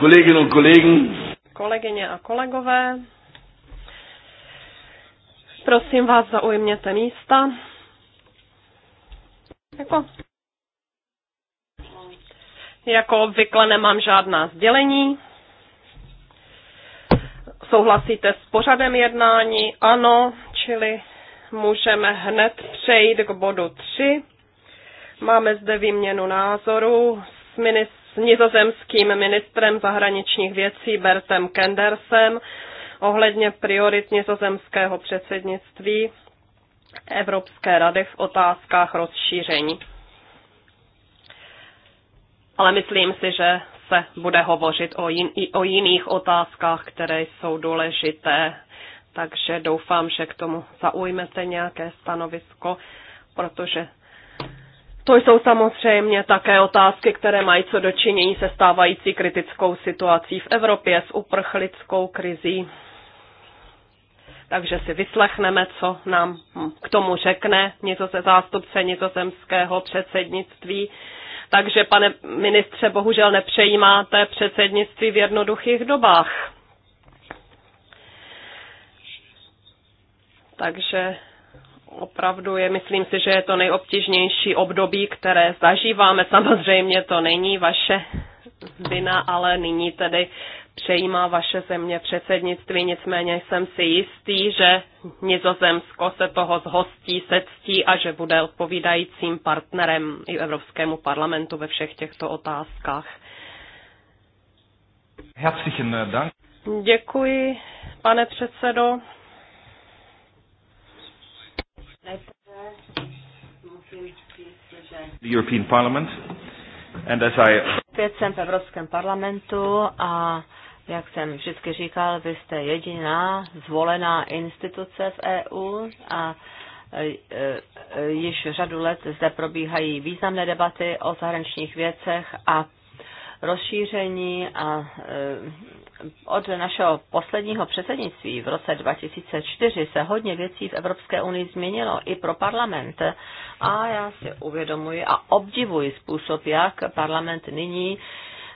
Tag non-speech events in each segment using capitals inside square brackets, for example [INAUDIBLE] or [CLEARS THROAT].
Kolleginnen und Kollegen. Kolegyně a kolegové, prosím vás, zaujměte místa. Jako, jako obvykle nemám žádná sdělení. Souhlasíte s pořadem jednání? Ano, čili můžeme hned přejít k bodu 3. Máme zde výměnu názoru s ministrem s nizozemským ministrem zahraničních věcí Bertem Kendersem ohledně priorit nizozemského předsednictví Evropské rady v otázkách rozšíření. Ale myslím si, že se bude hovořit o, jin, i o jiných otázkách, které jsou důležité, takže doufám, že k tomu zaujmete nějaké stanovisko, protože to jsou samozřejmě také otázky, které mají co dočinění se stávající kritickou situací v Evropě s uprchlickou krizí. Takže si vyslechneme, co nám k tomu řekne něco se zástupce nizozemského předsednictví. Takže, pane ministře, bohužel nepřejímáte předsednictví v jednoduchých dobách. Takže opravdu je, myslím si, že je to nejobtížnější období, které zažíváme. Samozřejmě to není vaše vina, ale nyní tedy přejímá vaše země předsednictví, nicméně jsem si jistý, že Nizozemsko se toho zhostí, se ctí a že bude odpovídajícím partnerem i Evropskému parlamentu ve všech těchto otázkách. Herzlichen Dank. Děkuji, pane předsedo. European Parliament. Opět jsem v Evropském parlamentu a jak jsem vždycky říkal, vy jste jediná zvolená instituce v EU a e, e, již řadu let zde probíhají významné debaty o zahraničních věcech a rozšíření a eh, od našeho posledního předsednictví v roce 2004 se hodně věcí v Evropské unii změnilo i pro parlament. A já si uvědomuji a obdivuji způsob, jak parlament nyní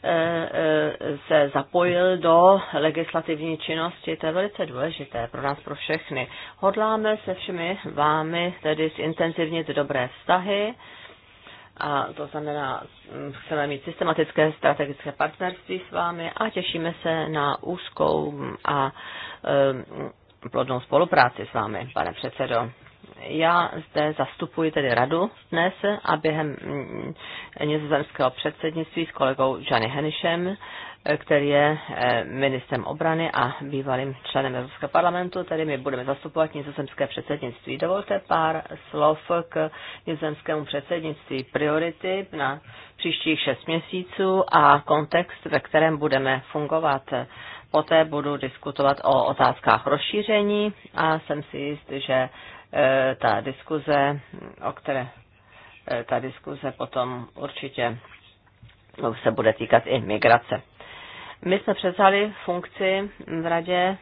eh, eh, se zapojil do legislativní činnosti. To je velice důležité pro nás, pro všechny. Hodláme se všemi vámi tedy zintenzivnit dobré vztahy a to znamená, mm, chceme mít systematické strategické partnerství s vámi a těšíme se na úzkou a e, plodnou spolupráci s vámi, pane předsedo. Já zde zastupuji tedy radu dnes a během mm, nizozemského předsednictví s kolegou Johnny Henišem který je eh, ministrem obrany a bývalým členem Evropského parlamentu, Tady my budeme zastupovat nizozemské předsednictví. Dovolte pár slov k nizozemskému předsednictví priority na příštích šest měsíců a kontext, ve kterém budeme fungovat. Poté budu diskutovat o otázkách rozšíření a jsem si jist, že eh, ta diskuze, o které eh, ta diskuze potom určitě se bude týkat i migrace. My jsme přesali funkci v radě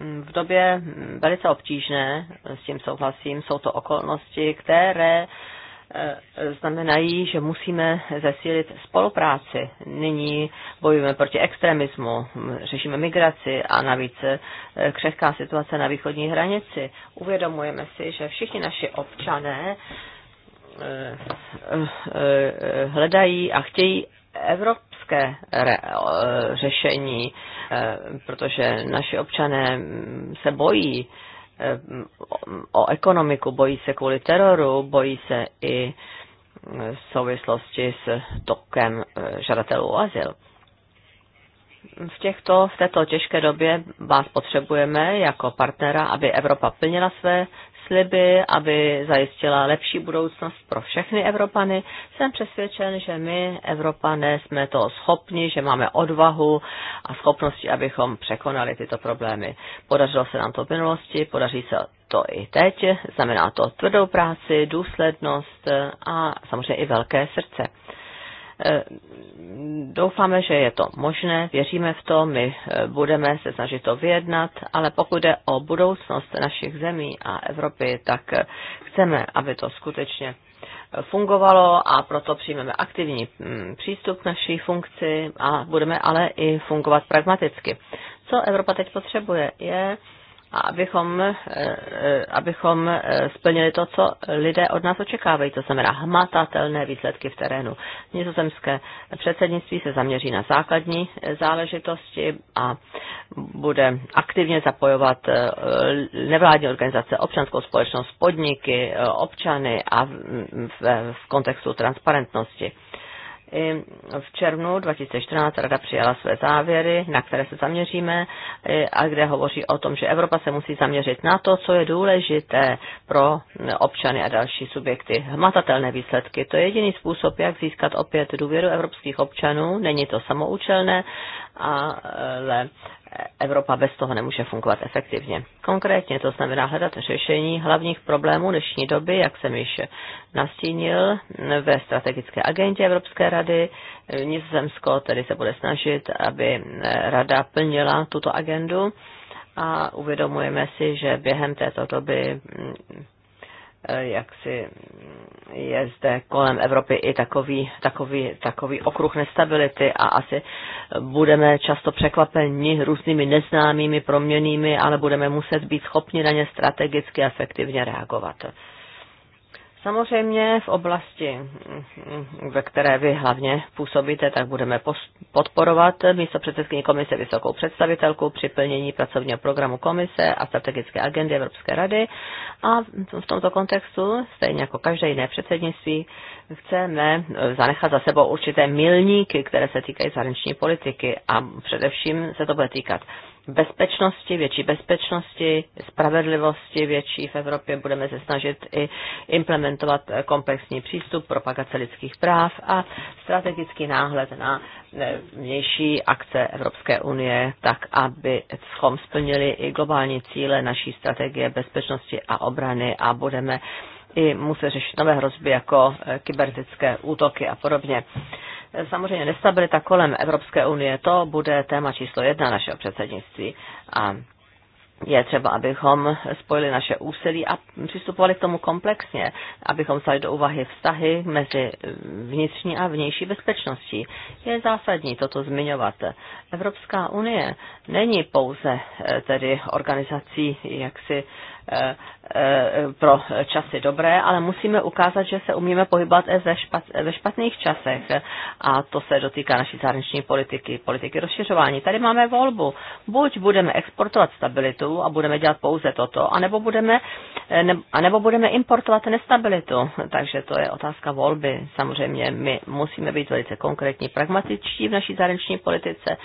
v době velice obtížné, s tím souhlasím, jsou to okolnosti, které eh, znamenají, že musíme zesílit spolupráci. Nyní bojujeme proti extremismu, řešíme migraci a navíc eh, křehká situace na východní hranici. Uvědomujeme si, že všichni naši občané eh, hledají a chtějí Evropu evropské re, eh, řešení, eh, protože naši občané mm, se bojí eh, o ekonomiku, bojí se kvůli teroru, bojí se i v souvislosti s tokem žadatelů o azyl. V, těchto, v této těžké době vás potřebujeme jako partnera, aby Evropa plnila své sliby, aby zajistila lepší budoucnost pro všechny Evropany. Jsem přesvědčen, že my, Evropané, jsme to schopni, že máme odvahu a schopnosti, abychom překonali tyto problémy. Podařilo se nám to v minulosti, podaří se to i teď, znamená to tvrdou práci, důslednost a samozřejmě i velké srdce. Eh, doufáme, že je to možné, věříme v to, my eh, budeme se snažit to vyjednat, ale pokud jde o budoucnost našich zemí a Evropy, tak eh, chceme, aby to skutečně fungovalo a proto přijmeme aktivní mm, přístup k naší funkci a budeme ale i fungovat pragmaticky. Co Evropa teď potřebuje, je a abychom, eh, eh, abychom eh, splnili to, co lidé od nás očekávají, to znamená hmatatelné výsledky v terénu. Nizozemské předsednictví se zaměří na základní záležitosti a bude aktivně zapojovat nevládní organizace, občanskou společnost, podniky, občany a v, v kontextu transparentnosti v červnu 2014 Rada přijala své závěry, na které se zaměříme a kde hovoří o tom, že Evropa se musí zaměřit na to, co je důležité pro občany a další subjekty. Hmatatelné výsledky. To je jediný způsob, jak získat opět důvěru evropských občanů. Není to samoučelné ale Evropa bez toho nemůže fungovat efektivně. Konkrétně to znamená hledat řešení hlavních problémů dnešní doby, jak jsem již nastínil ve strategické agendě Evropské rady. Nizozemsko tedy se bude snažit, aby rada plnila tuto agendu a uvědomujeme si, že během této doby Eh, si je zde kolem Evropy i takový, takový, takový okruh nestability a asi budeme často překvapeni různými neznámými proměnými, ale budeme muset být schopni na ně strategicky a efektivně reagovat. Samozřejmě v oblasti, ve které vy hlavně působíte, tak budeme podporovat místo předsedkyní komise vysokou představitelku při plnění pracovního programu komise a strategické agendy Evropské rady. A v tomto kontextu, stejně jako každé jiné předsednictví, chceme zanechat za sebou určité milníky, které se týkají zahraniční politiky a především se to bude týkat bezpečnosti, větší bezpečnosti, spravedlivosti větší v Evropě. Budeme se snažit i implementovat komplexní přístup, propagace lidských práv a strategický náhled na eh, vnější akce Evropské unie, tak aby schom splnili i globální cíle naší strategie bezpečnosti a obrany a budeme i muset řešit nové hrozby jako eh, kybernetické útoky a podobně samozřejmě nestabilita kolem Evropské unie, to bude téma číslo jedna našeho předsednictví. A je třeba, abychom spojili naše úsilí a přistupovali k tomu komplexně, abychom stali do úvahy vztahy mezi vnitřní a vnější bezpečností. Je zásadní toto zmiňovat. Evropská unie není pouze eh, tedy organizací jaksi Eh, eh, pro časy dobré, ale musíme ukázat, že se umíme pohybovat i ve špatných časech. A to se dotýká naší zahraniční politiky, politiky rozšiřování. Tady máme volbu. Buď budeme exportovat stabilitu a budeme dělat pouze toto, anebo budeme, eh, ne, anebo budeme importovat nestabilitu. Takže to je otázka volby. Samozřejmě my musíme být velice konkrétní, pragmatičtí v naší zahraniční politice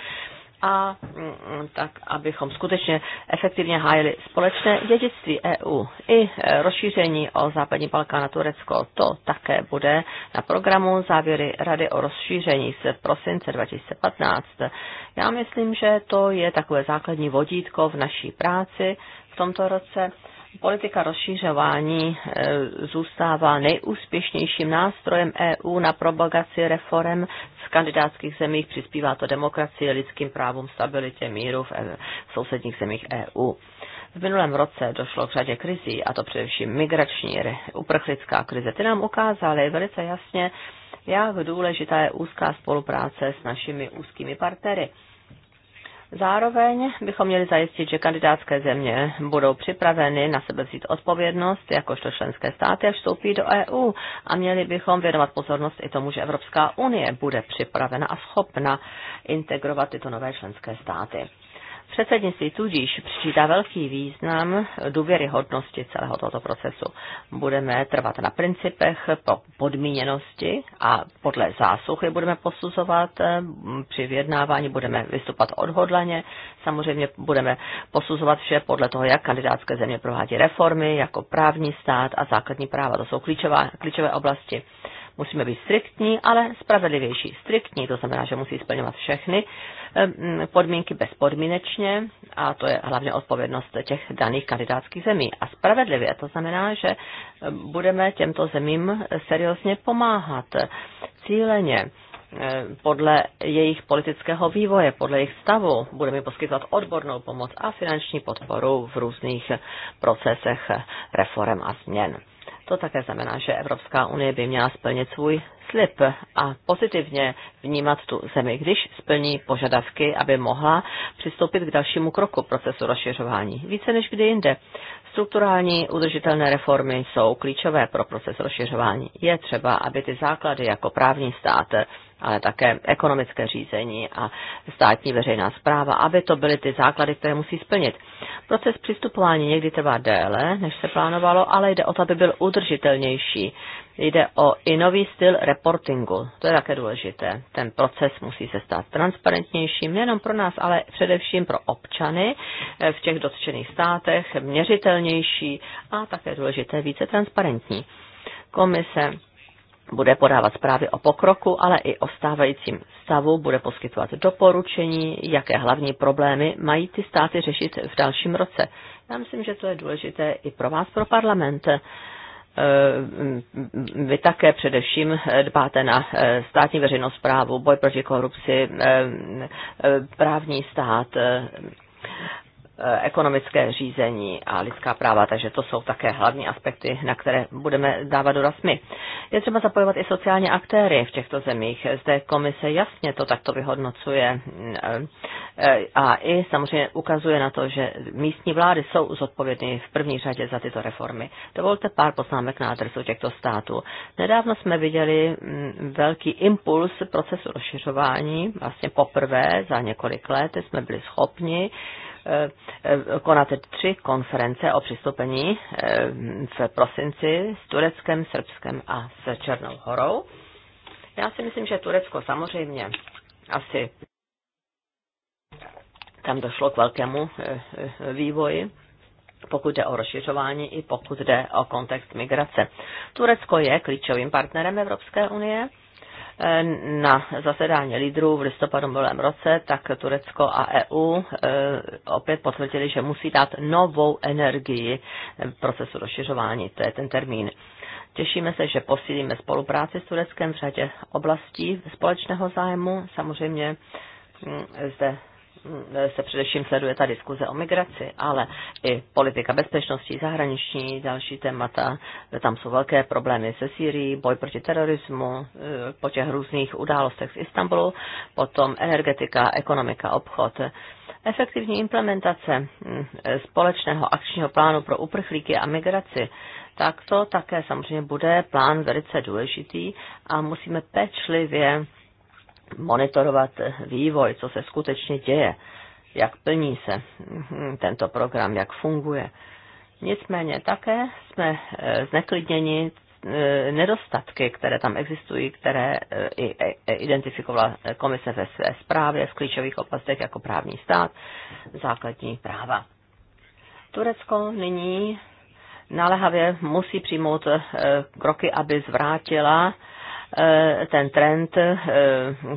a mm, tak, abychom skutečně efektivně hájili společné dědictví EU i e, rozšíření o západní Balkán a Turecko. To také bude na programu závěry Rady o rozšíření z prosince 2015. Já myslím, že to je takové základní vodítko v naší práci v tomto roce. Politika rozšířování e, zůstává nejúspěšnějším nástrojem EU na propagaci reform v kandidátských zemích. Přispívá to demokracii, lidským právům, stabilitě, míru v, e, sousedních zemích EU. V minulém roce došlo k řadě krizí, a to především migrační, uprchlická krize. Ty nám ukázaly velice jasně, jak důležitá je úzká spolupráce s našimi úzkými partnery. Zároveň bychom měli zajistit, že kandidátské země budou připraveny na sebe vzít odpovědnost, jakožto členské státy, až vstoupí do EU. A měli bychom věnovat pozornost i tomu, že Evropská unie bude připravena a schopna integrovat tyto nové členské státy. Předsednictví tudíž přičítá velký význam důvěryhodnosti celého tohoto procesu. Budeme trvat na principech po podmíněnosti a podle zásuchy budeme posuzovat. Eh, při vyjednávání budeme vystupovat odhodlaně. Samozřejmě budeme posuzovat vše podle toho, jak kandidátské země provádí reformy, jako právní stát a základní práva. To jsou klíčová, klíčové oblasti. Musíme být striktní, ale spravedlivější. Striktní, to znamená, že musí splňovat všechny podmínky bezpodmínečně a to je hlavně odpovědnost těch daných kandidátských zemí. A spravedlivě, to znamená, že budeme těmto zemím seriózně pomáhat cíleně podle jejich politického vývoje, podle jejich stavu. Budeme jim poskytovat odbornou pomoc a finanční podporu v různých procesech reform a změn. To také znamená, že Evropská unie by měla splnit svůj slib a pozitivně vnímat tu zemi, když splní požadavky, aby mohla přistoupit k dalšímu kroku procesu rozšiřování. Více než kdy jinde. Strukturální udržitelné reformy jsou klíčové pro proces rozšiřování. Je třeba, aby ty základy jako právní stát, ale také ekonomické řízení a státní veřejná zpráva, aby to byly ty základy, které musí splnit. Proces přistupování někdy trvá déle, než se plánovalo, ale jde o to, aby byl udržitelnější. Jde o i nový styl reportingu. To je také důležité. Ten proces musí se stát transparentnějším nejenom pro nás, ale především pro občany v těch dotčených státech, měřitelnější a také důležité více transparentní. Komise bude podávat zprávy o pokroku, ale i o stávajícím stavu, bude poskytovat doporučení, jaké hlavní problémy mají ty státy řešit v dalším roce. Já myslím, že to je důležité i pro vás, pro parlament. E, vy také především dbáte na e, státní veřejnost zprávu, boj proti korupci, e, právní stát, Eh, ekonomické řízení a lidská práva, takže to jsou také hlavní aspekty, na které budeme dávat důraz my. Je třeba zapojovat i sociální aktéry v těchto zemích. Zde komise jasně to takto vyhodnocuje mm, eh, a i samozřejmě ukazuje na to, že místní vlády jsou zodpovědné v první řadě za tyto reformy. Dovolte pár poznámek na adresu těchto států. Nedávno jsme viděli mm, velký impuls procesu rozšiřování. Vlastně poprvé za několik let jsme byli schopni Eh, konat tři konference o přistoupení eh, v prosinci s Tureckem, Srbskem a s Černou horou. Já si myslím, že Turecko samozřejmě asi tam došlo k velkému eh, vývoji, pokud jde o rozšiřování i pokud jde o kontext migrace. Turecko je klíčovým partnerem Evropské unie Eh, na zasedání lídrů v listopadu minulém roce, tak Turecko a EU eh, opět potvrdili, že musí dát novou energii procesu rozšiřování. To je ten termín. Těšíme se, že posílíme spolupráci s Tureckem v řadě oblastí společného zájmu. Samozřejmě hm, zde se především sleduje ta diskuze o migraci, ale i politika bezpečnosti, zahraniční, další témata. Tam jsou velké problémy se Sýrií, boj proti terorismu, eh, po těch různých událostech z Istanbulu, potom energetika, ekonomika, obchod. Efektivní implementace hm, společného akčního plánu pro uprchlíky a migraci, tak to také samozřejmě bude plán velice důležitý a musíme pečlivě monitorovat vývoj, co se skutečně děje, jak plní se tento program, jak funguje. Nicméně také jsme eh, zneklidněni eh, nedostatky, které tam existují, které eh, identifikovala komise ve své zprávě v klíčových oblastech jako právní stát, základní práva. Turecko nyní naléhavě musí přijmout kroky, aby zvrátila E, ten trend, e,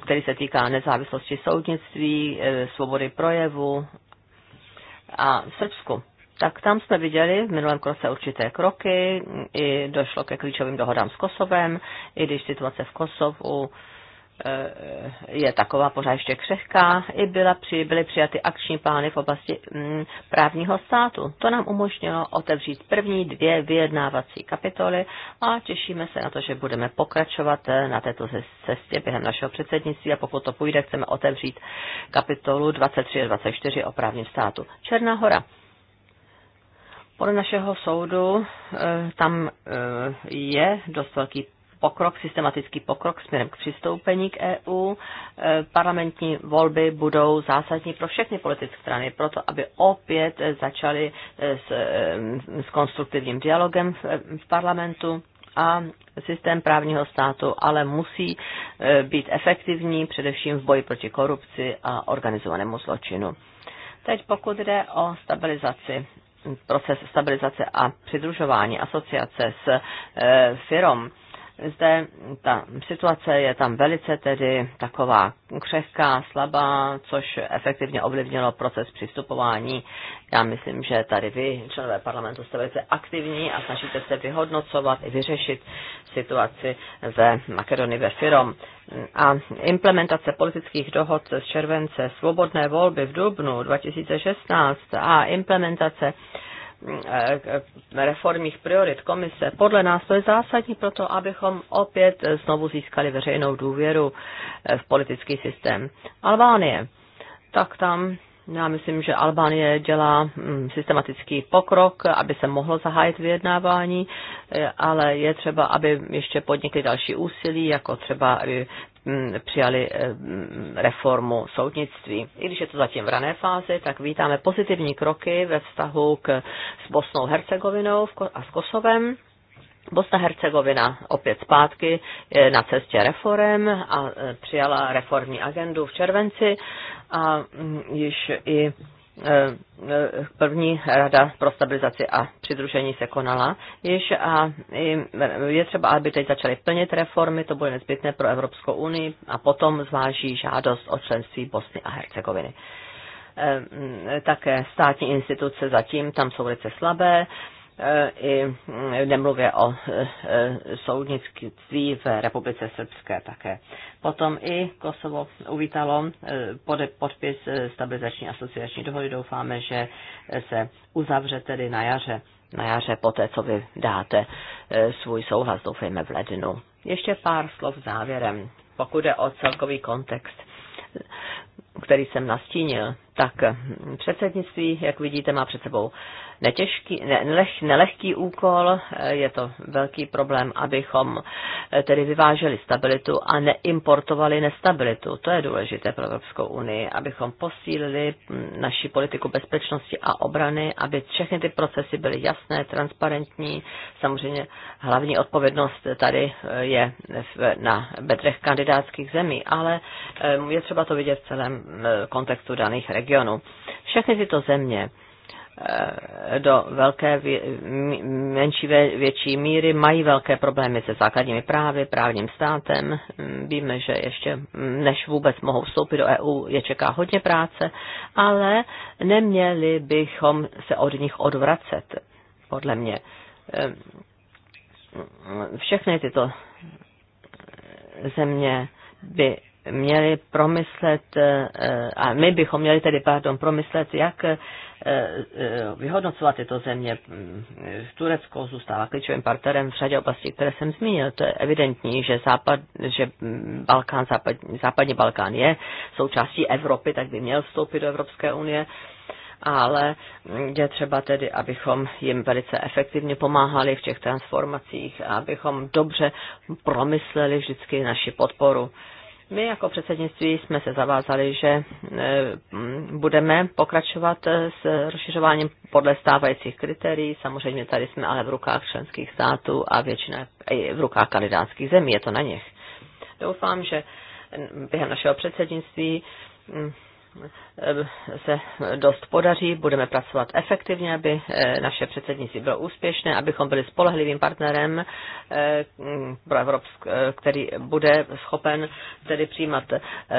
který se týká nezávislosti soudnictví, e, svobody projevu a v Srbsku. Tak tam jsme viděli v minulém kroce určité kroky, i došlo ke klíčovým dohodám s Kosovem, i když situace v Kosovu je taková pořád ještě křehká, i byla při, byly přijaty akční plány v oblasti mm, právního státu. To nám umožnilo otevřít první dvě vyjednávací kapitoly a těšíme se na to, že budeme pokračovat eh, na této cestě během našeho předsednictví a pokud to půjde, chceme otevřít kapitolu 23 a 24 o právním státu. Černá hora. Podle našeho soudu eh, tam eh, je dost velký pokrok, systematický pokrok směrem k přistoupení k EU. E, parlamentní volby budou zásadní pro všechny politické strany, proto aby opět začaly e, s, e, s konstruktivním dialogem v parlamentu a systém právního státu ale musí být efektivní především v boji proti korupci a organizovanému zločinu. Teď pokud jde o stabilizaci, proces stabilizace a přidružování asociace s e, firmou zde ta situace je tam velice tedy taková křehká, slabá, což efektivně ovlivnilo proces přistupování. Já myslím, že tady vy, členové parlamentu, jste velice aktivní a snažíte se vyhodnocovat i vyřešit situaci ve Makedonii ve Firom. A implementace politických dohod z července, svobodné volby v dubnu 2016 a implementace Eh, eh, reformních priorit komise, podle nás to je zásadní pro to, abychom opět znovu získali veřejnou důvěru eh, v politický systém. Albánie, tak tam já no myslím, že Albánie dělá mm, systematický pokrok, aby se mohlo zahájit vyjednávání, eh, ale je třeba, aby ještě podnikly další úsilí, jako třeba aby eh, mm, přijali eh, mm, reformu soudnictví. I když je to zatím v rané fázi, tak vítáme pozitivní kroky ve vztahu k, s Bosnou Hercegovinou a s Kosovem. Bosna Hercegovina opět zpátky na cestě reform a přijala reformní agendu v červenci a mm, již i e, e, první rada pro stabilizaci a přidružení se konala již a je třeba, aby teď začaly plnit reformy, to bude nezbytné pro Evropskou unii a potom zváží žádost o členství Bosny a Hercegoviny. E, také státní instituce zatím tam jsou velice slabé, Eh, i nemluvě mm, o eh, eh, soudnictví v Republice Srbské také. Potom i Kosovo uvítalo podpis stabilizační asociační dohody. Doufáme, že se uzavře tedy na jaře, na jaře poté, co vy dáte svůj souhlas, doufejme v lednu. Ještě pár slov závěrem, pokud je o celkový kontext který jsem nastínil, tak mm, předsednictví, jak vidíte, má před sebou netěžký, ne, neleh, nelehký úkol, eh, je to velký problém, abychom eh, tedy vyváželi stabilitu a neimportovali nestabilitu. To je důležité pro Evropskou unii, abychom posílili hm, naši politiku bezpečnosti a obrany, aby všechny ty procesy byly jasné, transparentní. Samozřejmě hlavní odpovědnost tady eh, je na bedrech kandidátských zemí, ale je třeba to vidět v celém kontextu daných regionů. Všechny tyto země Eh, do velké, menší, větší míry mají velké problémy se základními právy, právním státem. Mm, víme, že ještě mm, než vůbec mohou vstoupit do EU, je čeká hodně práce, ale neměli bychom se od nich odvracet, podle mě. Eh, všechny tyto země by měli promyslet, eh, a my bychom měli tedy, pardon, promyslet, jak Eh, eh, vyhodnocovat tyto země. Turecko zůstává klíčovým partnerem v řadě oblastí, které jsem zmínil. To je evidentní, že, západ, že Balkán, západ, západní Balkán je součástí Evropy, tak by měl vstoupit do Evropské unie ale je třeba tedy, abychom jim velice efektivně pomáhali v těch transformacích a abychom dobře promysleli vždycky naši podporu. My jako předsednictví jsme se zavázali, že e, budeme pokračovat s rozšiřováním podle stávajících kritérií. Samozřejmě tady jsme ale v rukách členských států a většina v rukách kandidátských zemí, je to na nich. Doufám, že během našeho předsednictví Eh, se dost podaří, budeme pracovat efektivně, aby eh, naše předsednictví bylo úspěšné, abychom byli spolehlivým partnerem, eh, který bude schopen tedy přijímat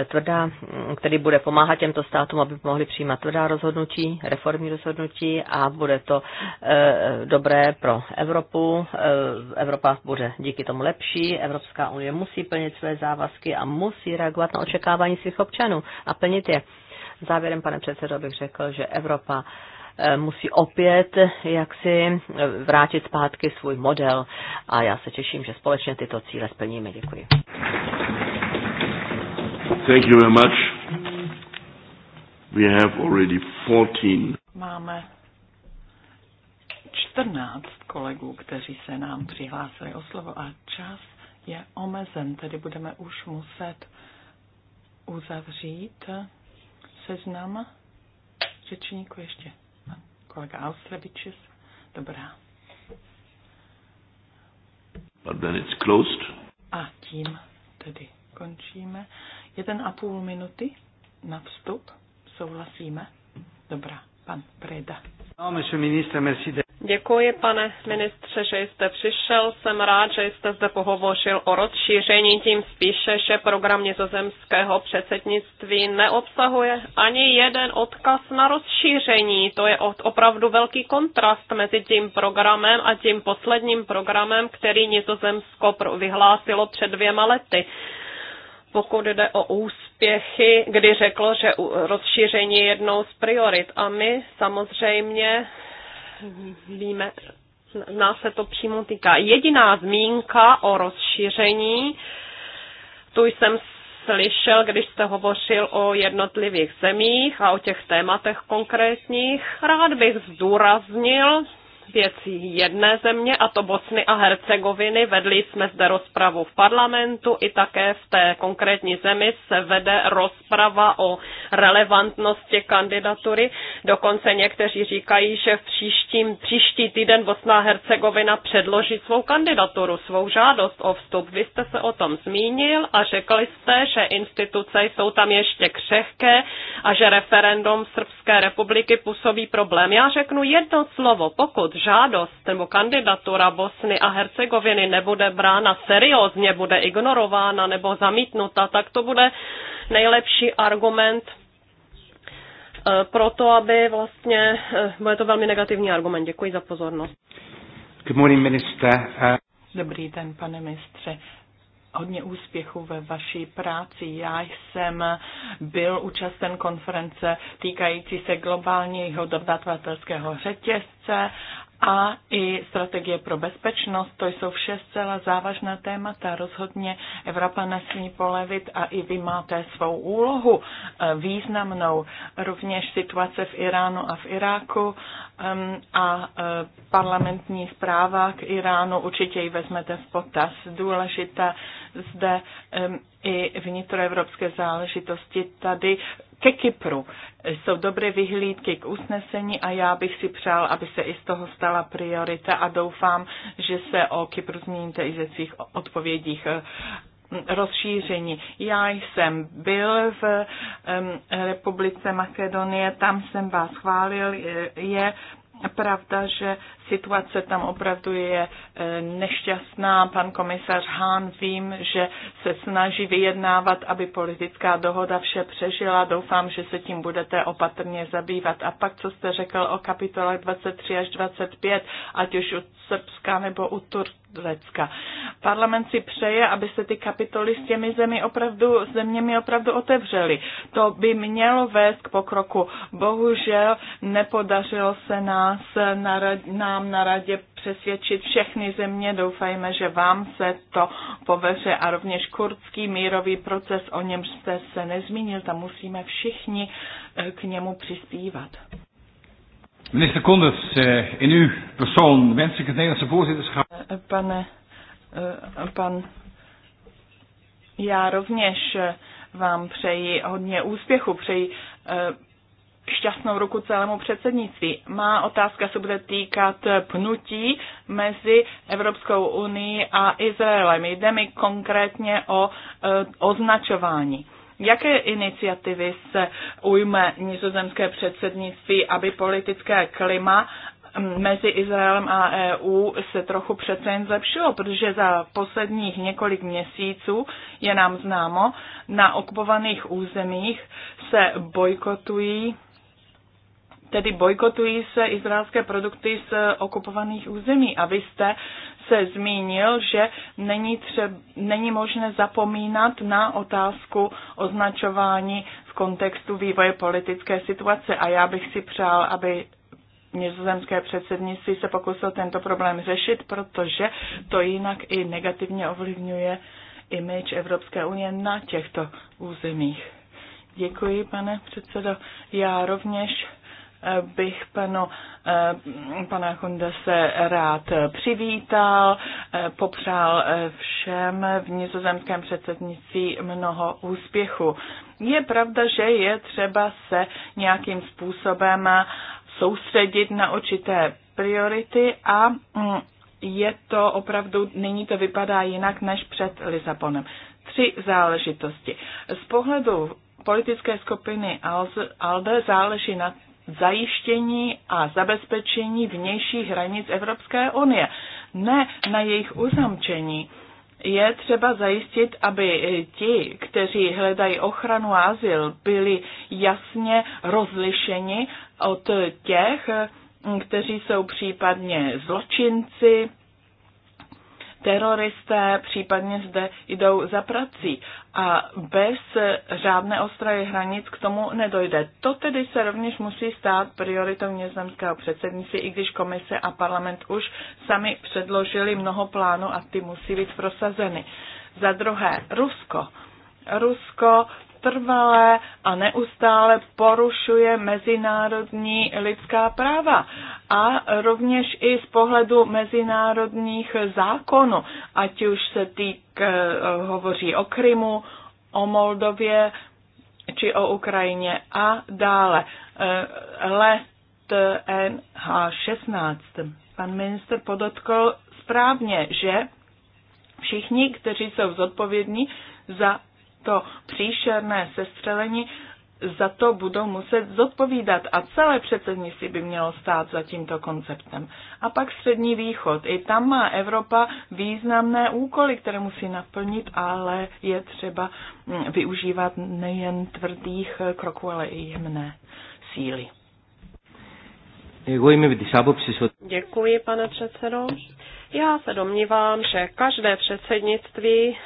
tvrdá, hm, který bude pomáhat těmto státům, aby mohli přijímat tvrdá rozhodnutí, reformní rozhodnutí a bude to dobré pro Evropu. Evropa bude díky tomu lepší, Evropská unie musí plnit své závazky a musí reagovat na očekávání svých občanů a plnit je. Závěrem, pane předsedo, bych řekl, že Evropa eh, musí opět jaksi vrátit zpátky svůj model a já se těším, že společně tyto cíle splníme. Děkuji. Thank you very much. We have already 14. Máme 14 kolegů, kteří se nám přihlásili o slovo a čas je omezen, tedy budeme už muset uzavřít seznam řečníků ještě pan kolega Austrevičis. Dobrá. But then it's closed. A tím tedy končíme. Jeden a půl minuty na vstup. Souhlasíme? Dobrá, pan Preda. No, Děkuji, pane ministře, že jste přišel. Jsem rád, že jste zde pohovořil o rozšíření, tím spíše, že program nizozemského předsednictví neobsahuje ani jeden odkaz na rozšíření. To je opravdu velký kontrast mezi tím programem a tím posledním programem, který nizozemsko vyhlásilo před dvěma lety. Pokud jde o úst úspěchy, kdy řeklo, že rozšíření je jednou z priorit. A my samozřejmě víme, nás se to přímo týká. Jediná zmínka o rozšíření, tu jsem slyšel, když jste hovořil o jednotlivých zemích a o těch tématech konkrétních. Rád bych zdůraznil, věcí jedné země, a to Bosny a Hercegoviny. Vedli jsme zde rozpravu v parlamentu i také v té konkrétní zemi se vede rozprava o relevantnosti kandidatury. Dokonce někteří říkají, že v příštím, příští týden Bosna a Hercegovina předloží svou kandidaturu, svou žádost o vstup. Vy jste se o tom zmínil a řekli jste, že instituce jsou tam ještě křehké a že referendum Srbské republiky působí problém. Já řeknu jedno slovo. Pokud žádost nebo kandidatura Bosny a Hercegoviny nebude brána seriózně, bude ignorována nebo zamítnuta, tak to bude nejlepší argument eh, pro to, aby vlastně, eh, bude to velmi negativní argument. Děkuji za pozornost. Good morning, minister. Uh, Dobrý den, pane ministře hodně úspěchů ve vaší práci. Já jsem byl účasten konference týkající se globálního dodavatelského řetězce a i strategie pro bezpečnost. To jsou vše zcela závažná témata. Rozhodně Evropa nesmí polevit a i vy máte svou úlohu eh, významnou. Rovněž situace v Iránu a v Iráku a eh, parlamentní zpráva k Iránu určitě ji vezmete v potaz. Důležité zde i vnitroevropské záležitosti. Tady ke Kypru. Jsou dobré vyhlídky k usnesení a já bych si přál, aby se i z toho stala priorita a doufám, že se o Kypru zmíníte i ze svých odpovědích eh, rozšíření. Já jsem byl v um, Republice Makedonie, tam jsem vás chválil. Je, je pravda, že situace tam opravdu je e, nešťastná. Pan komisař Hahn vím, že se snaží vyjednávat, aby politická dohoda vše přežila. Doufám, že se tím budete opatrně zabývat. A pak, co jste řekl o kapitolách 23 až 25, ať už u Srbska nebo u Turecka. Parlament si přeje, aby se ty kapitoly s těmi zemi opravdu, zeměmi opravdu otevřely. To by mělo vést k pokroku. Bohužel nepodařilo se nás na, na Mám na radě přesvědčit všechny země. Doufejme, že vám se to poveře a rovněž kurdský mírový proces, o něm jste se nezmínil, tam musíme všichni eh, k němu přispívat. Minister Kunders, eh, in uw persoon wens ik het Nederlandse voorzitterschap. Eh, pane, pan, já rovněž vám přeji hodně úspěchu, přeji šťastnou ruku celému předsednictví. Má otázka se bude týkat pnutí mezi Evropskou unii a Izraelem. Jde mi konkrétně o e, označování. Jaké iniciativy se ujme nizozemské předsednictví, aby politické klima mezi Izraelem a EU se trochu přece jen zlepšilo, protože za posledních několik měsíců je nám známo, na okupovaných územích se bojkotují tedy bojkotují se izraelské produkty z okupovaných území. A vy jste se zmínil, že není, třeb, není možné zapomínat na otázku označování v kontextu vývoje politické situace. A já bych si přál, aby nizozemské předsednictví se pokusil tento problém řešit, protože to jinak i negativně ovlivňuje image Evropské unie na těchto územích. Děkuji, pane předsedo. Já rovněž bych panu, eh, pana Honda se rád přivítal, eh, popřál eh, všem v nizozemském předsednictví mnoho úspěchu. Je pravda, že je třeba se nějakým způsobem soustředit na určité priority a mm, je to opravdu, nyní to vypadá jinak než před Lisabonem. Tři záležitosti. Z pohledu politické skupiny ALDE záleží na zajištění a zabezpečení vnějších hranic Evropské unie, ne na jejich uzamčení. Je třeba zajistit, aby eh, ti, kteří hledají ochranu a azyl, byli jasně rozlišeni od těch, eh, kteří jsou případně zločinci, teroristé případně zde jdou za prací a bez řádné ostraje hranic k tomu nedojde. To tedy se rovněž musí stát prioritou nizozemského předsednictví, i když komise a parlament už sami předložili mnoho plánů a ty musí být prosazeny. Za druhé, Rusko. Rusko trvalé a neustále porušuje mezinárodní lidská práva a rovněž i z pohledu mezinárodních zákonů, ať už se týk, eh, hovoří o Krymu, o Moldově či o Ukrajině a dále. Eh, let eh, NH16. Pan minister podotkl správně, že všichni, kteří jsou zodpovědní za to příšerné sestřelení, za to budou muset zodpovídat a celé předsednictví by mělo stát za tímto konceptem. A pak Střední východ. I tam má Evropa významné úkoly, které musí naplnit, ale je třeba mm, využívat nejen tvrdých kroků, ale i jemné síly. Děkuji, pane předsedo. Já se domnívám, že každé předsednictví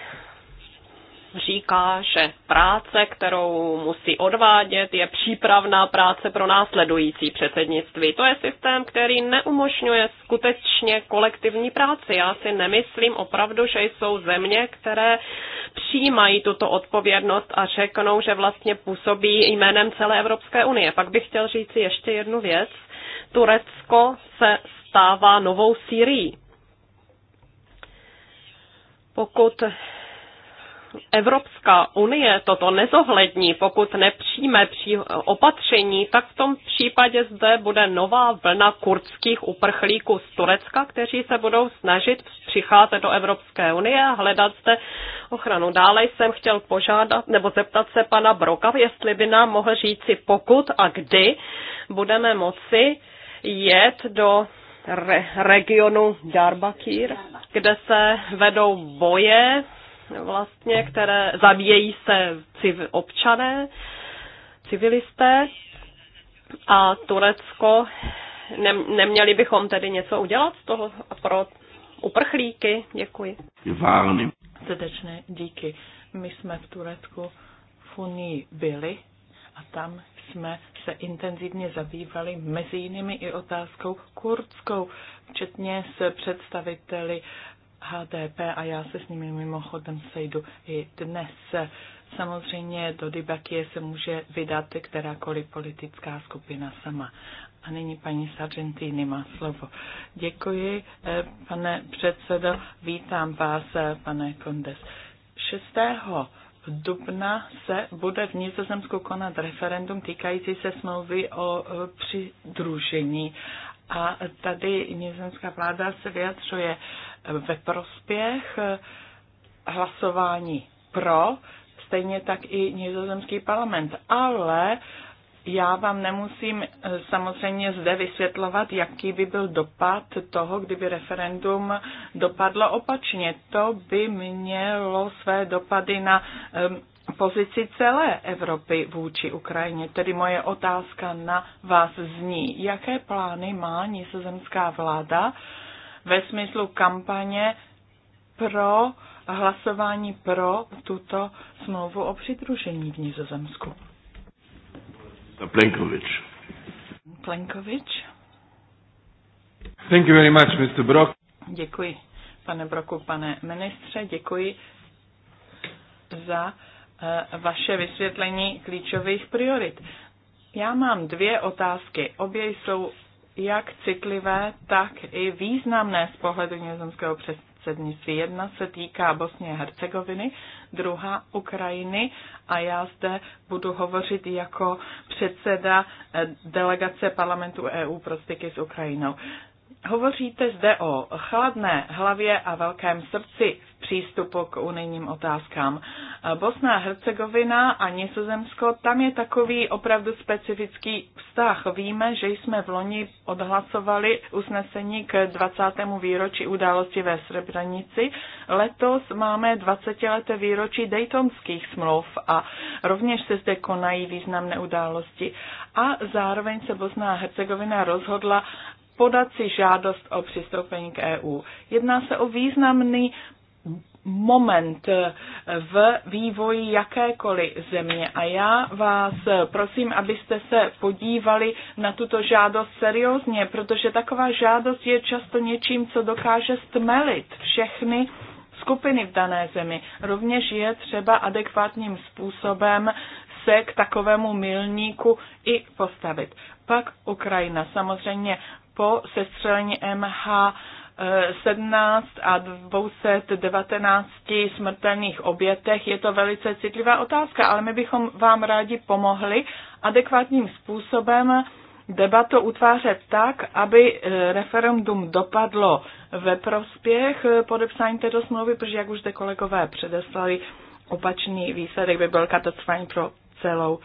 říká, že práce, kterou musí odvádět, je přípravná práce pro následující předsednictví. To je systém, který neumožňuje skutečně kolektivní práci. Já si nemyslím opravdu, že jsou země, které přijímají tuto odpovědnost a řeknou, že vlastně působí jménem celé Evropské unie. Pak bych chtěl říct ještě jednu věc. Turecko se stává novou Syrií. Pokud Evropská unie toto nezohlední, pokud nepřijme pří opatření, tak v tom případě zde bude nová vlna kurdských uprchlíků z Turecka, kteří se budou snažit přicházet do Evropské unie a hledat zde ochranu. Dále jsem chtěl požádat nebo zeptat se pana Broka, jestli by nám mohl říci, pokud a kdy budeme moci jet do re, regionu Darbakir, kde se vedou boje vlastně, které zabíjejí se civ- občané, civilisté a Turecko. Ne- neměli bychom tedy něco udělat z toho pro uprchlíky? Děkuji. Vány. Srdečné díky. My jsme v Turecku v Unii byli a tam jsme se intenzivně zabývali mezi jinými i otázkou kurdskou, včetně s představiteli HDP a já se s nimi mimochodem sejdu i dnes. Samozřejmě do Dybakie se může vydat kterákoliv politická skupina sama. A nyní paní Sargentini má slovo. Děkuji, eh, pane předsedo, vítám vás, eh, pane Kondes. 6. dubna se bude v Nizozemsku konat referendum týkající se smlouvy o eh, přidružení a tady nizozemská vláda se vyjadřuje ve prospěch hlasování pro, stejně tak i nizozemský parlament. Ale já vám nemusím eh, samozřejmě zde vysvětlovat, jaký by byl dopad toho, kdyby referendum dopadlo opačně. To by mělo své dopady na pozici celé Evropy vůči Ukrajině. Tedy moje otázka na vás zní, jaké plány má nizozemská vláda ve smyslu kampaně pro hlasování pro tuto smlouvu o přidružení v Nizozemsku. Plenkovič. Plenkovič. Thank you very much, Mr. Brock. Děkuji, pane Broku, pane ministře, děkuji za uh, Eh, vaše vysvětlení klíčových priorit. Já mám dvě otázky. Obě jsou jak citlivé, tak i významné z pohledu nizozemského předsednictví. Jedna se týká Bosně a Hercegoviny, druhá Ukrajiny a já zde budu hovořit jako předseda eh, delegace parlamentu EU pro styky s Ukrajinou. Hovoříte zde o chladné hlavě a velkém srdci v přístupu k unijním otázkám. Bosna a Hercegovina a Nizozemsko, tam je takový opravdu specifický vztah. Víme, že jsme v loni odhlasovali usnesení k 20. výročí události ve Srebrenici. Letos máme 20. leté výročí Daytonských smluv a rovněž se zde konají významné události. A zároveň se Bosna a Hercegovina rozhodla podat si žádost o přistoupení k EU. Jedná se o významný moment v vývoji jakékoliv země. A já vás prosím, abyste se podívali na tuto žádost seriózně, protože taková žádost je často něčím, co dokáže stmelit všechny skupiny v dané zemi. Rovněž je třeba adekvátním způsobem se k takovému milníku i postavit. Pak Ukrajina. Samozřejmě po sestřelení MH 17 a 219 smrtelných obětech. Je to velice citlivá otázka, ale my bychom vám rádi pomohli adekvátním způsobem debatu utvářet tak, aby eh, referendum dopadlo ve prospěch eh, podepsání této smlouvy, protože jak už zde kolegové předeslali, opačný výsledek by byl katastrofální pro celou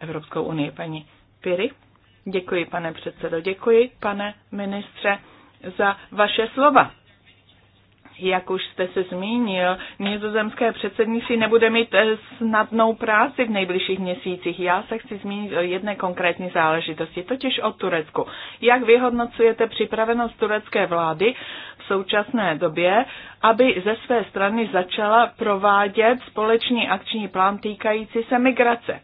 Evropskou unii. Paní Piri? Děkuji, pane předsedo. Děkuji, pane ministře, za vaše slova. Jak už jste se zmínil, nizozemské předsednictví nebude mít eh, snadnou práci v nejbližších měsících. Já se chci zmínit o jedné konkrétní záležitosti, totiž o Turecku. Jak vyhodnocujete připravenost turecké vlády v současné době, aby ze své strany začala provádět společný akční plán týkající se migrace?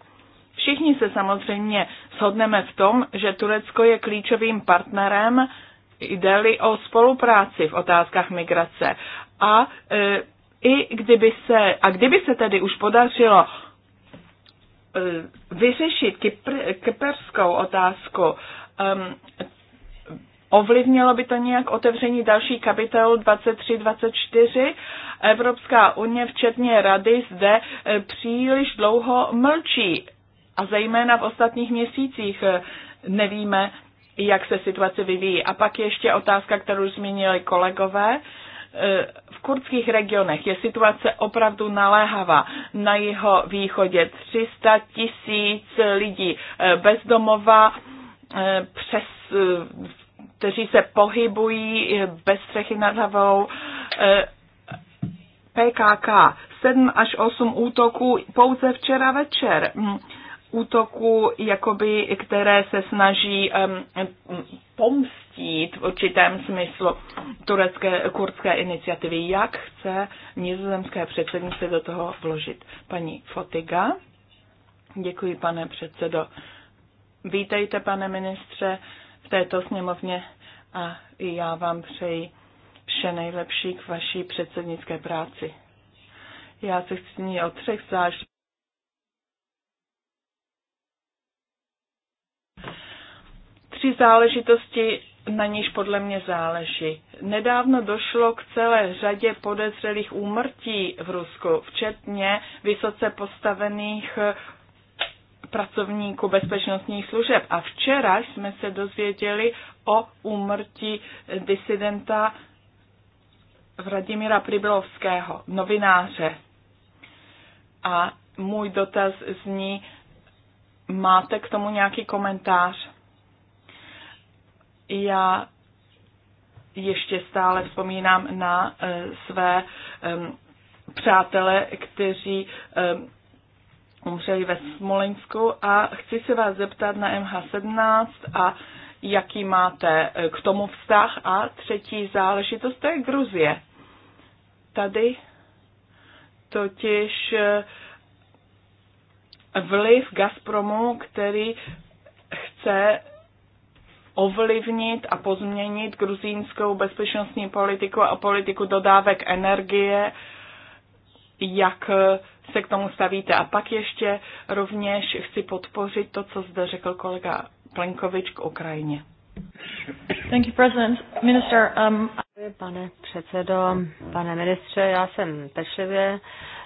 Všichni se samozřejmě shodneme v tom, že Turecko je klíčovým partnerem, jde-li o spolupráci v otázkách migrace. A e, i kdyby se, a kdyby se tedy už podařilo e, vyřešit kypr, kyperskou otázku, e, ovlivnilo by to nějak otevření další kapitol 23-24? Evropská unie, včetně rady, zde e, příliš dlouho mlčí a zejména v ostatních měsících eh, nevíme, jak se situace vyvíjí. A pak ještě otázka, kterou zmínili kolegové. Eh, v kurdských regionech je situace opravdu naléhavá. Na jeho východě 300 tisíc lidí eh, bezdomova, přes, kteří se pohybují bez střechy nad hlavou. PKK 7 až 8 útoků pouze včera večer. Mm, útoků, jakoby, které se snaží um, pomstit v určitém smyslu turecké kurdské iniciativy. Jak chce nizozemské předsednice do toho vložit? Paní Fotiga. Děkuji, pane předsedo. Vítejte, pane ministře, v této sněmovně a já vám přeji vše nejlepší k vaší předsednické práci. Já se chci o třech zážitek. tři záležitosti, na níž podle mě záleží. Nedávno došlo k celé řadě podezřelých úmrtí v Rusku, včetně vysoce postavených eh, pracovníků bezpečnostních služeb. A včera jsme se dozvěděli o úmrtí disidenta Vladimíra Pribilovského, novináře. A můj dotaz zní, máte k tomu nějaký komentář? Já ještě stále vzpomínám na eh, své přátele, kteří umřeli ve Smolensku a chci se vás zeptat na MH17 a jaký máte eh, k tomu vztah a třetí záležitost, to je Gruzie. Tady totiž eh, vliv Gazpromu, který chce ovlivnit a pozměnit gruzínskou bezpečnostní politiku a politiku dodávek energie, jak se k tomu stavíte. A pak ještě rovněž chci podpořit to, co zde řekl kolega Plenkovič k Ukrajině. Thank you, President. Minister, um... Pane předsedo, pane ministře, já jsem pečlivě uh,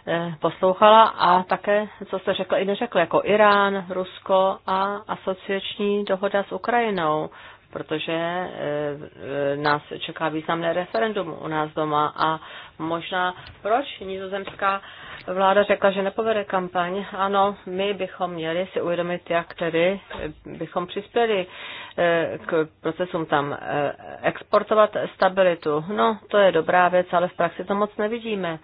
Eh, poslouchala a také, co jste řekl i neřekl, jako Irán, Rusko a asociační dohoda s Ukrajinou, protože eh, nás čeká významné referendum u nás doma a možná proč nizozemská vláda řekla, že nepovede kampaň. Ano, my bychom měli si uvědomit, jak tedy eh, bychom přispěli k procesům tam exportovat stabilitu. No, to je dobrá věc, ale v praxi to moc nevidíme.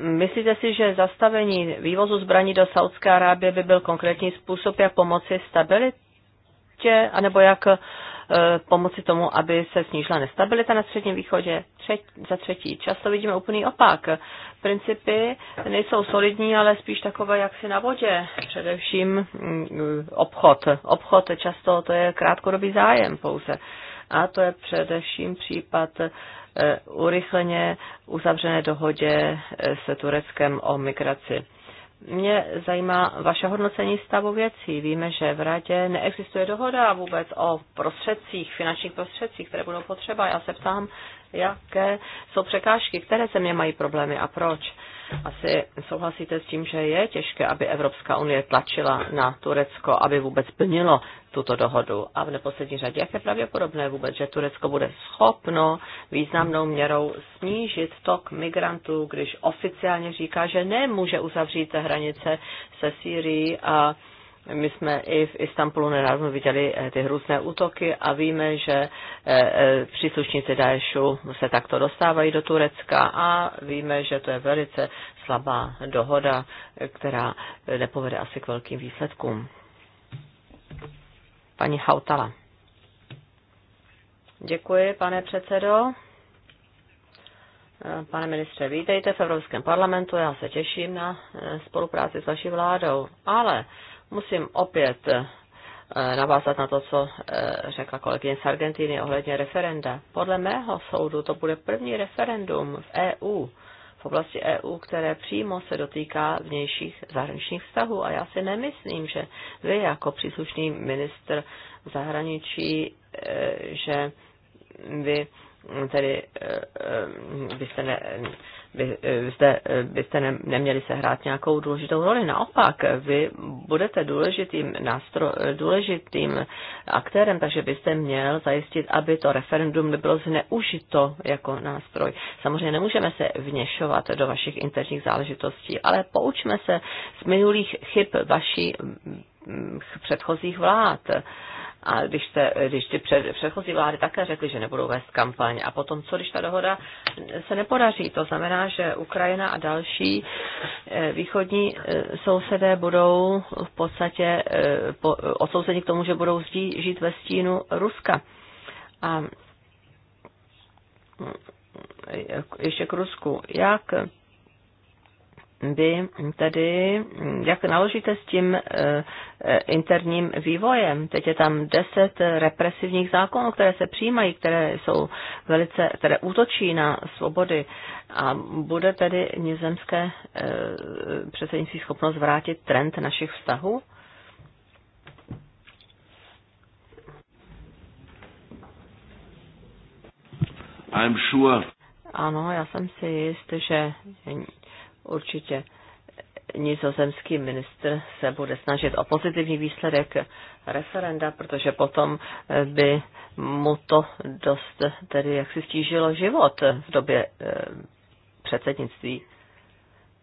Myslíte si, že zastavení vývozu zbraní do Saudské Arábie by byl konkrétní způsob, jak pomoci stabilitě, anebo jak eh, pomoci tomu, aby se snížila nestabilita na Středním východě? Třetí, za třetí, často vidíme úplný opak. Principy nejsou solidní, ale spíš takové, jak si na vodě. Především mm, obchod. Obchod často to je krátkodobý zájem pouze. A to je především případ Eh, urychleně uzavřené dohodě eh, se Tureckem o migraci. Mě zajímá vaše hodnocení stavu věcí. Víme, že v Radě neexistuje dohoda vůbec o prostředcích, finančních prostředcích, které budou potřeba. Já se ptám, jaké jsou překážky, které země mají problémy a proč asi souhlasíte s tím, že je těžké, aby Evropská unie tlačila na Turecko, aby vůbec plnilo tuto dohodu. A v neposlední řadě, jak je pravděpodobné vůbec, že Turecko bude schopno významnou měrou snížit tok migrantů, když oficiálně říká, že nemůže uzavřít hranice se Sýrií a my jsme i v Istanbulu nedávno viděli eh, ty hrůzné útoky a víme, že eh, eh, příslušníci Daeshu se takto dostávají do Turecka a víme, že to je velice slabá dohoda, která nepovede asi k velkým výsledkům. Paní Hautala. Děkuji, pane předsedo. Pane ministře, vítejte v Evropském parlamentu, já se těším na spolupráci s vaší vládou, ale Musím opět eh, navázat na to, co eh, řekla kolegyně z Argentiny ohledně referenda. Podle mého soudu to bude první referendum v EU, v oblasti EU, které přímo se dotýká vnějších zahraničních vztahů. A já si nemyslím, že vy jako příslušný ministr zahraničí, eh, že vy tedy eh, eh, byste, ne, by, eh, byste, byste ne, neměli hrát nějakou důležitou roli. Naopak, vy budete důležitým, nástro, důležitým aktérem, takže byste měl zajistit, aby to referendum nebylo zneužito jako nástroj. Samozřejmě nemůžeme se vněšovat do vašich interních záležitostí, ale poučme se z minulých chyb vaší předchozích vlád a když, se, když ty před, předchozí vlády také řekly, že nebudou vést kampaň. A potom, co když ta dohoda se nepodaří? To znamená, že Ukrajina a další eh, východní eh, sousedé budou v podstatě eh, odsouzeni k tomu, že budou žít, ve stínu Ruska. A ještě k Rusku. Jak by tedy, jak naložíte s tím eh, eh, interním vývojem? Teď je tam deset represivních zákonů, které se přijímají, které jsou velice, které útočí na svobody a bude tedy nizemské eh, předsednictví schopnost vrátit trend našich vztahů? I'm sure. Ano, já jsem si jist, že Určitě nizozemský ministr se bude snažit o pozitivní výsledek referenda, protože potom eh, by mu to dost tedy jak si stížilo život v době eh, předsednictví.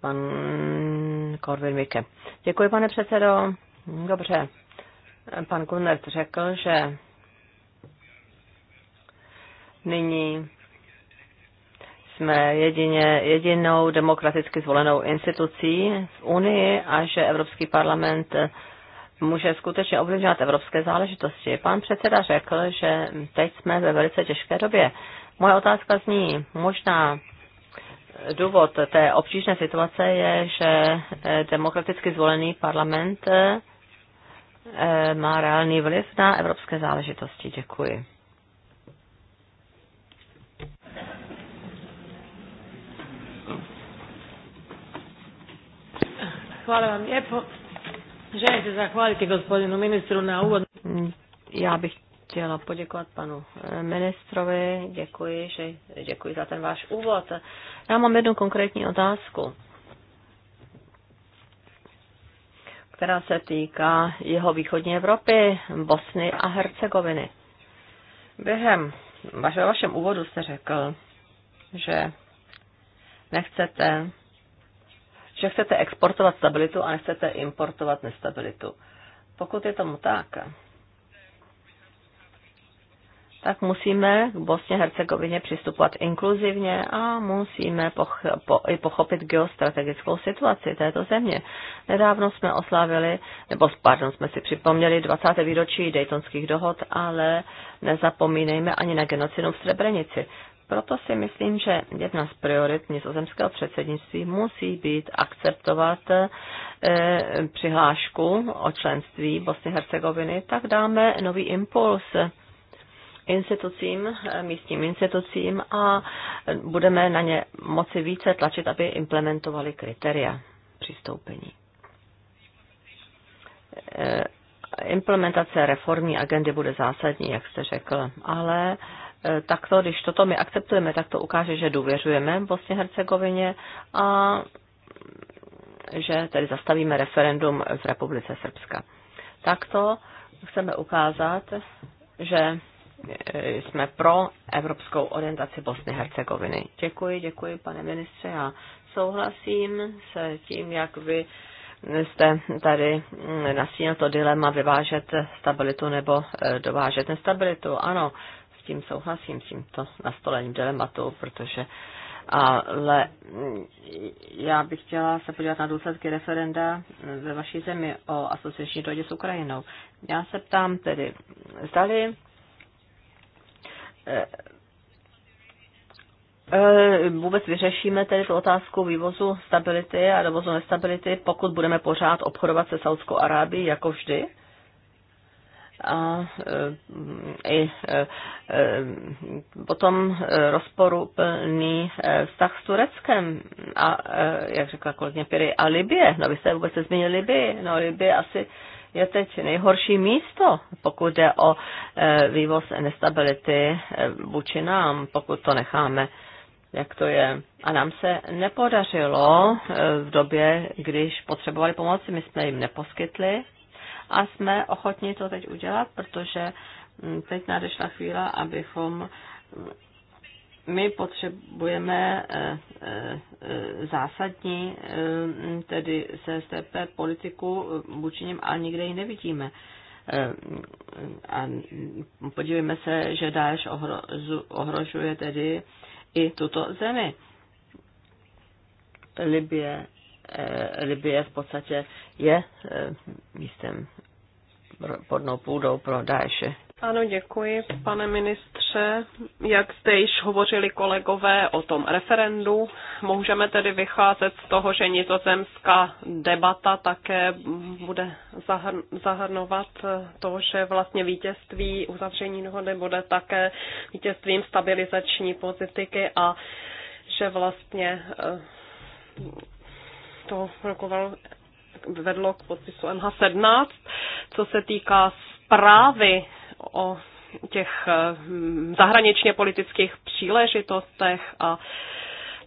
Pan Korvin Mike. Děkuji, pane předsedo. Dobře. Pan Gunnert řekl, že nyní jsme jedině, jedinou demokraticky zvolenou institucí v Unii a že Evropský parlament může skutečně ovlivňovat evropské záležitosti. Pan předseda řekl, že teď jsme ve velice těžké době. Moje otázka zní, možná důvod té obtížné situace je, že eh, demokraticky zvolený parlament eh, má reálný vliv na evropské záležitosti. Děkuji. Hvala vam lijepo. Želim se zahvaliti gospodinu ministru na uvod. Ja bih chtěla poděkovat panu e, ministrovi. Děkuji, že, děkuji za ten váš úvod. Já mám jednu konkrétní otázku, která se týká jeho východní Evropy, Bosny a Hercegoviny. Během vaše, vašem úvodu jste řekl, že nechcete že chcete exportovat stabilitu a nechcete importovat nestabilitu. Pokud je tomu tak, tak musíme k Bosně Hercegovině přistupovat inkluzivně a musíme poch, po, i pochopit geostrategickou situaci této země. Nedávno jsme oslavili, nebo pardon, jsme si připomněli 20. výročí Daytonských dohod, ale nezapomínejme ani na genocidu v Srebrenici. Proto si myslím, že jedna z priorit nizozemského předsednictví musí být akceptovat eh, přihlášku o členství Bosny Hercegoviny, tak dáme nový impuls institucím, eh, místním institucím a budeme na ně moci více tlačit, aby implementovali kritéria přistoupení. Eh, implementace reformní agendy bude zásadní, jak jste řekl, ale E, takto, když toto my akceptujeme, tak to ukáže, že důvěřujeme Bosně Hercegovině a že tedy zastavíme referendum v Republice Srbska. Takto chceme ukázat, že e, jsme pro evropskou orientaci Bosny Hercegoviny. Děkuji, děkuji, pane ministře. Já souhlasím se tím, jak vy jste tady mm, nastínil to dilema vyvážet stabilitu nebo e, dovážet nestabilitu. Ano, tím souhlasím, s tímto nastolením dilematu, protože ale mm, já bych chtěla se podívat na důsledky referenda ve vaší zemi o asociační dohodě s Ukrajinou. Já se ptám tedy, zdali eh, eh, vůbec vyřešíme tedy tu otázku vývozu stability a dovozu nestability, pokud budeme pořád obchodovat se Saudskou Arábií jako vždy? a e, i e, e, potom rozporuplný vztah s Tureckem a, jak řekla kolegyně Piry, a Libie. No vy jste vůbec se zmínili Libii. No Libie asi je teď nejhorší místo, pokud jde o vývoz nestability vůči nám, pokud to necháme jak to je. A nám se nepodařilo v době, když potřebovali pomoci, my jsme jim neposkytli a jsme ochotni to teď udělat, protože mm, teď nadešla chvíle, abychom mm, my potřebujeme eh, eh, zásadní eh, tedy CSTP politiku vůči něm a nikde ji nevidíme. Mm, a podívejme se, že Dáš ohrožuje tedy i tuto zemi. Libie, Libie v podstatě je místem podnou půdou pro Daesh. Ano, děkuji, pane ministře. Jak jste již hovořili kolegové o tom referendu, můžeme tedy vycházet z toho, že nizozemská debata také bude zahrnovat to, že vlastně vítězství uzavření dohody bude také vítězstvím stabilizační politiky a že vlastně eh, to rokoval vedlo k podpisu MH17, co se týká zprávy o těch hm, zahraničně politických příležitostech a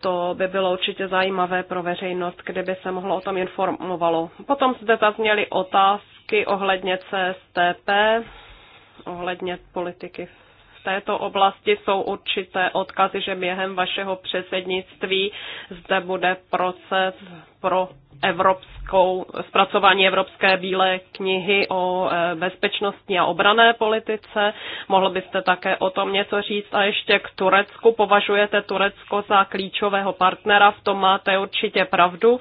to by bylo určitě zajímavé pro veřejnost, kdyby se mohlo o tom informovalo. Potom zde zazněly otázky ohledně CSTP, ohledně politiky v této oblasti jsou určité odkazy, že během vašeho předsednictví zde bude proces pro evropskou, zpracování Evropské bílé knihy o e, bezpečnostní a obrané politice. Mohl byste také o tom něco říct a ještě k Turecku. Považujete Turecko za klíčového partnera, v tom máte určitě pravdu,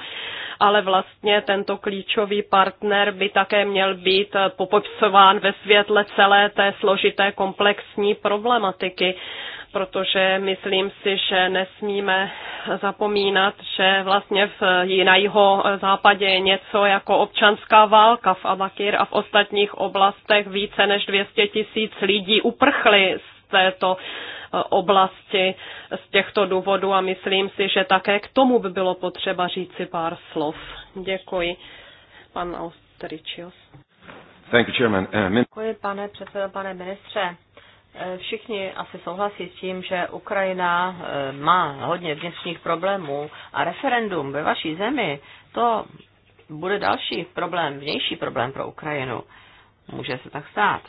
ale vlastně tento klíčový partner by také měl být popopisován ve světle celé té složité komplexní problematiky protože myslím si, že nesmíme zapomínat, že vlastně v, na jeho západě je něco jako občanská válka v Abakir a v ostatních oblastech více než 200 tisíc lidí uprchli z této e, oblasti z těchto důvodů a myslím si, že také k tomu by bylo potřeba říci pár slov. Děkuji. Pan Austričius. Eh, Děkuji, pane předsedo, pane ministře. Eh, všichni asi souhlasí s tím, že Ukrajina eh, má hodně vnitřních problémů a referendum ve vaší zemi, to bude další problém, vnější problém pro Ukrajinu. Může se tak stát.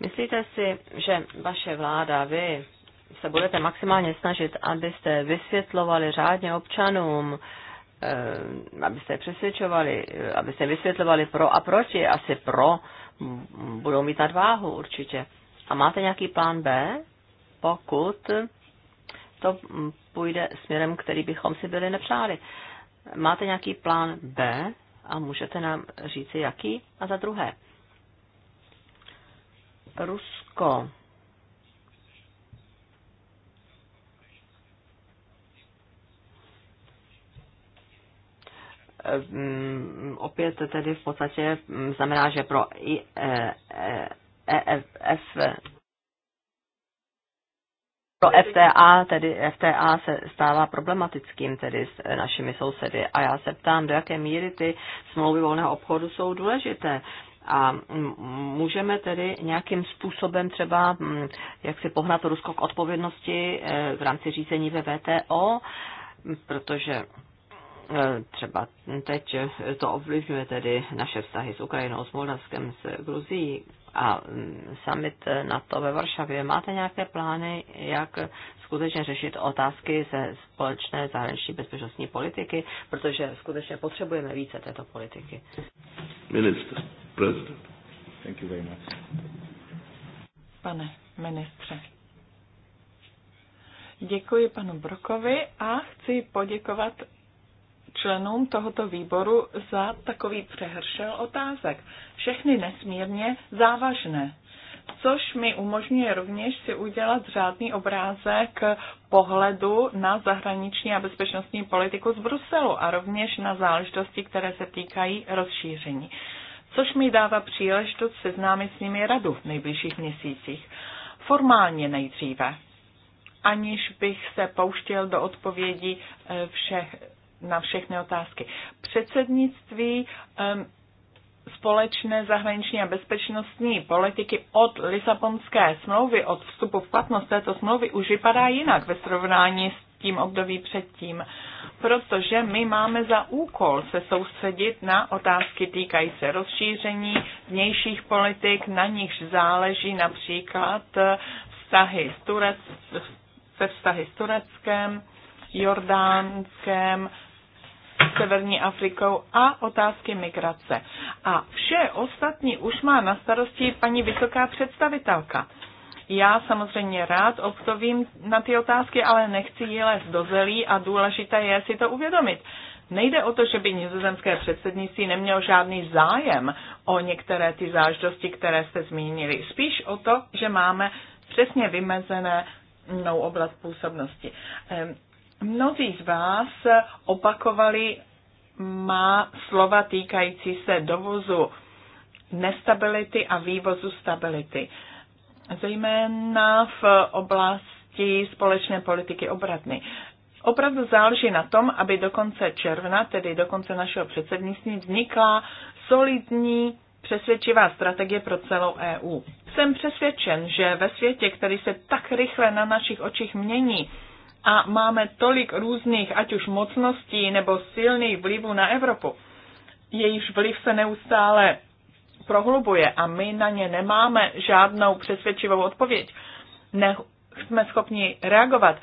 Myslíte si, že vaše vláda, vy se budete maximálně snažit, abyste vysvětlovali řádně občanům, eh, abyste přesvědčovali, abyste vysvětlovali pro a proti, asi pro budou mít nadváhu určitě. A máte nějaký plán B, pokud to mm, půjde směrem, který bychom si byli nepřáli? Máte nějaký plán B a můžete nám říci, jaký? A za druhé, Rusko. opět tedy v podstatě znamená, že pro e, e, E F, pro FTA, tedy FTA se stává problematickým tedy s našimi sousedy a já se ptám, do jaké míry ty smlouvy volného obchodu jsou důležité. A můžeme tedy nějakým způsobem třeba, jak si pohnat Rusko k odpovědnosti e, v rámci řízení ve VTO, protože e, třeba teď to ovlivňuje tedy naše vztahy s Ukrajinou, s Moldavskem, s Gruzií, a mm, summit NATO ve Varšavě. Máte nějaké plány, jak skutečně řešit otázky ze společné zahraniční bezpečnostní politiky, protože skutečně potřebujeme více této politiky? Minister, prezident. Thank you very much. Pane ministře. Děkuji panu Brokovi a chci poděkovat členům tohoto výboru za takový přehršel otázek. Všechny nesmírně závažné což mi umožňuje rovněž si udělat řádný obrázek pohledu na zahraniční a bezpečnostní politiku z Bruselu a rovněž na záležitosti, které se týkají rozšíření, což mi dává příležitost seznámit s nimi radu v nejbližších měsících. Formálně nejdříve, aniž bych se pouštěl do odpovědi eh, všech na všechny otázky. Předsednictví um, společné zahraniční a bezpečnostní politiky od Lisabonské smlouvy, od vstupu v platnost této smlouvy, už vypadá jinak ve srovnání s tím období předtím, protože my máme za úkol se soustředit na otázky týkají se rozšíření vnějších politik, na nichž záleží například vztahy s Turec, se vztahy s Tureckem, Jordánskem, Severní Afrikou a otázky migrace. A vše ostatní už má na starosti paní vysoká představitelka. Já samozřejmě rád obtovím na ty otázky, ale nechci je lézt do zelí a důležité je si to uvědomit. Nejde o to, že by nizozemské předsednictví nemělo žádný zájem o některé ty záždosti, které jste zmínili. Spíš o to, že máme přesně vymezené mnou oblast působnosti. Mnozí z vás opakovali má slova týkající se dovozu nestability a vývozu stability. Zejména v oblasti společné politiky obratny. Opravdu záleží na tom, aby do konce června, tedy do konce našeho předsednictví, vznikla solidní přesvědčivá strategie pro celou EU. Jsem přesvědčen, že ve světě, který se tak rychle na našich očích mění, a máme tolik různých, ať už mocností nebo silných vlivů na Evropu, jejíž vliv se neustále prohlubuje a my na ně nemáme žádnou přesvědčivou odpověď. Ne, jsme schopni reagovat.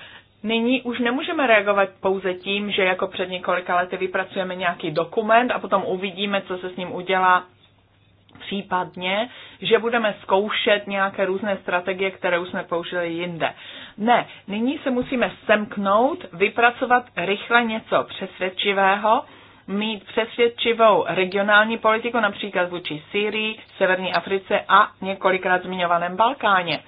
Nyní už nemůžeme reagovat pouze tím, že jako před několika lety vypracujeme nějaký dokument a potom uvidíme, co se s ním udělá případně, že budeme zkoušet nějaké různé strategie, které už jsme použili jinde. Ne, nyní se musíme semknout, vypracovat rychle něco přesvědčivého, mít přesvědčivou regionální politiku, například vůči Syrii, Severní Africe a několikrát zmiňovaném Balkáně.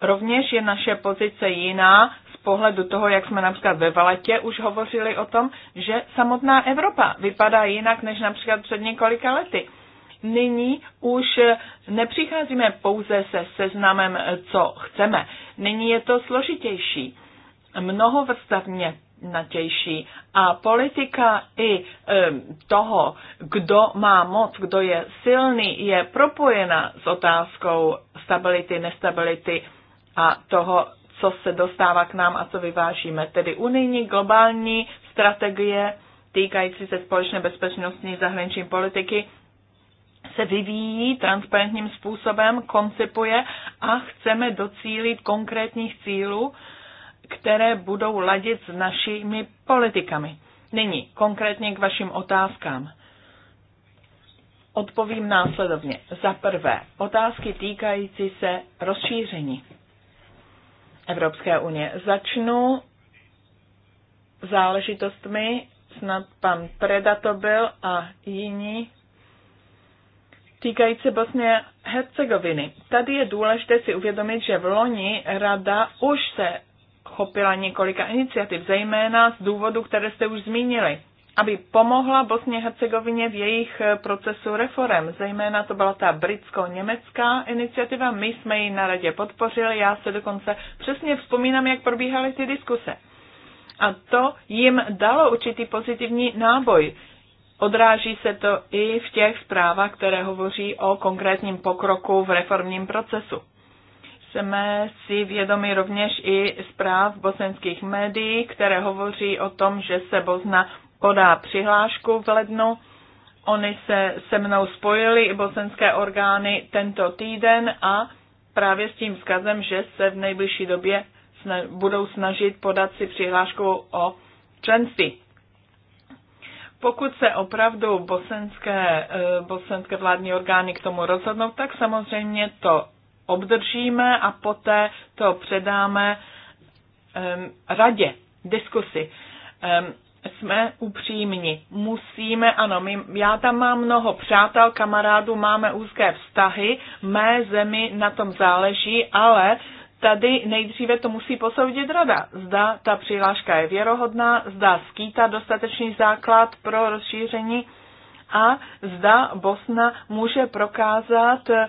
Rovněž je naše pozice jiná z pohledu toho, jak jsme například ve Valetě už hovořili o tom, že samotná Evropa vypadá jinak než například před několika lety nyní už nepřicházíme pouze se seznamem, co chceme. Nyní je to složitější, mnohovrstavně natější a politika i toho, kdo má moc, kdo je silný, je propojena s otázkou stability, nestability a toho, co se dostává k nám a co vyvážíme. Tedy unijní globální strategie týkající se společné bezpečnostní zahraniční politiky se vyvíjí transparentním způsobem, koncipuje a chceme docílit konkrétních cílů, které budou ladit s našimi politikami. Nyní konkrétně k vašim otázkám. Odpovím následovně. Za prvé, otázky týkající se rozšíření Evropské unie. Začnu záležitostmi, snad pan Preda to byl a jiní týkající Bosně vlastně Hercegoviny. Tady je důležité si uvědomit, že v loni rada už se chopila několika iniciativ, zejména z důvodu, které jste už zmínili, aby pomohla Bosně Hercegovině v jejich eh, procesu reform. Zejména to byla ta britsko-německá iniciativa, my jsme ji na radě podpořili, já se dokonce přesně vzpomínám, jak probíhaly ty diskuse. A to jim dalo určitý pozitivní náboj. Odráží se to i v těch zprávách, které hovoří o konkrétním pokroku v reformním procesu. Jsme si vědomi rovněž i zpráv bosenských médií, které hovoří o tom, že se Bosna podá přihlášku v lednu. Oni se se mnou spojili i bosenské orgány tento týden a právě s tím vzkazem, že se v nejbližší době budou snažit podat si přihlášku o členství. Pokud se opravdu bosenské, eh, bosenské vládní orgány k tomu rozhodnou, tak samozřejmě to obdržíme a poté to předáme eh, radě, diskusi ehm, jsme upřímní. Musíme, ano, my, já tam mám mnoho přátel, kamarádů, máme úzké vztahy, mé zemi na tom záleží, ale tady nejdříve to musí posoudit rada. Zda ta přihláška je věrohodná, zda skýtá dostatečný základ pro rozšíření a zda Bosna může prokázat eh,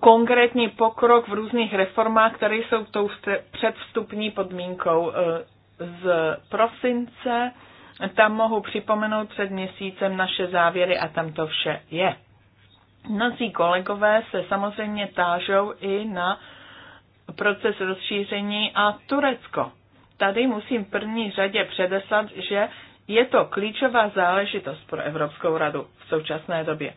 konkrétní pokrok v různých reformách, které jsou tou předvstupní podmínkou eh, z prosince. Tam mohu připomenout před měsícem naše závěry a tam to vše je. Mnozí kolegové se samozřejmě tážou i na proces rozšíření a Turecko. Tady musím v první řadě předeslat, že je to klíčová záležitost pro Evropskou radu v současné době.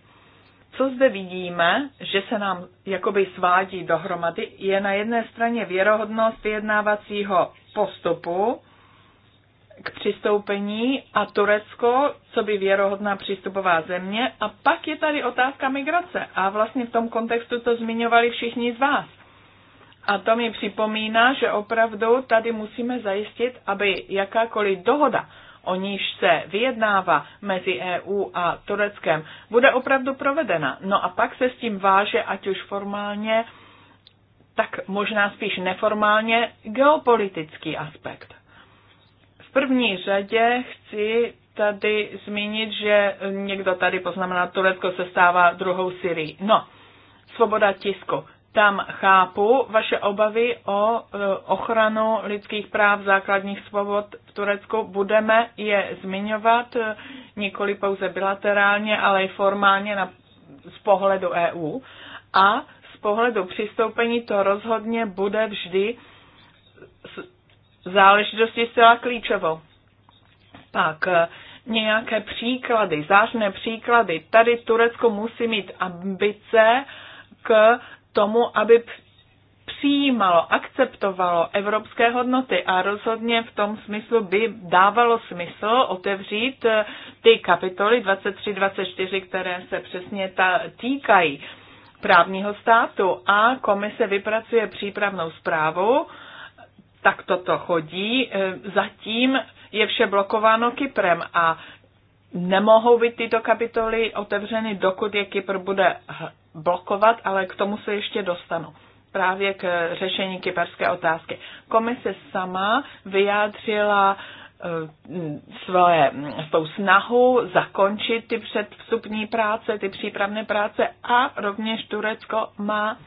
Co zde vidíme, že se nám jakoby svádí dohromady, je na jedné straně věrohodnost vyjednávacího postupu k přistoupení a Turecko, co by věrohodná přístupová země, a pak je tady otázka migrace. A vlastně v tom kontextu to zmiňovali všichni z vás a to mi připomíná, že opravdu tady musíme zajistit, aby jakákoliv dohoda, o níž se vyjednává mezi EU a Tureckem, bude opravdu provedena. No a pak se s tím váže, ať už formálně, tak možná spíš neformálně, geopolitický aspekt. V první řadě chci tady zmínit, že někdo tady poznamená, Turecko se stává druhou Syrií. No, svoboda tisku tam chápu vaše obavy o e, ochranu lidských práv, základních svobod v Turecku. Budeme je zmiňovat e, nikoli pouze bilaterálně, ale i formálně na, z pohledu EU. A z pohledu přistoupení to rozhodně bude vždy záležitosti zcela klíčovou. Pak e, nějaké příklady, zářné příklady. Tady Turecko musí mít ambice k tomu, aby přijímalo, akceptovalo evropské hodnoty a rozhodně v tom smyslu by dávalo smysl otevřít eh, ty kapitoly 23-24, které se přesně ta týkají právního státu a komise vypracuje přípravnou zprávu, tak toto chodí. Eh, zatím je vše blokováno Kyprem a nemohou být tyto kapitoly otevřeny, dokud je Kypr bude blokovat, ale k tomu se ještě dostanu právě k řešení kyperské otázky. Komise sama vyjádřila eh, svoje, svou snahu zakončit ty předvstupní práce, ty přípravné práce a rovněž Turecko má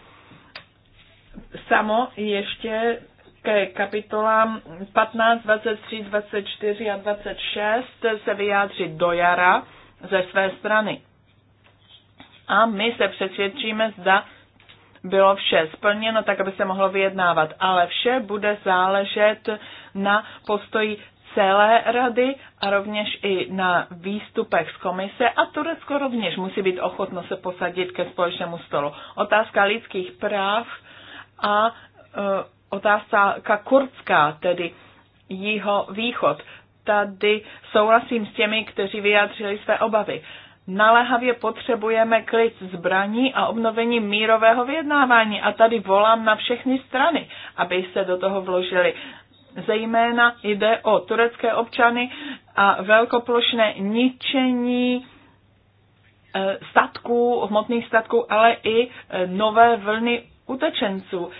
samo ještě ke kapitolám 15, 23, 24 a 26 se vyjádřit do jara ze své strany a my se přesvědčíme, zda bylo vše splněno, tak aby se mohlo vyjednávat. Ale vše bude záležet na postoji celé rady a rovněž i na výstupech z komise a Turecko rovněž musí být ochotno se posadit ke společnému stolu. Otázka lidských práv a e, otázka kurdská, tedy jeho východ. Tady souhlasím s těmi, kteří vyjádřili své obavy naléhavě potřebujeme klid zbraní a obnovení mírového vyjednávání. A tady volám na všechny strany, aby se do toho vložili. Zejména jde o turecké občany a velkoplošné ničení eh, statků, hmotných statků, ale i eh, nové vlny utečenců.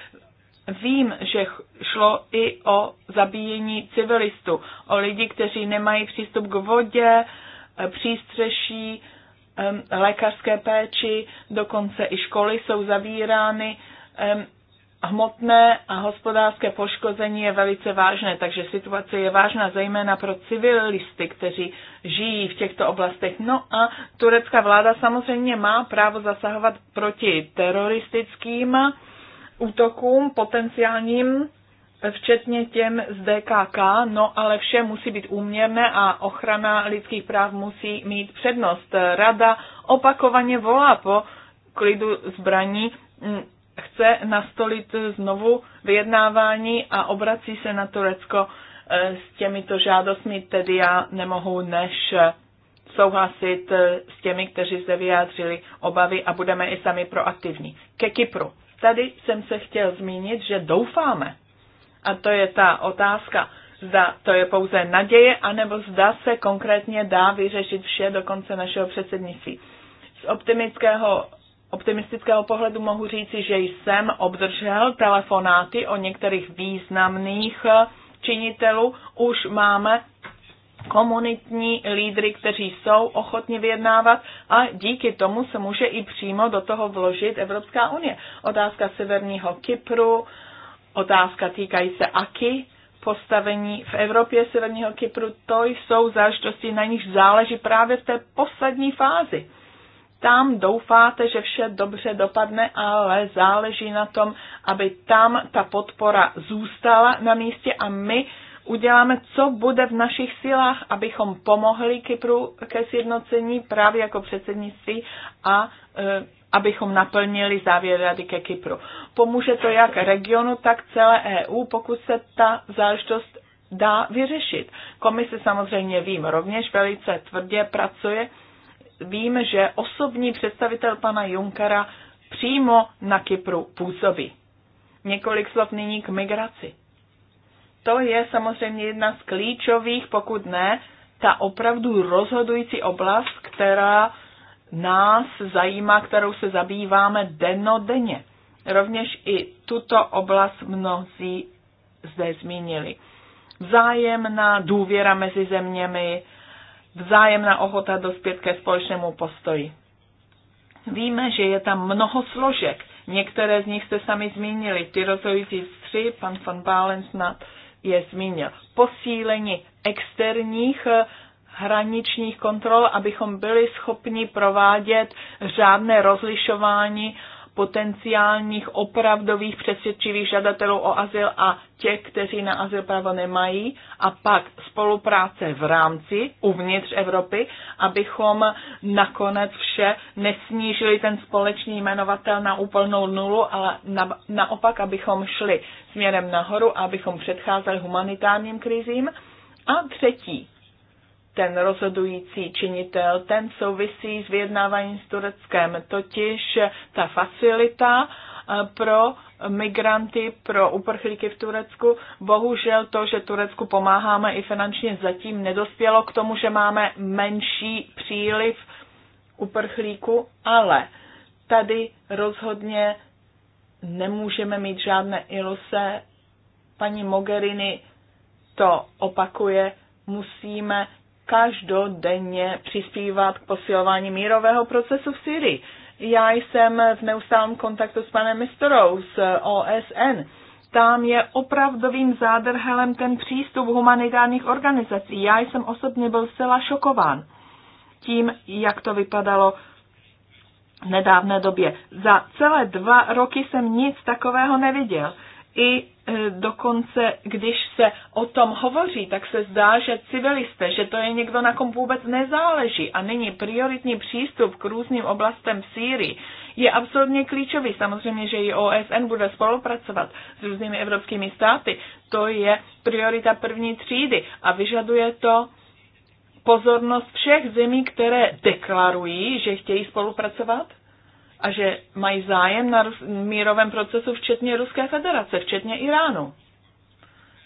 Vím, že šlo i o zabíjení civilistů, o lidi, kteří nemají přístup k vodě, eh, přístřeší, lékařské péči, dokonce i školy jsou zavírány. Hmotné a hospodářské poškození je velice vážné, takže situace je vážná zejména pro civilisty, kteří žijí v těchto oblastech. No a turecká vláda samozřejmě má právo zasahovat proti teroristickým útokům potenciálním včetně těm z DKK, no ale vše musí být úměrné a ochrana lidských práv musí mít přednost. Rada opakovaně volá po klidu zbraní, mm, chce nastolit znovu vyjednávání a obrací se na Turecko eh, s těmito žádostmi, tedy já nemohu než souhlasit eh, s těmi, kteří se vyjádřili obavy a budeme i sami proaktivní. Ke Kypru. Tady jsem se chtěl zmínit, že doufáme, a to je ta otázka, zda to je pouze naděje, anebo zda se konkrétně dá vyřešit vše do konce našeho předsednictví. Z optimického optimistického pohledu mohu říci, že jsem obdržel telefonáty o některých významných eh, činitelů. Už máme komunitní lídry, kteří jsou ochotni vyjednávat a díky tomu se může i přímo do toho vložit Evropská unie. Otázka Severního Kypru, otázka týkají se AKY, postavení v Evropě Severního Kypru, to jsou záležitosti, na nich záleží právě v té poslední fázi. Tam doufáte, že vše dobře dopadne, ale záleží na tom, aby tam ta podpora zůstala na místě a my uděláme, co bude v našich silách, abychom pomohli Kypru ke sjednocení právě jako předsednictví a e, abychom naplnili závěr Rady ke Kypru. Pomůže to jak regionu, tak celé EU, pokud se ta záležitost dá vyřešit. Komise samozřejmě vím, rovněž velice tvrdě pracuje. Vím, že osobní představitel pana Junkara přímo na Kypru působí. Několik slov nyní k migraci. To je samozřejmě jedna z klíčových, pokud ne, ta opravdu rozhodující oblast, která nás zajímá, kterou se zabýváme denodenně. Rovněž i tuto oblast mnozí zde zmínili. Vzájemná důvěra mezi zeměmi, vzájemná ochota dospět ke společnému postoji. Víme, že je tam mnoho složek. Některé z nich jste sami zmínili. Ty rozhodující tři, pan von Balen snad je zmínil. Posílení externích hraničních kontrol, abychom byli schopni provádět řádné rozlišování potenciálních opravdových přesvědčivých žadatelů o azyl a těch, kteří na azyl právo nemají, a pak spolupráce v rámci uvnitř Evropy, abychom nakonec vše nesnížili ten společný jmenovatel na úplnou nulu, ale na, naopak, abychom šli směrem nahoru a abychom předcházeli humanitárním krizím. A třetí ten rozhodující činitel, ten souvisí s vyjednáváním s Tureckem, totiž ta facilita eh, pro migranty, pro uprchlíky v Turecku. Bohužel to, že Turecku pomáháme i finančně, zatím nedospělo k tomu, že máme menší příliv uprchlíků, ale tady rozhodně nemůžeme mít žádné iluze. Paní Mogherini to opakuje, musíme každodenně přispívat k posilování mírového procesu v Syrii. Já jsem v neustálém kontaktu s panem Mistorou z OSN. Tam je opravdovým zádrhelem ten přístup humanitárních organizací. Já jsem osobně byl zcela šokován tím, jak to vypadalo v nedávné době. Za celé dva roky jsem nic takového neviděl i e, dokonce, když se o tom hovoří, tak se zdá, že civilisté, že to je někdo, na kom vůbec nezáleží. A není prioritní přístup k různým oblastem v Sýrii je absolutně klíčový. Samozřejmě, že i OSN bude spolupracovat s různými evropskými státy. To je priorita první třídy a vyžaduje to pozornost všech zemí, které deklarují, že chtějí spolupracovat a že mají zájem na mírovém procesu, včetně Ruské federace, včetně Iránu.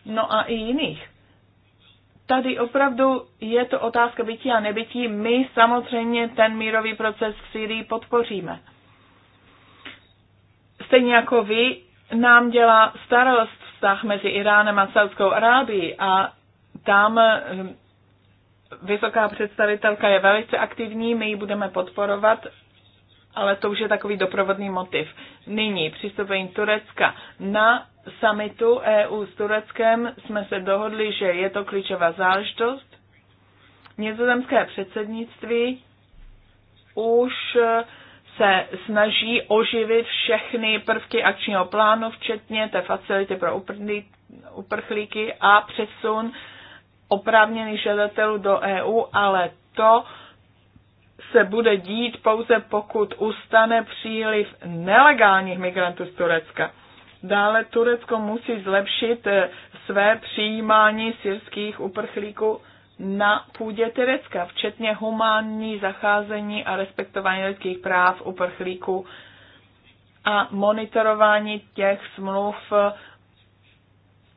No a i jiných. Tady opravdu je to otázka bytí a nebytí. My samozřejmě ten mírový proces v Syrii podpoříme. Stejně jako vy, nám dělá starost vztah mezi Iránem a Saudskou Arábií a tam hm, vysoká představitelka je velice aktivní, my ji budeme podporovat ale to už je takový doprovodný motiv. Nyní přistoupení Turecka. Na samitu EU s Tureckem jsme se dohodli, že je to klíčová záležitost. Nizozemské předsednictví už eh, se snaží oživit všechny prvky akčního plánu, včetně té facility pro uprchlíky a přesun oprávněných žadatelů do EU, ale to se bude dít pouze pokud ustane příliv nelegálních migrantů z Turecka. Dále Turecko musí zlepšit eh, své přijímání syrských uprchlíků na půdě Turecka, včetně humánní zacházení a respektování lidských práv uprchlíků a monitorování těch smluv eh,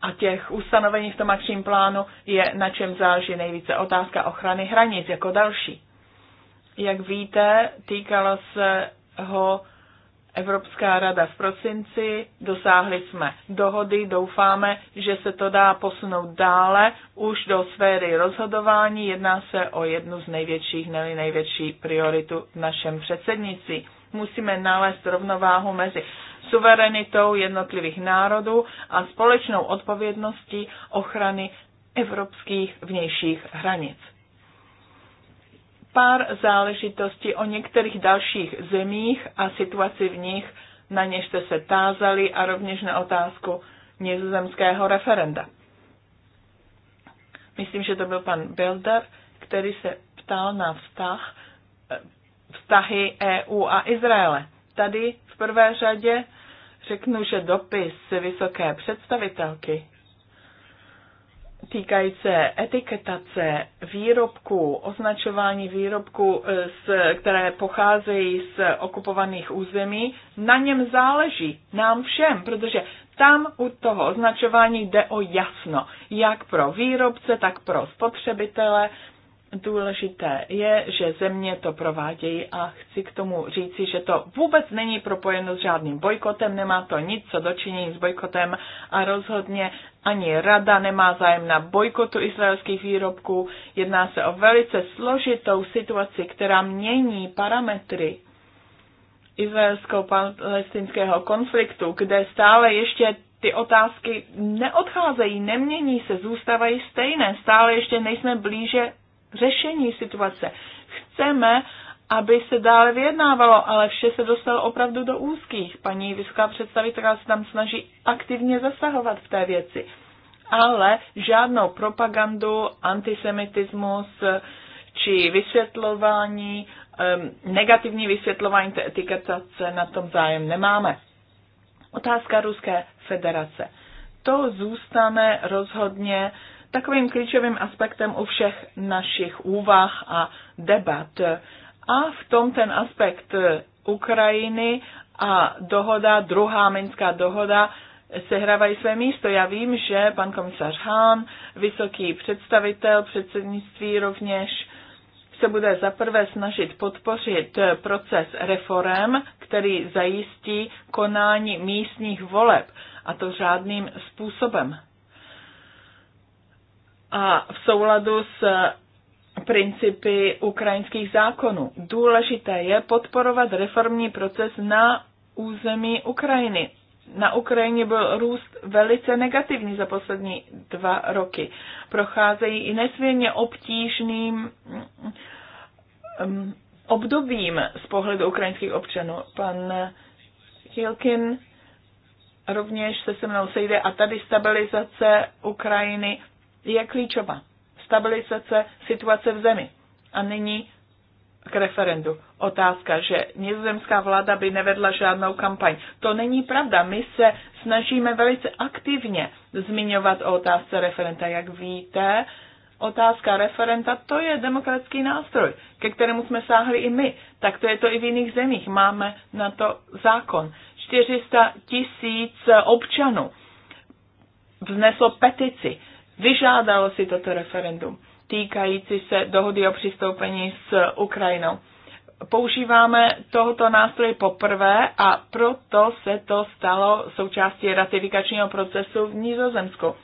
a těch ustanovení v tom akčním plánu je na čem záleží nejvíce. Otázka ochrany hranic jako další. Jak víte, týkala se ho Evropská rada v prosinci, dosáhli jsme dohody, doufáme, že se to dá posunout dále už do sféry rozhodování. Jedná se o jednu z největších, nebo největší prioritu v našem předsednici. Musíme nalézt rovnováhu mezi suverenitou jednotlivých národů a společnou odpovědností ochrany evropských vnějších hranic pár záležitostí o některých dalších zemích a situaci v nich, na něž jste se tázali a rovněž na otázku nizozemského referenda. Myslím, že to byl pan Bilder, který se ptal na vztah, vztahy EU a Izraele. Tady v prvé řadě řeknu, že dopis vysoké představitelky týkají se etiketace výrobků, označování výrobků, eh, které pocházejí z okupovaných území, na něm záleží, nám všem, protože tam u toho označování jde o jasno, jak pro výrobce, tak pro spotřebitele, důležité je, že země to provádějí a chci k tomu říci, že to vůbec není propojeno s žádným bojkotem, nemá to nic co dočinění s bojkotem a rozhodně ani rada nemá zájem na bojkotu izraelských výrobků. Jedná se o velice složitou situaci, která mění parametry izraelsko-palestinského konfliktu, kde stále ještě ty otázky neodcházejí, nemění se, zůstávají stejné. Stále ještě nejsme blíže řešení situace. Chceme, aby se dále vyjednávalo, ale vše se dostalo opravdu do úzkých. Paní vysoká představitelka se tam snaží aktivně zasahovat v té věci. Ale žádnou propagandu, antisemitismus eh, či vysvětlování, ehm, negativní vysvětlování té etiketace na tom zájem nemáme. Otázka Ruské federace. To zůstane rozhodně takovým klíčovým aspektem u všech našich úvah a debat. A v tom ten aspekt eh, Ukrajiny a dohoda, druhá minská dohoda, sehrávají své místo. Já vím, že pan komisař Hahn, vysoký představitel předsednictví rovněž, se bude zaprvé snažit podpořit eh, proces reform, který zajistí konání místních voleb, a to řádným způsobem a v souladu s principy ukrajinských zákonů. Důležité je podporovat reformní proces na území Ukrajiny. Na Ukrajině byl růst velice negativní za poslední dva roky. Procházejí i nesmírně obtížným mm, mm, obdobím z pohledu ukrajinských občanů. Pan Hilkin rovněž se se mnou sejde a tady stabilizace Ukrajiny je klíčová. Stabilizace situace v zemi. A nyní k referendu. Otázka, že nizozemská vláda by nevedla žádnou kampaň. To není pravda. My se snažíme velice aktivně zmiňovat o otázce referenta. Jak víte, otázka referenta to je demokratický nástroj, ke kterému jsme sáhli i my. Tak to je to i v jiných zemích. Máme na to zákon. 400 tisíc občanů vzneslo petici vyžádalo si toto referendum týkající se dohody o přistoupení s Ukrajinou. Používáme tohoto nástroje poprvé a proto se to stalo součástí ratifikačního procesu v Nizozemsku.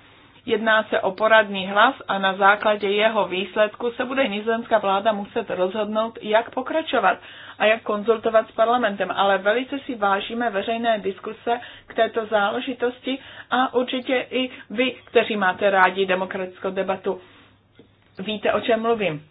Jedná se o poradní hlas a na základě jeho výsledku se bude nizozemská vláda muset rozhodnout, jak pokračovat a jak konzultovat s parlamentem. Ale velice si vážíme veřejné diskuse k této záležitosti a určitě i vy, kteří máte rádi demokratickou debatu, víte, o čem mluvím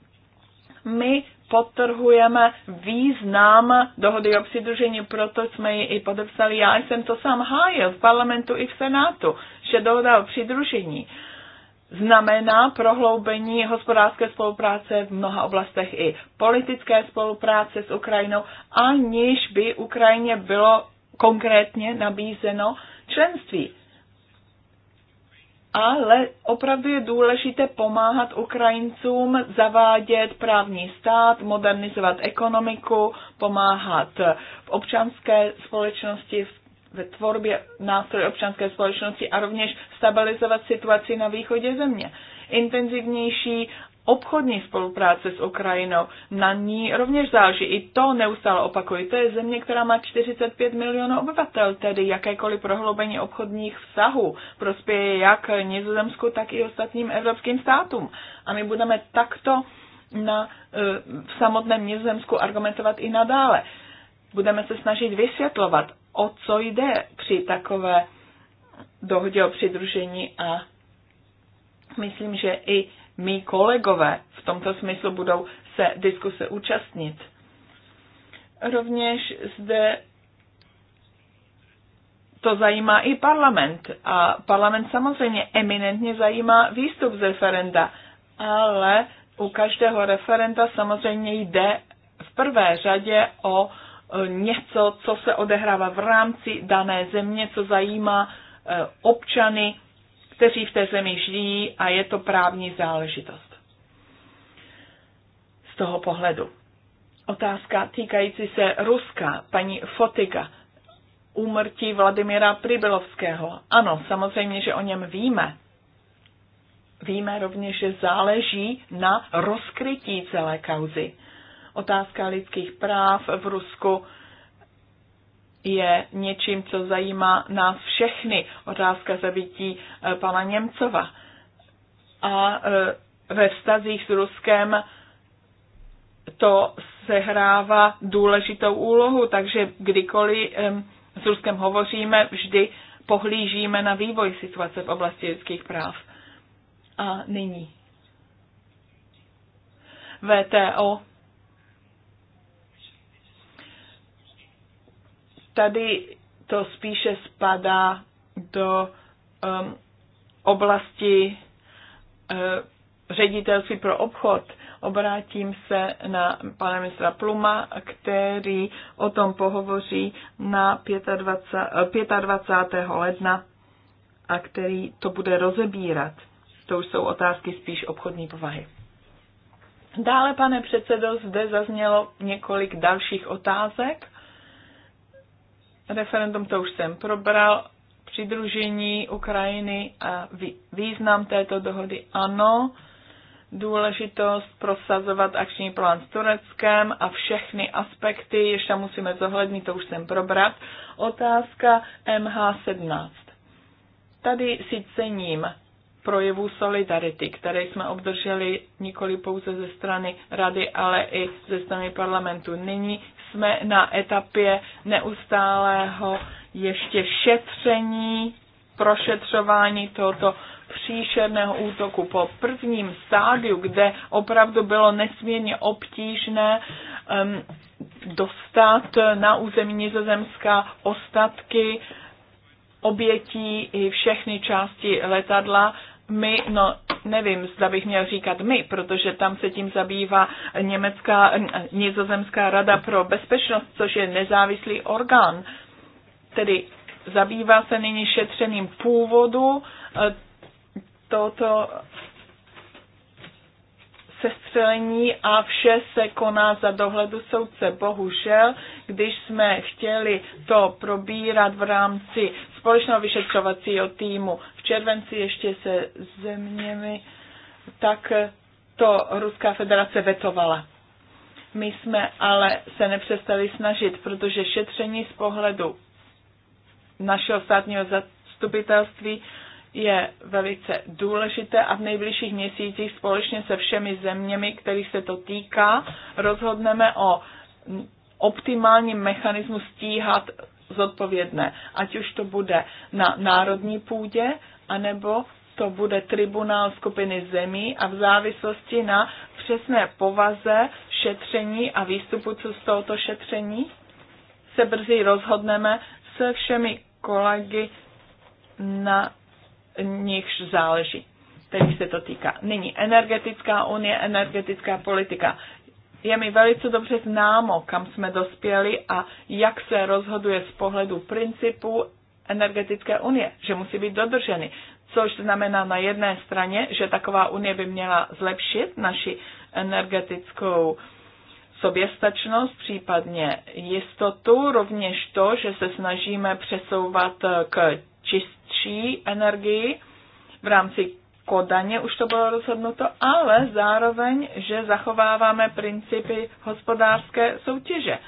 my podtrhujeme význam dohody o přidružení, proto jsme ji i podepsali. Já jsem to sám hájil v parlamentu i v senátu, že dohoda o přidružení znamená prohloubení hospodářské spolupráce v mnoha oblastech i politické spolupráce s Ukrajinou, aniž by Ukrajině bylo konkrétně nabízeno členství ale opravdu je důležité pomáhat Ukrajincům zavádět právní stát, modernizovat ekonomiku, pomáhat v občanské společnosti, ve tvorbě nástroje občanské společnosti a rovněž stabilizovat situaci na východě země. Intenzivnější obchodní spolupráce s Ukrajinou, na ní rovněž záleží. I to neustále opakuji. To je země, která má 45 milionů obyvatel, tedy jakékoliv prohloubení obchodních vztahů prospěje jak Nizozemsku, tak i ostatním evropským státům. A my budeme takto na, e, v samotném Nizozemsku argumentovat i nadále. Budeme se snažit vysvětlovat, o co jde při takové dohodě o přidružení a myslím, že i mý kolegové v tomto smyslu budou se diskuse účastnit. Rovněž zde to zajímá i parlament. A parlament samozřejmě eminentně zajímá výstup z referenda, ale u každého referenda samozřejmě jde v prvé řadě o e, něco, co se odehrává v rámci dané země, co zajímá e, občany kteří v té zemi žijí a je to právní záležitost. Z toho pohledu. Otázka týkající se Ruska, paní Fotika, úmrtí Vladimira Pribilovského. Ano, samozřejmě, že o něm víme. Víme rovněž, že záleží na rozkrytí celé kauzy. Otázka lidských práv v Rusku je něčím, co zajímá nás všechny. Otázka zabití e, pana Němcova. A e, ve vztazích s Ruskem to sehrává důležitou úlohu, takže kdykoliv e, s Ruskem hovoříme, vždy pohlížíme na vývoj situace v oblasti lidských práv. A nyní. VTO Tady to spíše spadá do um, oblasti uh, ředitelství pro obchod. Obrátím se na pana ministra Pluma, který o tom pohovoří na 25, 25. Eh, ledna a který to bude rozebírat. To už jsou otázky spíš obchodní povahy. Dále, pane předsedo, zde zaznělo několik dalších otázek referendum to už jsem probral, přidružení Ukrajiny a význam této dohody ano, důležitost prosazovat akční plán s Tureckem a všechny aspekty, ještě musíme zohlednit, to už jsem probrat. Otázka MH17. Tady si cením projevu solidarity, které jsme obdrželi nikoli pouze ze strany rady, ale i ze strany parlamentu. Nyní jsme na etapě neustálého ještě šetření, prošetřování tohoto příšerného útoku po prvním stádiu, kde opravdu bylo nesmírně obtížné um, dostat na území Nizozemska ostatky obětí i všechny části letadla, my, no nevím, zda bych měl říkat my, protože tam se tím zabývá Německá, Nizozemská rada pro bezpečnost, což je nezávislý orgán. Tedy zabývá se nyní šetřeným původu eh, tohoto sestřelení a vše se koná za dohledu soudce. Bohužel, když jsme chtěli to probírat v rámci společného vyšetřovacího týmu červenci ještě se zeměmi, tak to Ruská federace vetovala. My jsme ale se nepřestali snažit, protože šetření z pohledu našeho státního zastupitelství je velice důležité a v nejbližších měsících společně se všemi zeměmi, kterých se to týká, rozhodneme o optimálním mechanismu stíhat zodpovědné, ať už to bude na národní půdě, anebo to bude tribunál skupiny zemí a v závislosti na přesné povaze šetření a výstupu z tohoto šetření se brzy rozhodneme se všemi kolegy, na nichž záleží, který se to týká. Nyní energetická unie, energetická politika. Je mi velice dobře známo, kam jsme dospěli a jak se rozhoduje z pohledu principu energetické unie, že musí být dodrženy. Což znamená na jedné straně, že taková unie by měla zlepšit naši energetickou soběstačnost, případně jistotu, rovněž to, že se snažíme přesouvat k čistší energii v rámci Kodaně už to bylo rozhodnuto, ale zároveň, že zachováváme principy hospodářské soutěže,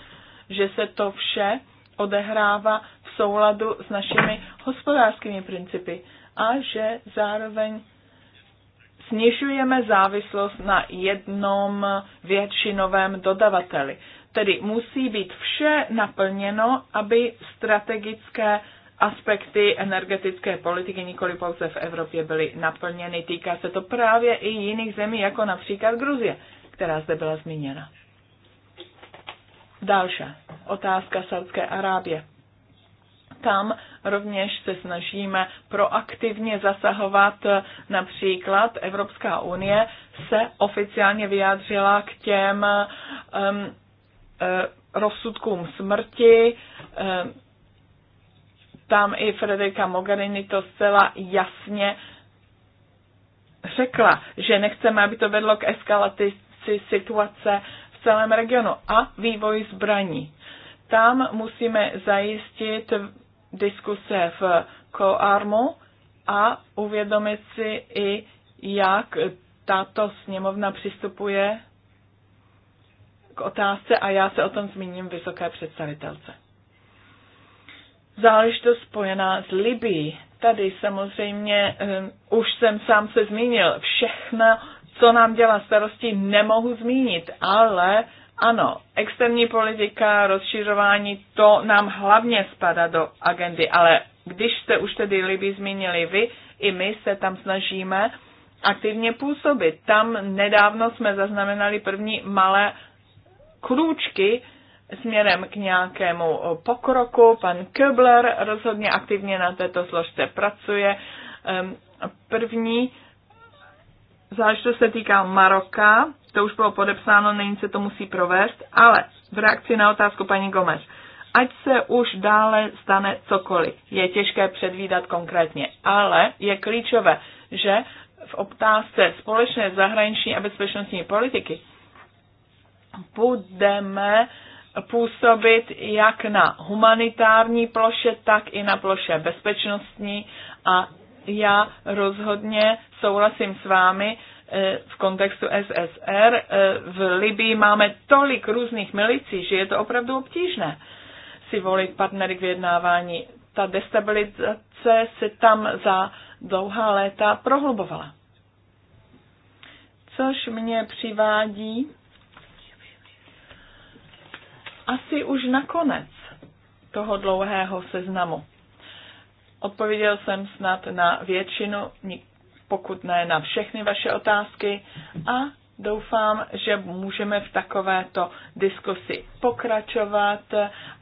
že se to vše odehrává v souladu s našimi hospodářskými principy a že zároveň snižujeme závislost na jednom většinovém dodavateli. Tedy musí být vše naplněno, aby strategické aspekty energetické politiky nikoli pouze v Evropě byly naplněny. Týká se to právě i jiných zemí, jako například Gruzie, která zde byla zmíněna. Další otázka Saudské Arábie. Tam rovněž se snažíme proaktivně zasahovat, například Evropská unie se oficiálně vyjádřila k těm um, eh, rozsudkům smrti, um, tam i Frederika Mogherini to zcela jasně řekla, že nechceme, aby to vedlo k eskalaci situace v celém regionu a vývoji zbraní. Tam musíme zajistit diskuse v koarmu a uvědomit si i, jak tato sněmovna přistupuje k otázce a já se o tom zmíním vysoké představitelce. Záležitost spojená s Libií. Tady samozřejmě um, už jsem sám se zmínil. Všechno, co nám dělá starosti, nemohu zmínit, ale ano, externí politika, rozšiřování, to nám hlavně spadá do agendy, ale když jste už tedy Liby zmínili vy, i my se tam snažíme aktivně působit. Tam nedávno jsme zaznamenali první malé krůčky směrem k nějakému pokroku. Pan Köbler rozhodně aktivně na této složce pracuje. Ehm, první to se týká Maroka to už bylo podepsáno, není se to musí provést, ale v reakci na otázku paní Gomez. Ať se už dále stane cokoliv, je těžké předvídat konkrétně, ale je klíčové, že v otázce společné zahraniční a bezpečnostní politiky budeme působit jak na humanitární ploše, tak i na ploše bezpečnostní a já rozhodně souhlasím s vámi, v kontextu SSR. Eh, v Libii máme tolik různých milicí, že je to opravdu obtížné si volit partnery k vyjednávání. Ta destabilizace se tam za dlouhá léta prohlubovala. Což mě přivádí asi už na konec toho dlouhého seznamu. Odpověděl jsem snad na většinu, pokud ne na všechny vaše otázky a doufám, že můžeme v takovéto diskusi pokračovat,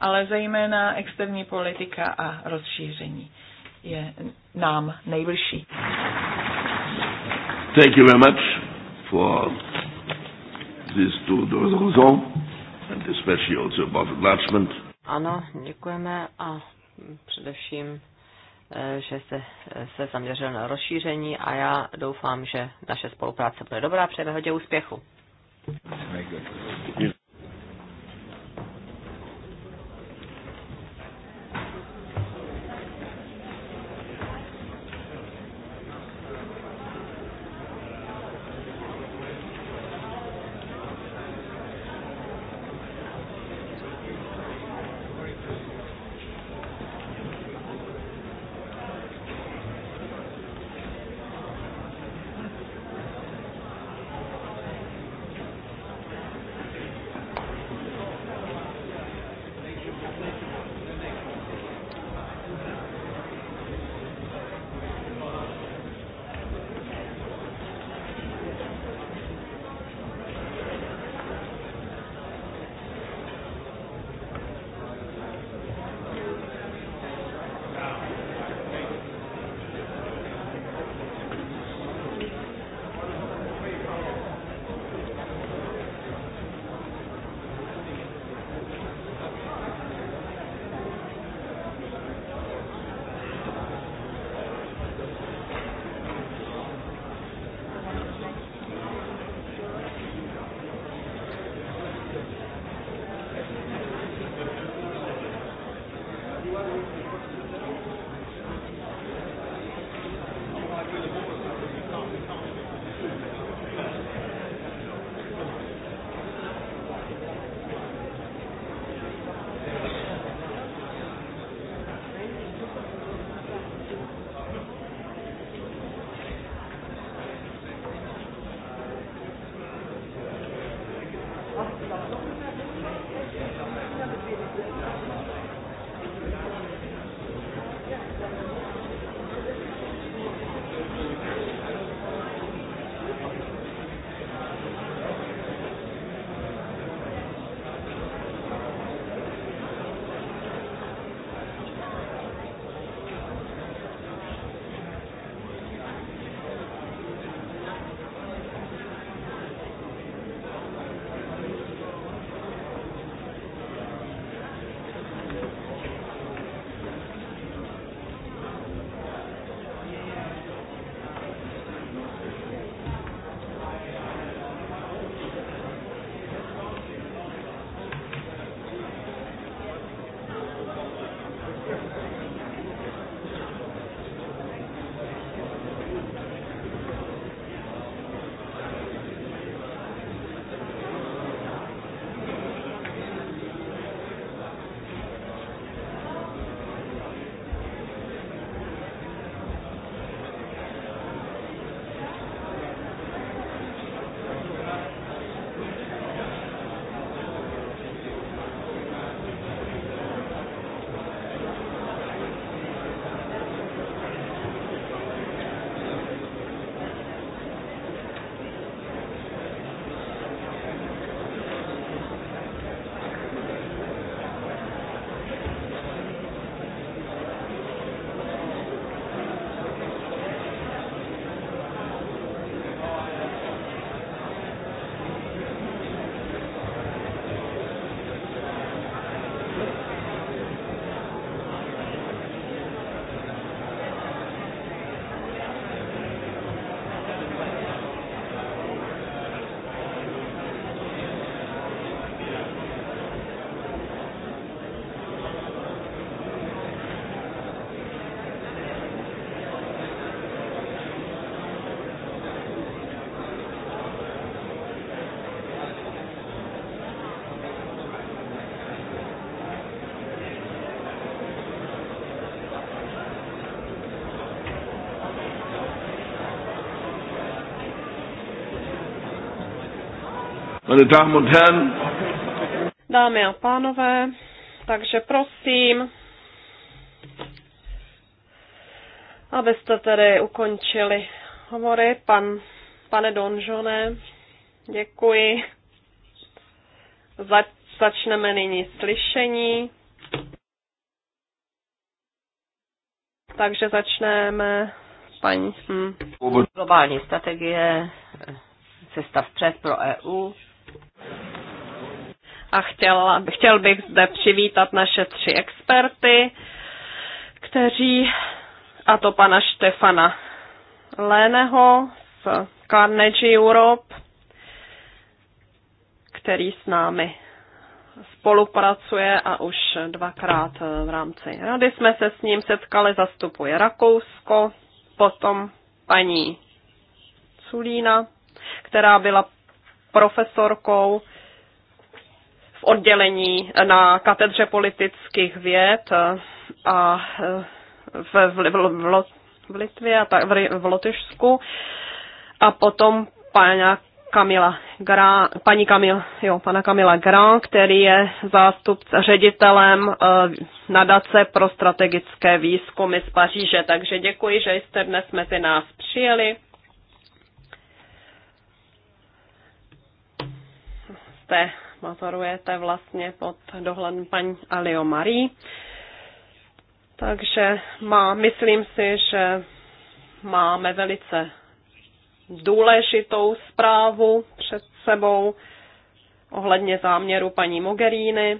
ale zejména externí politika a rozšíření je nám nejbližší. Thank you very much for this two doors and especially also about enlargement. Ano, děkujeme a především Eh, že se, se zaměřil na rozšíření a já doufám, že naše spolupráce bude dobrá. Přejeme hodně úspěchu. Meine Damen und Herren. Dámy a pánové, takže prosím, abyste tedy ukončili hovory, pan, pane Donžone, děkuji. Za, začneme nyní slyšení. Takže začneme paní. Hm. Globální strategie, cesta vpřed pro EU a chtěl, chtěl bych zde přivítat naše tři experty, kteří, a to pana Štefana Léneho z Carnegie Europe, který s námi spolupracuje a už dvakrát v rámci rady jsme se s ním setkali, zastupuje Rakousko, potom paní Culína, která byla profesorkou v oddělení na katedře politických věd a v, v, v, v Litvě a tak, v, v Lotyšsku. A potom paní Kamila Gra, paní Kamil, jo, pana Kamila Gra, který je zástupce ředitelem e, nadace pro strategické výzkumy z Paříže. Takže děkuji, že jste dnes mezi nás přijeli. Jste mazorujete vlastně pod dohledem paní Alio Marie. Takže má, myslím si, že máme velice důležitou zprávu před sebou ohledně záměru paní Mogheríny,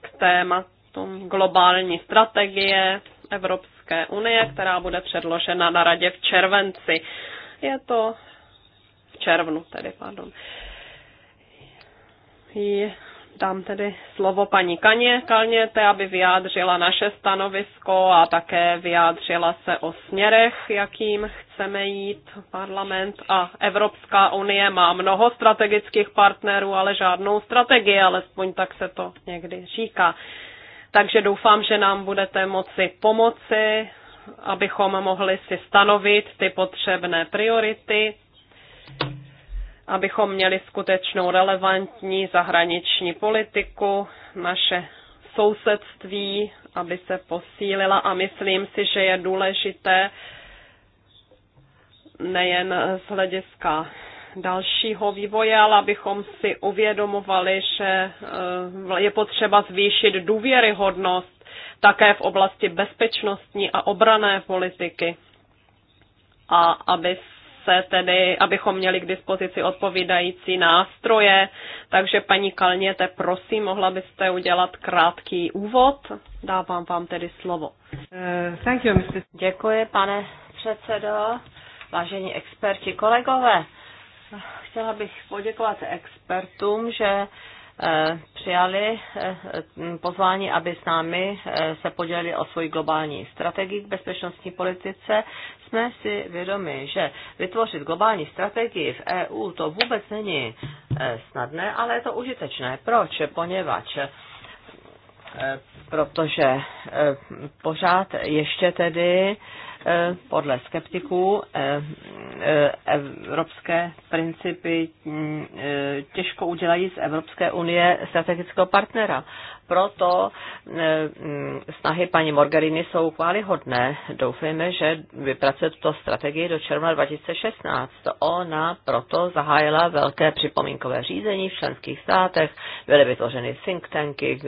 k tématu globální strategie Evropské unie, která bude předložena na radě v červenci. Je to červnu tedy, pardon. Je, dám tedy slovo paní Kaně Kalněte, aby vyjádřila naše stanovisko a také vyjádřila se o směrech, jakým chceme jít parlament a Evropská unie má mnoho strategických partnerů, ale žádnou strategii, alespoň tak se to někdy říká. Takže doufám, že nám budete moci pomoci, abychom mohli si stanovit ty potřebné priority abychom měli skutečnou relevantní zahraniční politiku, naše sousedství, aby se posílila a myslím si, že je důležité nejen z hlediska dalšího vývoje, ale abychom si uvědomovali, že eh, je potřeba zvýšit důvěryhodnost také v oblasti bezpečnostní a obrané politiky a aby se tedy, abychom měli k dispozici odpovídající nástroje. Takže paní Kalněte, prosím, mohla byste udělat krátký úvod? Dávám vám tedy slovo. Uh, thank you, Mr. Děkuji, pane předsedo, vážení experti, kolegové. Chtěla bych poděkovat expertům, že eh, přijali eh, pozvání, aby s námi se podělili o svoji globální strategii k bezpečnostní politice jsme si vědomi, že vytvořit globální strategii v EU to vůbec není eh, snadné, ale je to užitečné. Proč? Poněvadž eh, protože eh, pořád ještě tedy Eh, podle skeptiků eh, eh, evropské principy mm, těžko udělají z Evropské unie strategického partnera. Proto mm, snahy paní Morgariny jsou chválihodné. Doufejme, že vypracuje tuto strategii do června 2016. Ona proto zahájila velké připomínkové řízení v členských státech, byly vytvořeny think tanky,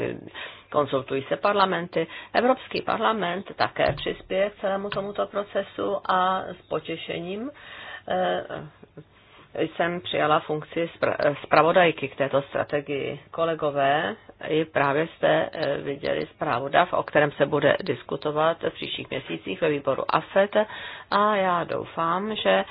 konzultují se parlamenty. Evropský parlament také přispěje k celému tomuto procesu a s potěšením eh, jsem přijala funkci zpravodajky k této strategii. Kolegové i právě jste eh, viděli zprávu DAF, o kterém se bude diskutovat v příštích měsících ve výboru AFET a já doufám, že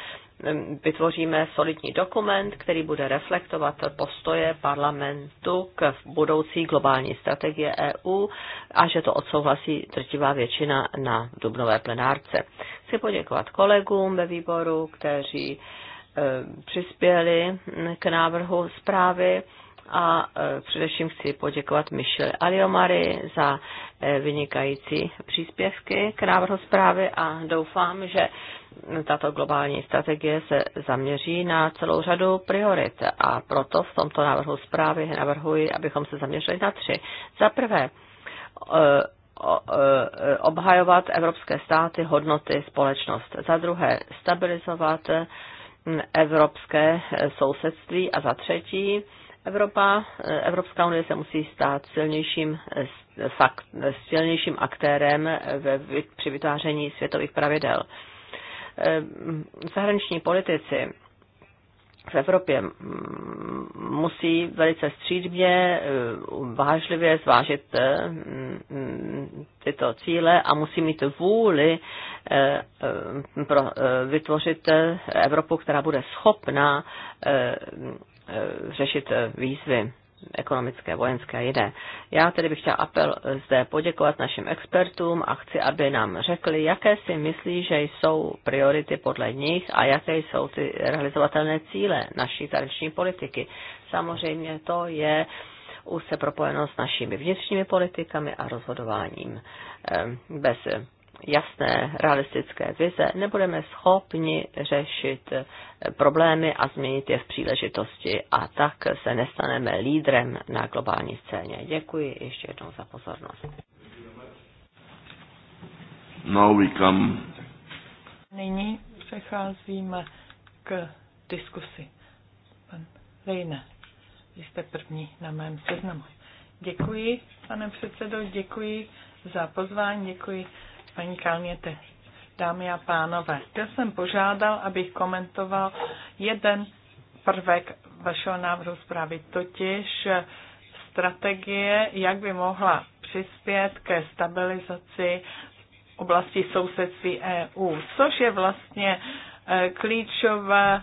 vytvoříme solidní dokument, který bude reflektovat postoje parlamentu k budoucí globální strategie EU a že to odsouhlasí drtivá většina na dubnové plenárce. Chci poděkovat kolegům ve výboru, kteří e, přispěli k návrhu zprávy a e, především chci poděkovat Michelle Aliomary za e, vynikající příspěvky k návrhu zprávy a doufám, že tato globální strategie se zaměří na celou řadu priorit a proto v tomto návrhu zprávy navrhuji, abychom se zaměřili na tři. Za prvé, e, e, obhajovat evropské státy, hodnoty, společnost. Za druhé, stabilizovat evropské e, sousedství. A za třetí, Evropa, Evropská unie se musí stát silnějším, silnějším aktérem ve, při vytváření světových pravidel. Eh, zahraniční politici v Evropě musí velice střídmě, eh, vážlivě zvážit eh, tyto cíle a musí mít vůli pro vytvořit Evropu, která bude schopná řešit výzvy ekonomické, vojenské a jiné. Já tedy bych chtěl apel zde poděkovat našim expertům a chci, aby nám řekli, jaké si myslí, že jsou priority podle nich a jaké jsou ty realizovatelné cíle naší zahraniční politiky. Samozřejmě to je už se propojeno s našimi vnitřními politikami a rozhodováním. Eh, bez eh, jasné, realistické vize, nebudeme schopni řešit problémy a změnit je v příležitosti a tak se nestaneme lídrem na globální scéně. Děkuji ještě jednou za pozornost. Now we come. Nyní přecházíme k diskusi. Pan Lejne, vy jste první na mém seznamu. Děkuji, pane předsedo, děkuji za pozvání, děkuji paní Kalněte, dámy a pánové. já jsem požádal, abych komentoval jeden prvek vašeho návrhu zprávy, totiž strategie, jak by mohla přispět ke stabilizaci oblasti sousedství EU, což je vlastně eh, klíčové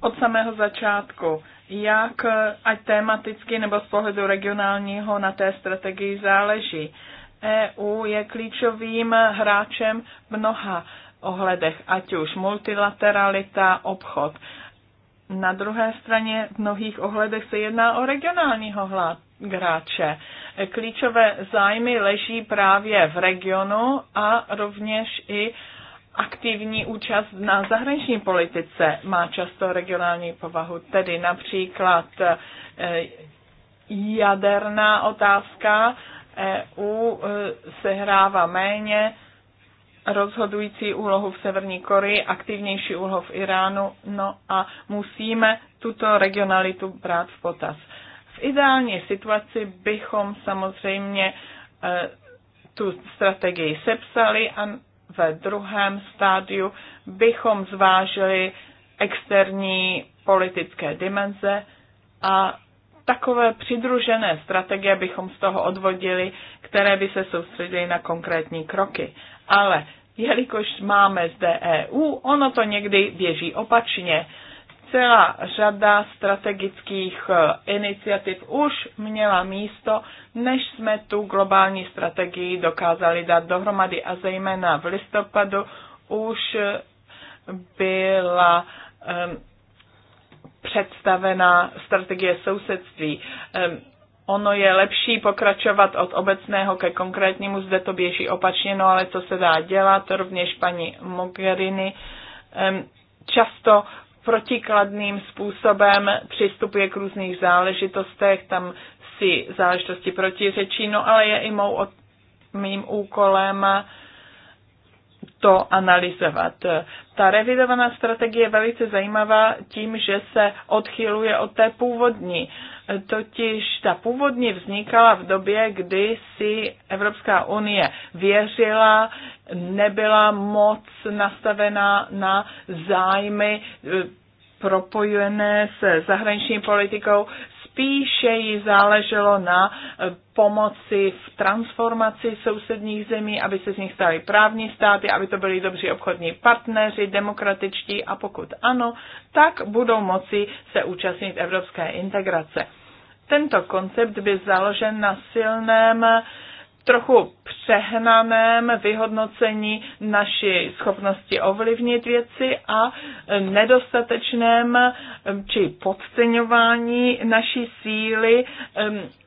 od samého začátku, jak eh, ať tematicky nebo z pohledu regionálního na té strategii záleží. EU je klíčovým hráčem v mnoha ohledech, ať už multilateralita, obchod. Na druhé straně v mnohých ohledech se jedná o regionálního hráče. Klíčové zájmy leží právě v regionu a rovněž i aktivní účast na zahraniční politice má často regionální povahu, tedy například e, jaderná otázka EU e, sehrává méně rozhodující úlohu v Severní Koreji, aktivnější úlohu v Iránu, no a musíme tuto regionalitu brát v potaz. V ideální situaci bychom samozřejmě e, tu strategii sepsali a ve druhém stádiu bychom zvážili externí politické dimenze a takové přidružené strategie bychom z toho odvodili, které by se soustředily na konkrétní kroky. Ale jelikož máme zde EU, ono to někdy běží opačně. Celá řada strategických e, iniciativ už měla místo, než jsme tu globální strategii dokázali dát dohromady a zejména v listopadu už byla um, představená strategie sousedství. Ono je lepší pokračovat od obecného ke konkrétnímu, zde to běží opačně, no ale co se dá dělat, rovněž paní Mogherini často protikladným způsobem přistupuje k různých záležitostech, tam si záležitosti protiřečí, no ale je i mou, mým úkolem to analyzovat. Ta revidovaná strategie je velice zajímavá tím, že se odchyluje od té původní. Totiž ta původní vznikala v době, kdy si Evropská unie věřila, nebyla moc nastavená na zájmy eh, propojené s zahraniční politikou, spíše jí záleželo na e, pomoci v transformaci sousedních zemí, aby se z nich staly právní státy, aby to byli dobří obchodní partneři, demokratičtí a pokud ano, tak budou moci se účastnit evropské integrace. Tento koncept byl založen na silném uh, trochu přehnaném vyhodnocení naší schopnosti ovlivnit věci a nedostatečném či podceňování naší síly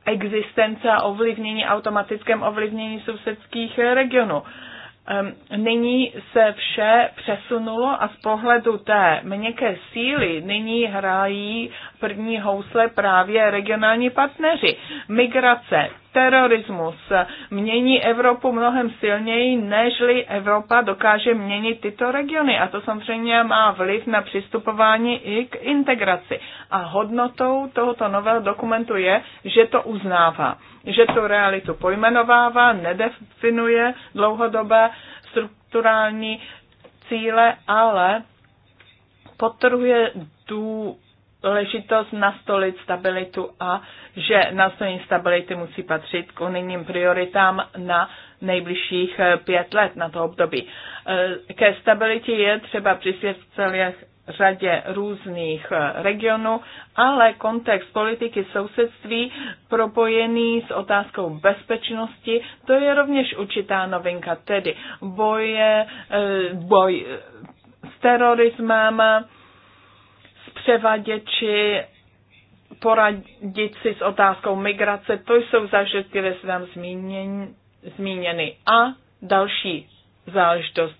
existence a ovlivnění, automatickém ovlivnění sousedských regionů. Nyní se vše přesunulo a z pohledu té měkké síly nyní hrají první housle právě regionální partneři. Migrace, terorismus mění Evropu mnohem silněji, nežli Evropa dokáže měnit tyto regiony. A to samozřejmě má vliv na přistupování i k integraci. A hodnotou tohoto nového dokumentu je, že to uznává, že tu realitu pojmenovává, nedefinuje dlouhodobé strukturální cíle, ale potrhuje tu Ležitost nastolit stabilitu a že nastolení stability musí patřit k unijním prioritám na nejbližších eh, pět let na to období. Eh, ke stabilitě je třeba přispět v celé řadě různých eh, regionů, ale kontext politiky sousedství propojený s otázkou bezpečnosti, to je rovněž určitá novinka, tedy boje, boj s terorismem, převaděči, poradit si s otázkou migrace, to jsou zážitky ve svém zmíněni. zmíněny. A další záležitost.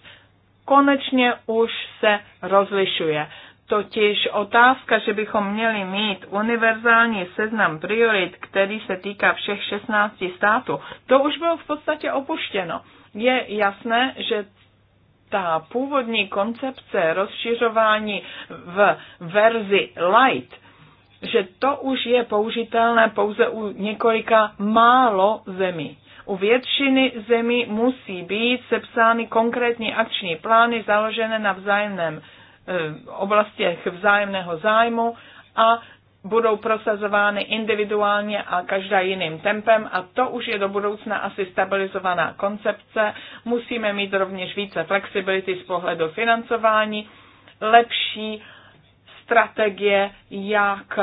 Konečně už se rozlišuje. Totiž otázka, že bychom měli mít univerzální seznam priorit, který se týká všech 16 států, to už bylo v podstatě opuštěno. Je jasné, že ta původní koncepce rozšiřování v verzi light, že to už je použitelné pouze u několika málo zemí. U většiny zemí musí být sepsány konkrétní akční plány založené na vzájemném eh, oblastěch vzájemného zájmu a budou prosazovány individuálně a každá jiným tempem a to už je do budoucna asi stabilizovaná koncepce. Musíme mít rovněž více flexibility z pohledu financování, lepší strategie, jak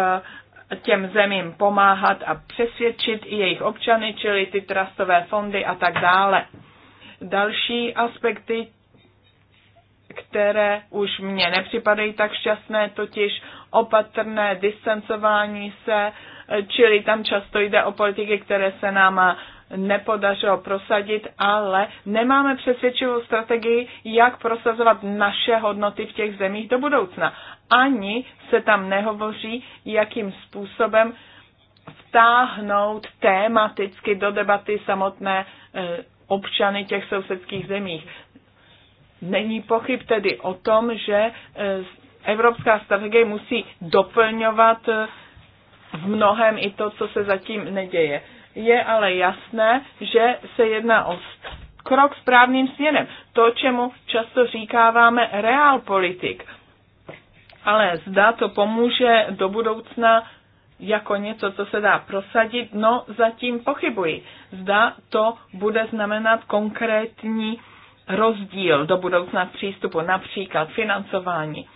těm zemím pomáhat a přesvědčit i jejich občany, čili ty trastové fondy a tak dále. Další aspekty které už mně nepřipadají tak šťastné, totiž opatrné distancování se, čili tam často jde o politiky, které se nám nepodařilo prosadit, ale nemáme přesvědčivou strategii, jak prosazovat naše hodnoty v těch zemích do budoucna. Ani se tam nehovoří, jakým způsobem vtáhnout tématicky do debaty samotné eh, občany těch sousedských zemích. Není pochyb tedy o tom, že e, evropská strategie musí doplňovat e, v mnohem i to, co se zatím neděje. Je ale jasné, že se jedná o krok správným směrem. To, čemu často říkáváme realpolitik. Ale zda to pomůže do budoucna jako něco, co se dá prosadit, no zatím pochybuji. Zda to bude znamenat konkrétní rozdíl do budoucna v přístupu, například financování.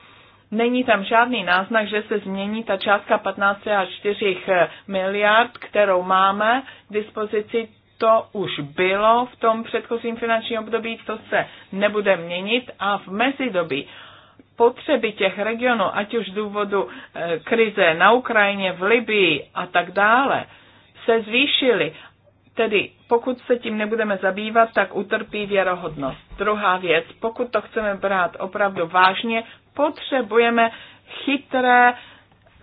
Není tam žádný náznak, že se změní ta částka 15,4 eh, miliard, kterou máme k dispozici. To už bylo v tom předchozím finančním období, to se nebude měnit a v mezidobí potřeby těch regionů, ať už z důvodu eh, krize na Ukrajině, v Libii a tak dále, se zvýšily Tedy pokud se tím nebudeme zabývat, tak utrpí věrohodnost. Druhá věc, pokud to chceme brát opravdu vážně, potřebujeme chytré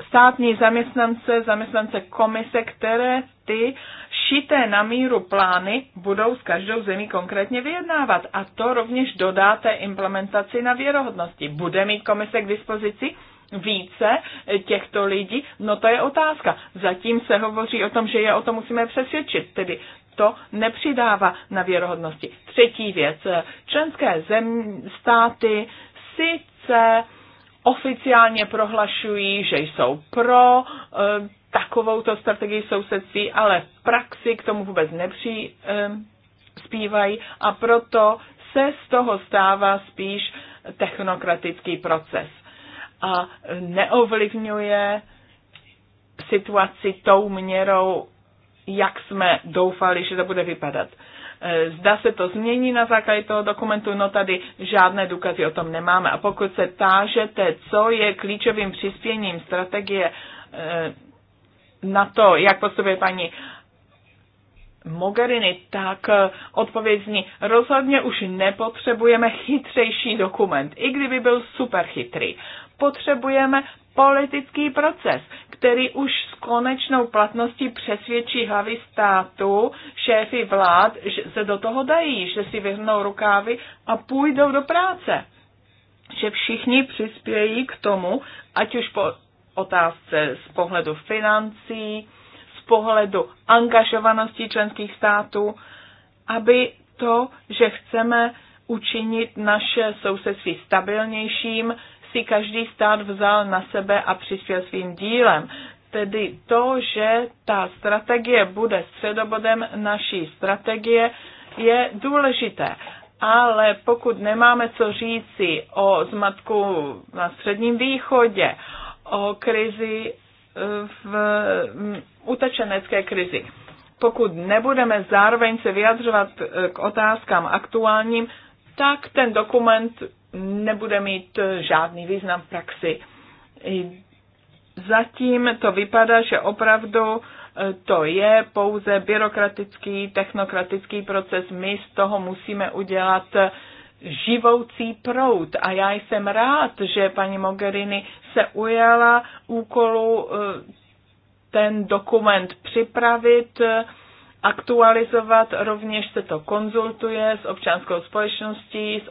státní zaměstnance, zaměstnance komise, které ty šité na míru plány budou s každou zemí konkrétně vyjednávat. A to rovněž dodáte implementaci na věrohodnosti. Bude mít komise k dispozici více těchto lidí? No to je otázka. Zatím se hovoří o tom, že je o to musíme přesvědčit. Tedy to nepřidává na věrohodnosti. Třetí věc. Členské zem, státy sice oficiálně prohlašují, že jsou pro e, takovouto strategii sousedství, ale v praxi k tomu vůbec nepřispívají eh, e, a proto se z toho stává spíš technokratický proces a neovlivňuje situaci tou měrou, jak jsme doufali, že to bude vypadat. E, zda se to změní na základě toho dokumentu, no tady žádné důkazy o tom nemáme. A pokud se tážete, co je klíčovým přispěním strategie e, na to, jak postupuje paní Mogherini, tak e, odpověď zní, rozhodně už nepotřebujeme chytřejší dokument, i kdyby byl super chytrý potřebujeme politický proces, který už s konečnou platností přesvědčí hlavy státu, šéfy vlád, že se do toho dají, že si vyhrnou rukávy a půjdou do práce. Že všichni přispějí k tomu, ať už po otázce z pohledu financí, z pohledu angažovanosti členských států, aby to, že chceme učinit naše sousedství stabilnějším, si každý stát vzal na sebe a přispěl svým dílem. Tedy to, že ta strategie bude středobodem naší strategie, je důležité. Ale pokud nemáme co říci o zmatku na Středním východě, o krizi eh, v utečenecké krizi, pokud nebudeme zároveň se vyjadřovat eh, k otázkám aktuálním, tak ten dokument nebude mít žádný význam v praxi. Zatím to vypadá, že opravdu e, to je pouze byrokratický, technokratický proces. My z toho musíme udělat e, živoucí prout. A já jsem rád, že paní Mogherini se ujala úkolu e, ten dokument připravit, aktualizovat. Rovněž se to konzultuje s občanskou společností, s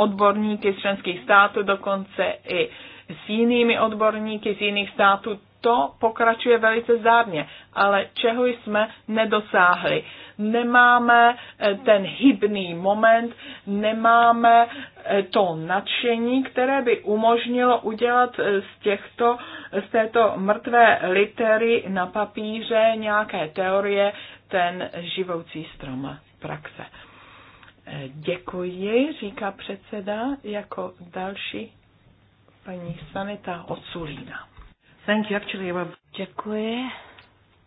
odborníky z členských států, dokonce i s jinými odborníky z jiných států. To pokračuje velice zárně, ale čeho jsme nedosáhli. Nemáme eh, ten hybný moment, nemáme eh, to nadšení, které by umožnilo udělat eh, z, těchto, z této mrtvé litery na papíře nějaké teorie ten živoucí strom praxe. Děkuji, říká předseda, jako další paní Sanita Oculína. Thank you, actually, Rob. Děkuji.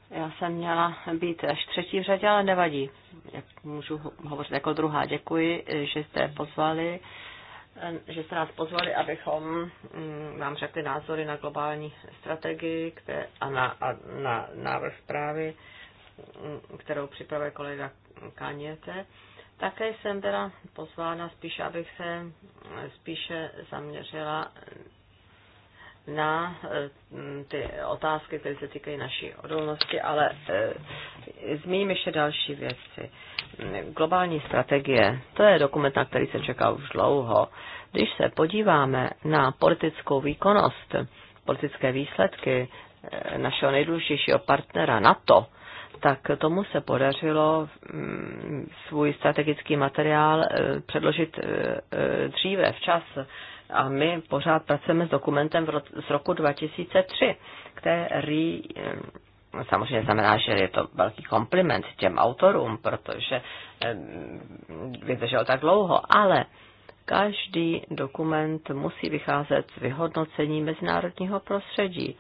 Já jsem měla být až třetí v řadě, ale nevadí. Jak můžu hovořit jako druhá. Děkuji, že jste pozvali že jste nás pozvali, abychom mm, vám řekli názory na globální strategii které, a, na, a na návrh zprávy, mm, kterou připravuje kolega Kaněte. Také jsem byla pozvána spíše, abych se eh, spíše zaměřila na eh, ty otázky, které se týkají naší odolnosti, ale eh, zmíním ještě další věci. Globální strategie, to je dokument, na který jsem čekal už dlouho. Když se podíváme na politickou výkonnost, politické výsledky našeho nejdůležitějšího partnera NATO, tak tomu se podařilo mm, svůj strategický materiál eh, předložit eh, eh, dříve, včas. A my pořád pracujeme s dokumentem z roku 2003, který samozřejmě znamená, že je to velký kompliment těm autorům, protože vydržel tak dlouho, ale každý dokument musí vycházet z vyhodnocení mezinárodního prostředí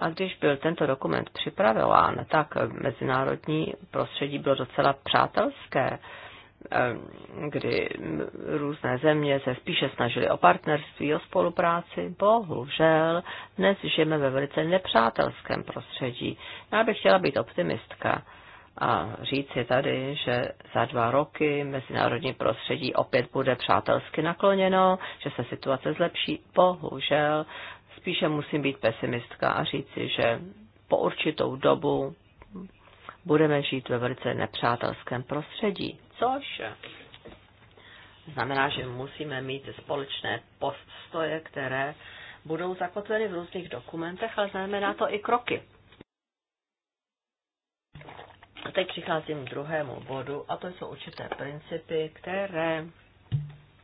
a když byl tento dokument připravován, tak mezinárodní prostředí bylo docela přátelské, eh, kdy různé země se spíše snažily o partnerství, o spolupráci. Bohužel dnes žijeme ve velice nepřátelském prostředí. Já bych chtěla být optimistka a říci tady, že za dva roky mezinárodní prostředí opět bude přátelsky nakloněno, že se situace zlepší. Bohužel spíše musím být pesimistka a říci, že po určitou dobu budeme žít ve velice nepřátelském prostředí, což znamená, že musíme mít společné postoje, které budou zakotveny v různých dokumentech, ale znamená to i kroky. A teď přicházím k druhému bodu, a to jsou určité principy, které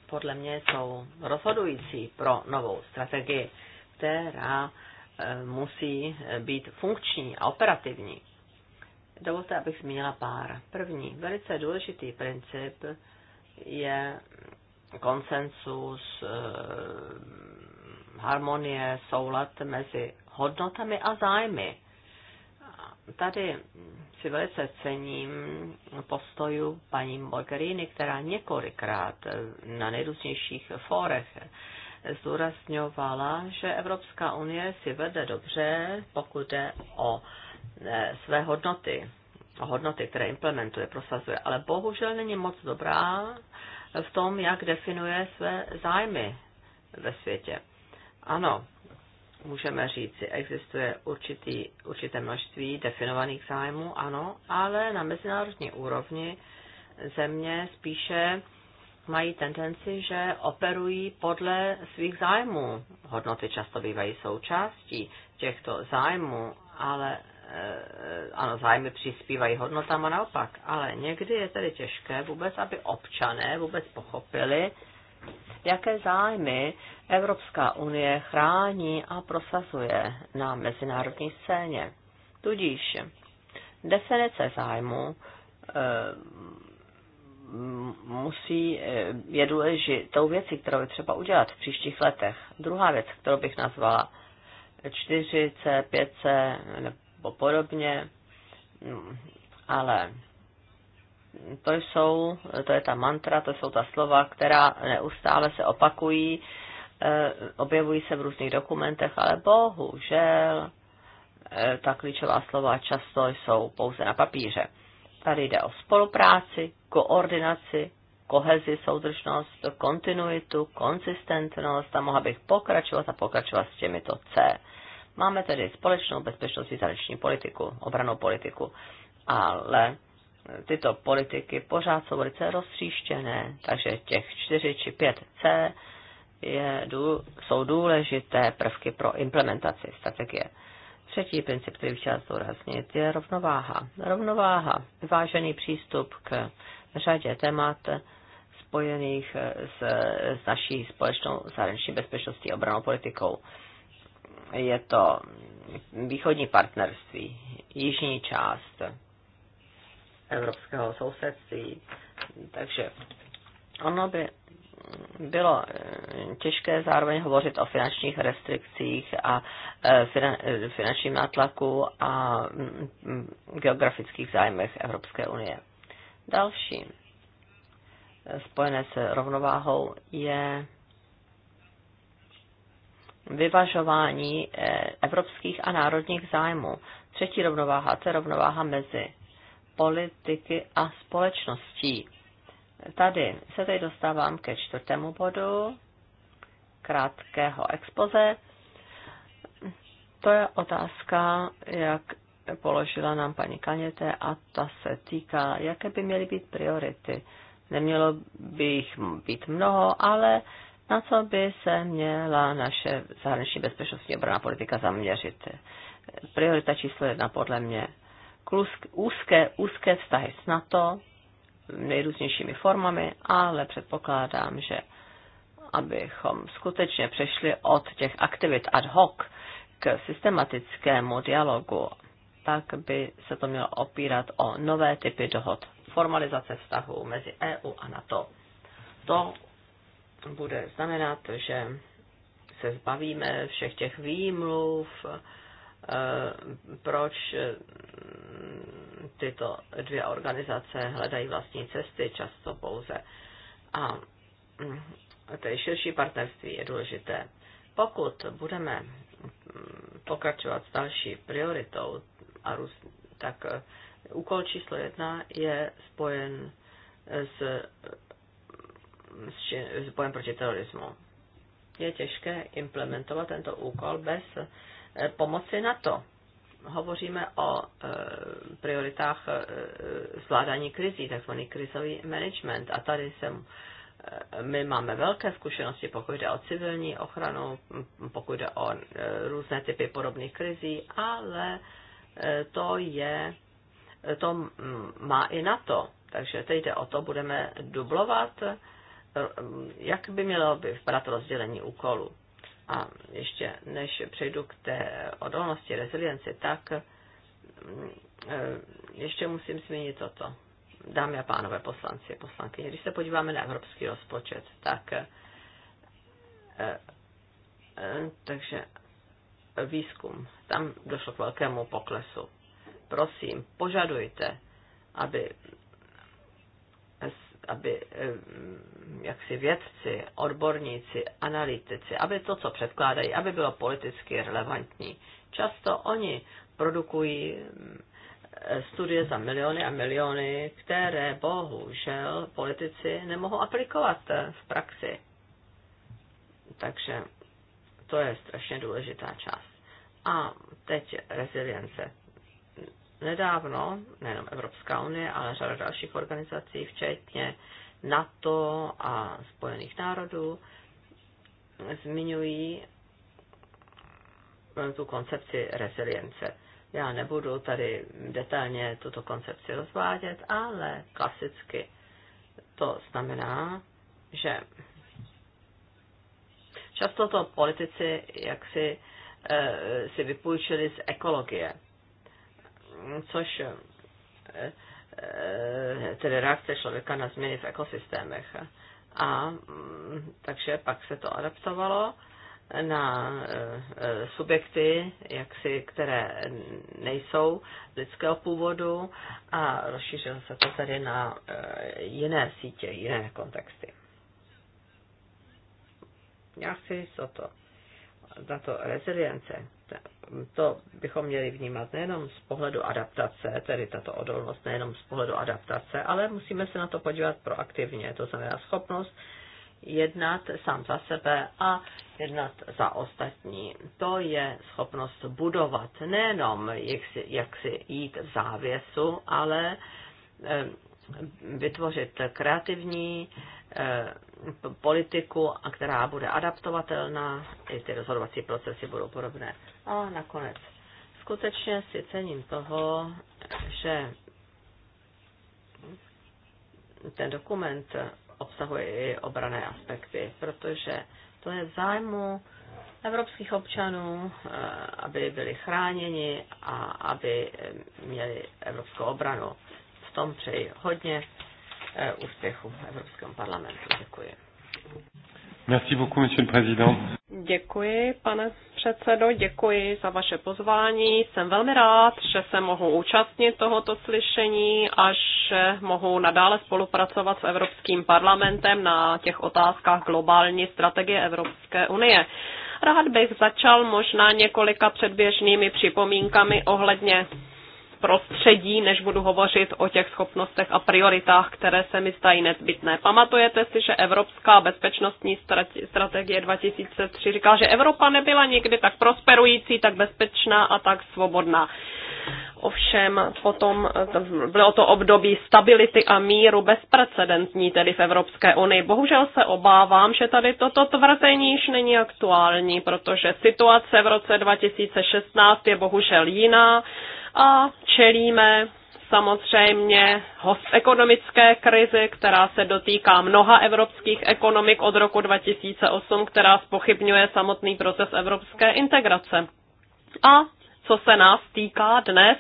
podle mě jsou rozhodující pro novou strategii která eh, musí eh, být funkční a operativní. Dovolte, abych zmínila pár. První, velice důležitý princip je konsensus, eh, harmonie, soulad mezi hodnotami a zájmy. Tady si velice cením postoju paní Mogherini, která několikrát na nejrůznějších fórech zdůrazňovala, že Evropská unie si vede dobře, pokud jde o e, své hodnoty, o hodnoty, které implementuje, prosazuje, ale bohužel není moc dobrá v tom, jak definuje své zájmy ve světě. Ano, můžeme říci, existuje určitý, určité množství definovaných zájmů, ano, ale na mezinárodní úrovni země spíše mají tendenci, že operují podle svých zájmů. Hodnoty často bývají součástí těchto zájmů, ale eh, ano, zájmy přispívají hodnotám a naopak, ale někdy je tedy těžké vůbec, aby občané vůbec pochopili, jaké zájmy Evropská unie chrání a prosazuje na mezinárodní scéně. Tudíž definice zájmu eh, musí, eh, je důležitou věcí, kterou je třeba udělat v příštích letech. Druhá věc, kterou bych nazvala 4C, 5C nebo podobně, ale to jsou, to je ta mantra, to jsou ta slova, která neustále se opakují, eh, objevují se v různých dokumentech, ale bohužel eh, ta klíčová slova často jsou pouze na papíře. Tady jde o spolupráci, koordinaci, kohezi, soudržnost, kontinuitu, konsistentnost a mohla bych pokračovat a pokračovat s těmito C. Máme tedy společnou bezpečnostní zahraniční politiku, obranou politiku, ale tyto politiky pořád jsou velice roztříštěné, takže těch 4 či 5 C je, jsou důležité prvky pro implementaci strategie. Třetí princip, který bych chtěla zdůraznit, je rovnováha. Rovnováha, vyvážený přístup k řadě témat spojených s, s naší společnou zahraniční bezpečností a obranou politikou. Je to východní partnerství, jižní část evropského sousedství, takže ono by bylo eh, těžké zároveň hovořit o finančních restrikcích a eh, eh, finančním nátlaku a mm, mm, geografických zájmech Evropské unie. Další spojené s rovnováhou je vyvažování evropských a národních zájmů. Třetí rovnováha, to je rovnováha mezi politiky a společností tady se tady dostávám ke čtvrtému bodu krátkého expoze. To je otázka, jak položila nám paní Kaněte a ta se týká, jaké by měly být priority. Nemělo by jich být mnoho, ale na co by se měla naše zahraniční bezpečnostní obraná politika zaměřit. Priorita číslo jedna podle mě. Klusk, úzké, úzké vztahy s NATO, nejrůznějšími formami, ale předpokládám, že abychom skutečně přešli od těch aktivit ad hoc k systematickému dialogu, tak by se to mělo opírat o nové typy dohod. Formalizace vztahu mezi EU a NATO. To bude znamenat, že se zbavíme všech těch výmluv, eh, proč eh, tyto dvě organizace hledají vlastní cesty, často pouze. A mm, tedy širší partnerství je důležité. Pokud budeme mm, pokračovat s další prioritou, a růz, tak e, úkol číslo jedna je spojen s, s, s bojem proti terorismu. Je těžké implementovat tento úkol bez e, pomoci NATO hovoříme o e, prioritách e, e, zvládání krizí, takzvaný krizový management. A tady jsem my máme velké zkušenosti, pokud jde o civilní ochranu, pokud jde o různé typy podobných krizí, ale to je, to mm, má i na to. Takže teď jde o to, budeme dublovat, jak by mělo by vypadat rozdělení úkolů. A ještě než přejdu k té odolnosti, rezilienci, tak mm, eh, ještě musím zmínit toto. Dámy a pánové poslanci, poslankyně, když se podíváme na evropský rozpočet, tak eh, eh, takže výzkum, tam došlo k velkému poklesu. Prosím, požadujte, aby aby eh, jaksi vědci, odborníci, analytici, aby to, co předkládají, aby bylo politicky relevantní. Často oni produkují eh, studie za miliony a miliony, které bohužel politici nemohou aplikovat eh, v praxi. Takže to je strašně důležitá část. A teď rezilience nedávno, nejenom Evropská unie, ale řada dalších organizací, včetně NATO a Spojených národů, zmiňují eh, tu koncepci resilience. Já nebudu tady detailně tuto koncepci rozvádět, ale klasicky to znamená, že často to politici jaksi eh, si vypůjčili z ekologie což eh, eh, tedy reakce člověka na změny v ekosystémech. A mm, takže pak se to adaptovalo na eh, subjekty, jaksi, které nejsou lidského původu a rozšířilo se to tady na jiné sítě, jiné kontexty. Já chci toto to, za to rezilience to bychom měli vnímat nejenom z pohledu adaptace, tedy tato odolnost nejenom z pohledu adaptace, ale musíme se na to podívat proaktivně, to znamená schopnost jednat sám za sebe a jednat za ostatní. To je schopnost budovat nejenom jak si, jak si jít v závěsu, ale eh, vytvořit kreativní Eh, politiku, a která bude adaptovatelná, i ty rozhodovací procesy budou podobné. A nakonec, skutečně si cením toho, že ten dokument obsahuje i obrané aspekty, protože to je v zájmu evropských občanů, eh, aby byli chráněni a aby měli evropskou obranu. V tom přeji hodně Eh, úspěchu v Evropském parlamentu. Děkuji. Merci beaucoup, monsieur le président. Děkuji, pane předsedo, děkuji za vaše pozvání. Jsem velmi rád, že se mohu účastnit tohoto slyšení a že mohu nadále spolupracovat s Evropským parlamentem na těch otázkách globální strategie Evropské unie. Rád bych začal možná několika předběžnými připomínkami ohledně prostředí, než budu hovořit o těch schopnostech a prioritách, které se mi zdají nezbytné. Pamatujete si, že Evropská bezpečnostní strategie 2003 říkala, že Evropa nebyla nikdy tak prosperující, tak bezpečná a tak svobodná. Ovšem potom bylo to období stability a míru bezprecedentní tedy v Evropské unii. Bohužel se obávám, že tady toto tvrzení již není aktuální, protože situace v roce 2016 je bohužel jiná a čelíme samozřejmě host ekonomické krizi, která se dotýká mnoha evropských ekonomik od roku 2008, která spochybňuje samotný proces evropské integrace. A co se nás týká dnes,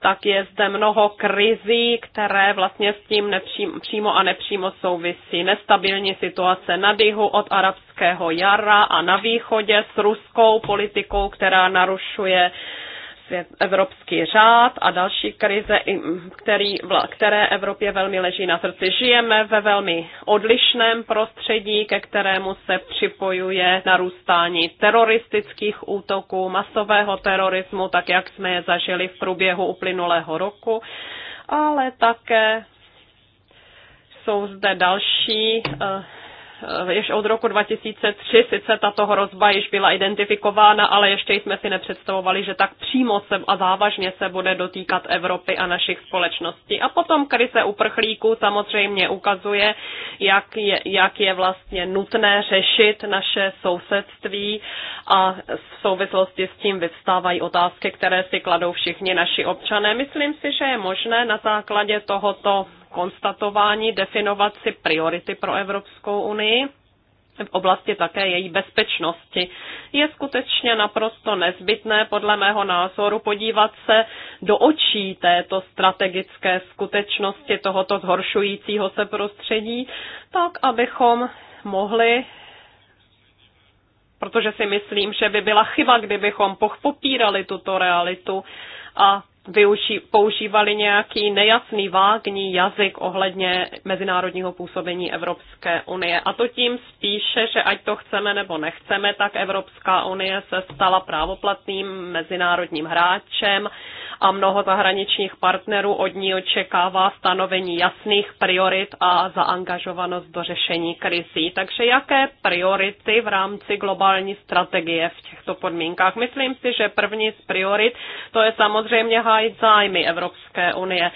tak je zde mnoho krizí, které vlastně s tím nepřím, přímo a nepřímo souvisí. Nestabilní situace na jihu od arabského jara a na východě s ruskou politikou, která narušuje uh, svět, evropský řád a další krize, který, které Evropě velmi leží na srdci. Žijeme ve velmi odlišném prostředí, ke kterému se připojuje narůstání teroristických útoků, masového terorismu, tak jak jsme je zažili v průběhu uplynulého roku, ale také jsou zde další eh, Eh, již od roku 2003 sice tato hrozba již byla identifikována, ale ještě jsme si nepředstavovali, že tak přímo se a závažně se bude dotýkat Evropy a našich společností. A potom krize uprchlíků samozřejmě ukazuje, jak je, jak je vlastně nutné řešit naše sousedství a v souvislosti s tím vyvstávají otázky, které si kladou všichni naši občané. Myslím si, že je možné na základě tohoto konstatování, definovat si priority pro Evropskou unii v oblasti také její bezpečnosti. Je skutečně naprosto nezbytné, podle mého názoru, podívat se do očí této strategické skutečnosti tohoto zhoršujícího se prostředí, tak abychom mohli protože si myslím, že by byla chyba, kdybychom popírali tuto realitu a využí, používali nějaký nejasný vágní jazyk ohledně mezinárodního působení Evropské unie. A to tím spíše, že ať to chceme nebo nechceme, tak Evropská unie se stala právoplatným mezinárodním hráčem a mnoho zahraničních partnerů od ní očekává stanovení jasných priorit a zaangažovanost do řešení krizí. Takže jaké priority v rámci globální strategie v těchto podmínkách? Myslím si, že první z priorit to je samozřejmě hájit zájmy Evropské unie.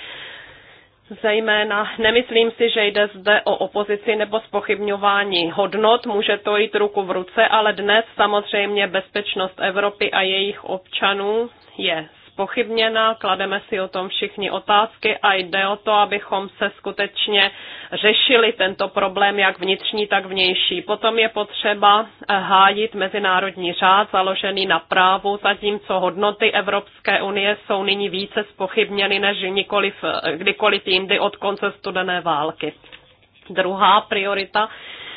Zejména nemyslím si, že jde zde o opozici nebo spochybňování hodnot, může to jít ruku v ruce, ale dnes samozřejmě bezpečnost Evropy a jejich občanů je spochybněna, klademe si o tom všichni otázky a jde o to, abychom se skutečně řešili tento problém, jak vnitřní, tak vnější. Potom je potřeba eh, hájit mezinárodní řád založený na právu, zatímco hodnoty Evropské unie jsou nyní více spochybněny než nikoliv, eh, kdykoliv jindy od konce studené války. Druhá priorita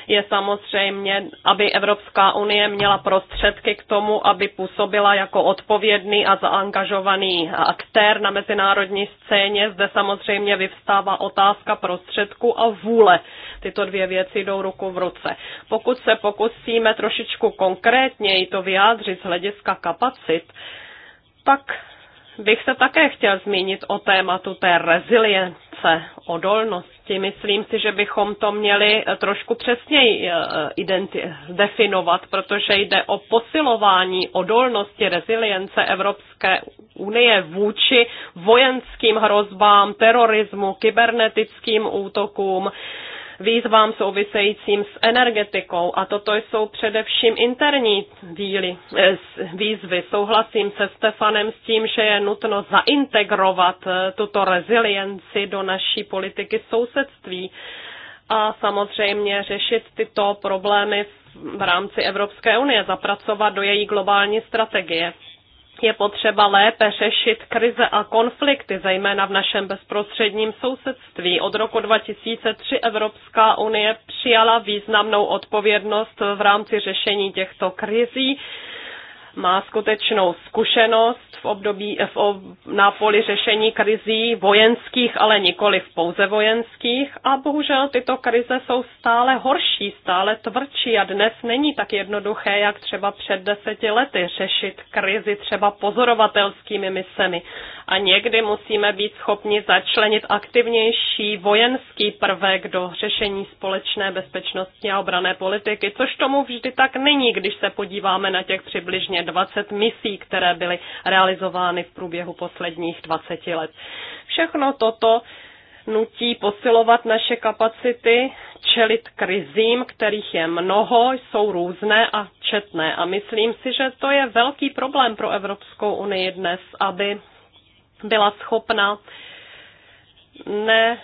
je samozřejmě, aby Evropská unie měla prostředky k tomu, aby působila jako odpovědný a zaangažovaný aktér na mezinárodní scéně. Zde samozřejmě vyvstává otázka prostředku a vůle. Tyto dvě věci jdou ruku v ruce. Pokud se pokusíme trošičku konkrétněji to vyjádřit z hlediska kapacit, tak bych se také chtěl zmínit o tématu té rezilience, odolnosti. Myslím si, že bychom to měli trošku přesněji eh, definovat, protože jde o posilování odolnosti rezilience Evropské unie vůči vojenským hrozbám, terorismu, kybernetickým útokům, výzvám souvisejícím s energetikou a toto jsou především interní díly, eh, výzvy. Souhlasím se Stefanem s tím, že je nutno zaintegrovat eh, tuto rezilienci do naší politiky sousedství a samozřejmě řešit tyto problémy v rámci Evropské unie, zapracovat do její globální strategie je potřeba lépe řešit krize a konflikty, zejména v našem bezprostředním sousedství. Od roku 2003 Evropská unie přijala významnou odpovědnost v rámci řešení těchto krizí má skutečnou zkušenost v období v, na poli řešení krizí vojenských, ale nikoli v pouze vojenských. A bohužel tyto krize jsou stále horší, stále tvrdší a dnes není tak jednoduché, jak třeba před deseti lety řešit krizi třeba pozorovatelskými misemi. A někdy musíme být schopni začlenit aktivnější vojenský prvek do řešení společné bezpečnosti a obrané politiky, což tomu vždy tak není, když se podíváme na těch přibližně 20 misí, které byly realizovány v průběhu posledních 20 let. Všechno toto nutí posilovat naše kapacity, čelit krizím, kterých je mnoho, jsou různé a četné. A myslím si, že to je velký problém pro Evropskou unii dnes, aby byla schopna ne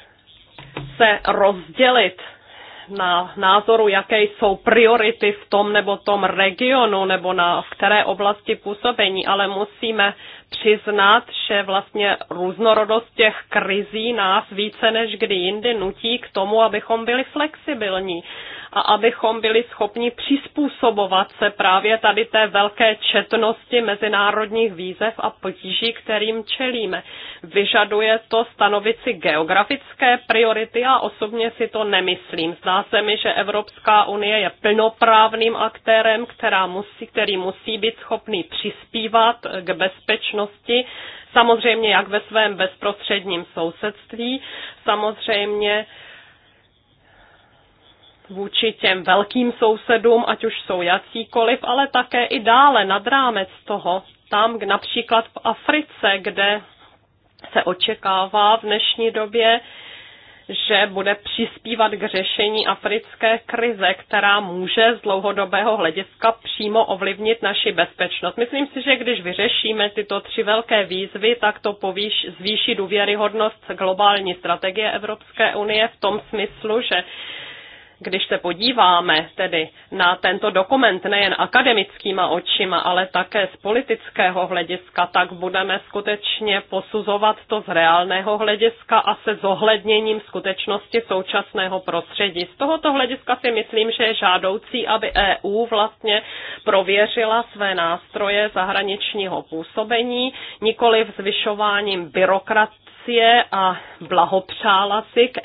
se rozdělit na názoru, jaké jsou priority v tom nebo tom regionu nebo na v které oblasti působení, ale musíme přiznat, že vlastně různorodost těch krizí nás více než kdy jindy nutí k tomu, abychom byli flexibilní a abychom byli schopni přizpůsobovat se právě tady té velké četnosti mezinárodních výzev a potíží, kterým čelíme. Vyžaduje to stanovit si geografické priority a osobně si to nemyslím. Zdá se mi, že Evropská unie je plnoprávným aktérem, která musí, který musí být schopný přispívat k bezpečnosti společnosti, samozřejmě jak ve svém bezprostředním sousedství, samozřejmě vůči těm velkým sousedům, ať už jsou jakýkoliv, ale také i dále nad rámec toho, tam například v Africe, kde se očekává v dnešní době, že bude přispívat k řešení africké krize, která může z dlouhodobého hlediska přímo ovlivnit naši bezpečnost. Myslím si, že když vyřešíme tyto tři velké výzvy, tak to povíš zvýší důvěryhodnost globální strategie Evropské unie v tom smyslu, že když se podíváme tedy na tento dokument nejen akademickýma očima, ale také z politického hlediska, tak budeme skutečně posuzovat to z reálného hlediska a se zohledněním skutečnosti současného prostředí. Z tohoto hlediska si myslím, že je žádoucí, aby EU vlastně prověřila své nástroje zahraničního působení, nikoli zvyšováním byrokracie Lucie a blahopřála si k,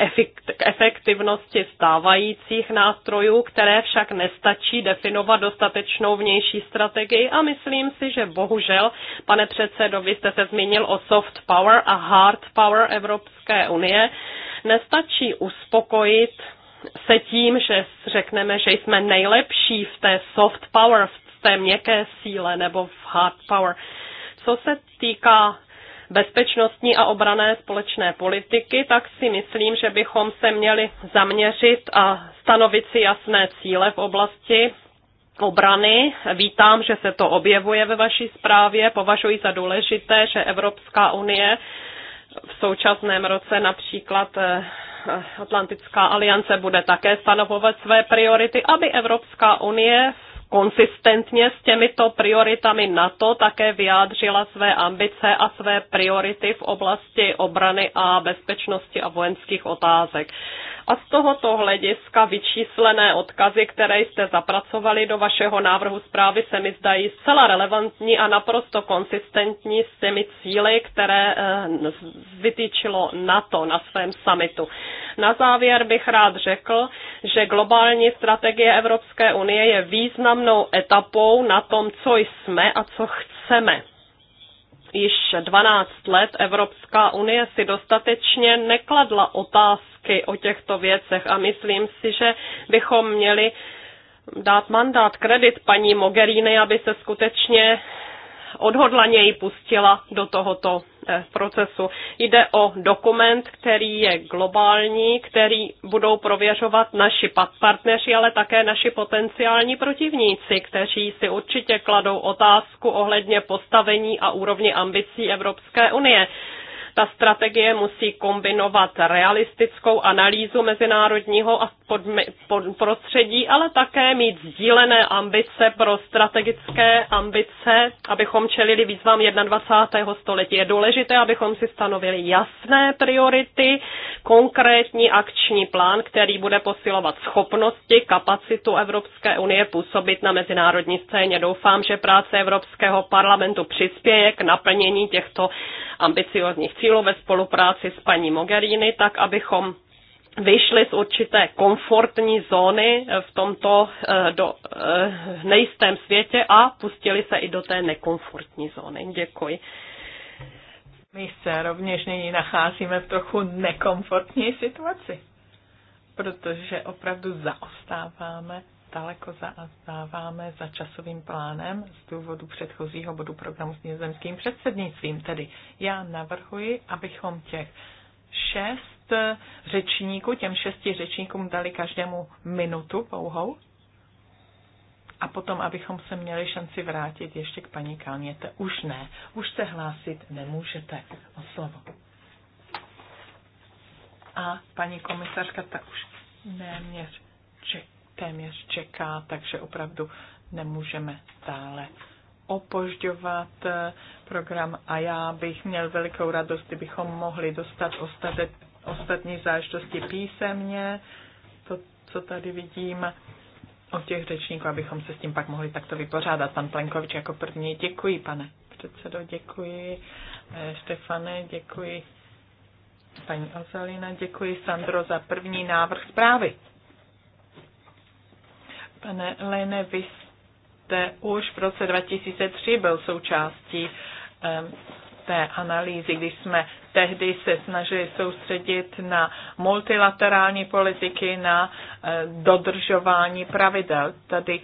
efektivnosti stávajících nástrojů, které však nestačí definovat dostatečnou vnější strategii a myslím si, že bohužel, pane předsedo, vy jste se zmínil o soft power a hard power Evropské unie, nestačí uspokojit se tím, že řekneme, že jsme nejlepší v té soft power, v té měkké síle nebo v hard power. Co se týká bezpečnostní a obrané společné politiky, tak si myslím, že bychom se měli zaměřit a stanovit si jasné cíle v oblasti obrany. Vítám, že se to objevuje ve vaší zprávě. Považuji za důležité, že Evropská unie v současném roce například eh, Atlantická aliance bude také stanovovat své priority, aby Evropská unie konsistentně s těmito prioritami NATO také vyjádřila své ambice a své priority v oblasti obrany a bezpečnosti a vojenských otázek. A z tohoto hlediska vyčíslené odkazy, které jste zapracovali do vašeho návrhu zprávy, se mi zdají zcela relevantní a naprosto konsistentní s těmi cíly, které eh, vytýčilo NATO na svém summitu. Na závěr bych rád řekl, že globální strategie Evropské unie je významnou etapou na tom, co jsme a co chceme již 12 let Evropská unie si dostatečně nekladla otázky o těchto věcech a myslím si, že bychom měli dát mandát, kredit paní Mogherini, aby se skutečně odhodlaněji pustila do tohoto eh, procesu. Jde o dokument, který je globální, který budou prověřovat naši partneři, ale také naši potenciální protivníci, kteří si určitě kladou otázku ohledně postavení a úrovně ambicí Evropské unie. Ta strategie musí kombinovat realistickou analýzu mezinárodního a podmi- pod- prostředí, ale také mít sdílené ambice pro strategické ambice, abychom čelili výzvám 21. století. Je důležité, abychom si stanovili jasné priority, konkrétní akční plán, který bude posilovat schopnosti, kapacitu Evropské unie působit na mezinárodní scéně. Doufám, že práce Evropského parlamentu přispěje k naplnění těchto ambiciozních cílů cílu ve spolupráci s paní Mogherini, tak abychom vyšli z určité komfortní zóny eh, v tomto eh, do, eh, nejistém světě a pustili se i do té nekomfortní zóny. Děkuji. My se rovněž nyní nacházíme v trochu nekomfortní situaci, protože opravdu zaostáváme daleko zadáváme za časovým plánem z důvodu předchozího bodu programu s nizozemským předsednictvím. Tedy já navrhuji, abychom těch šest řečníků, těm šesti řečníkům dali každému minutu pouhou a potom, abychom se měli šanci vrátit ještě k paní Kalněte. Už ne, už se hlásit nemůžete o slovo. A paní komisařka ta už neměř čeká téměř čeká, takže opravdu nemůžeme dále opožďovat eh, program a já bych měl velikou radost, kdybychom mohli dostat ostatní záležitosti písemně, to, co tady vidím od těch řečníků, abychom se s tím pak mohli takto vypořádat. Pan Plenkovič jako první. Děkuji, pane předsedo, děkuji. Eh, Štefane, děkuji. Paní Ozalina, děkuji Sandro za první návrh zprávy. Pane Lene, vy jste už v roce 2003 byl součástí um, té analýzy, když jsme tehdy se snažili soustředit na multilaterální politiky, na eh, dodržování pravidel. Tady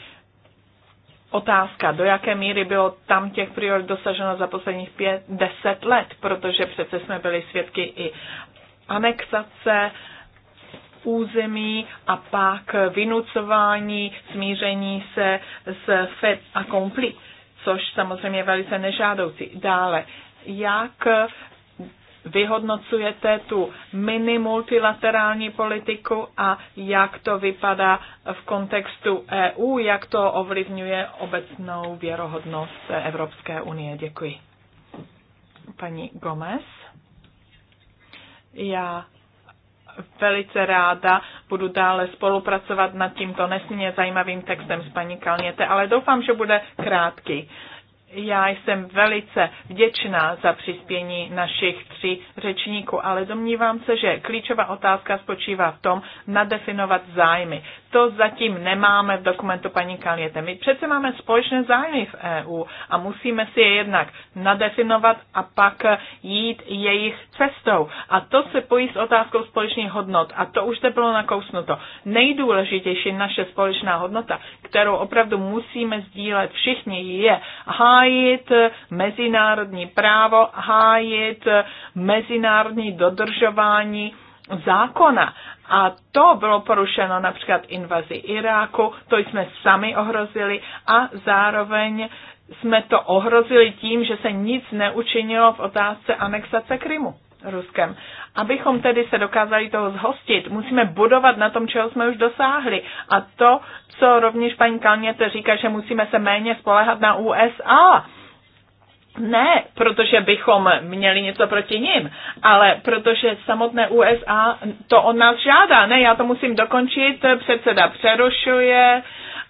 otázka, do jaké míry bylo tam těch priorit dosaženo za posledních pět, deset let, protože přece jsme byli svědky i anexace území a pak vynucování, smíření se s FED a kompli, což samozřejmě je velice nežádoucí. Dále, jak vyhodnocujete tu mini multilaterální politiku a jak to vypadá v kontextu EU, jak to ovlivňuje obecnou věrohodnost Evropské unie. Děkuji. Paní Gomez. Já velice ráda budu dále spolupracovat nad tímto nesmírně zajímavým textem s paní Kalněte, ale doufám, že bude krátký. Já jsem velice vděčná za přispění našich tří řečníků, ale domnívám se, že klíčová otázka spočívá v tom nadefinovat zájmy. To zatím nemáme v dokumentu paní Kaliete. My přece máme společné zájmy v EU a musíme si je jednak nadefinovat a pak jít jejich cestou. A to se pojí s otázkou společných hodnot a to už to bylo nakousnuto. Nejdůležitější naše společná hodnota, kterou opravdu musíme sdílet všichni, je aha hájit mezinárodní právo, hájit mezinárodní dodržování zákona. A to bylo porušeno například invazi Iráku, to jsme sami ohrozili a zároveň jsme to ohrozili tím, že se nic neučinilo v otázce anexace Krymu. Ruskem. Abychom tedy se dokázali toho zhostit, musíme budovat na tom, čeho jsme už dosáhli. A to, co rovněž paní Kalněte říká, že musíme se méně spolehat na USA. Ne, protože bychom měli něco proti ním, ale protože samotné USA to od nás žádá. Ne, já to musím dokončit, předseda přerušuje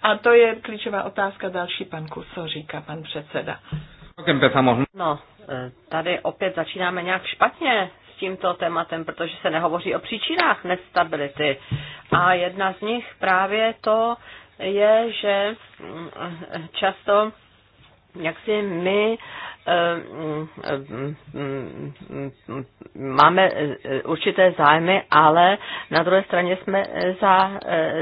a to je klíčová otázka další pan Kuso, říká pan předseda. No, e, tady opět začínáme nějak špatně s tímto tématem, protože se nehovoří o příčinách nestability. A jedna z nich právě to je, že mm, e, často jak si my eh, mm, mm, mm, máme eh, určité zájmy, ale na druhé straně jsme eh, zá,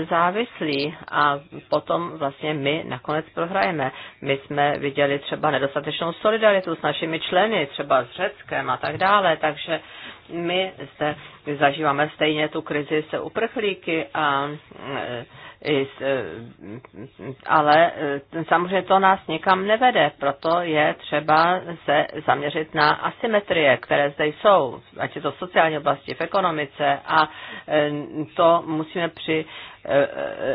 závislí a potom vlastně my nakonec prohrajeme. My jsme viděli třeba nedostatečnou solidaritu s našimi členy, třeba s Řeckem a tak dále, takže my zde zažíváme stejně tu krizi se uprchlíky a E, ale e, samozřejmě to nás někam nevede, proto je třeba se zaměřit na asymetrie, které zde jsou, ať je to v sociální oblasti, v ekonomice a e, to musíme při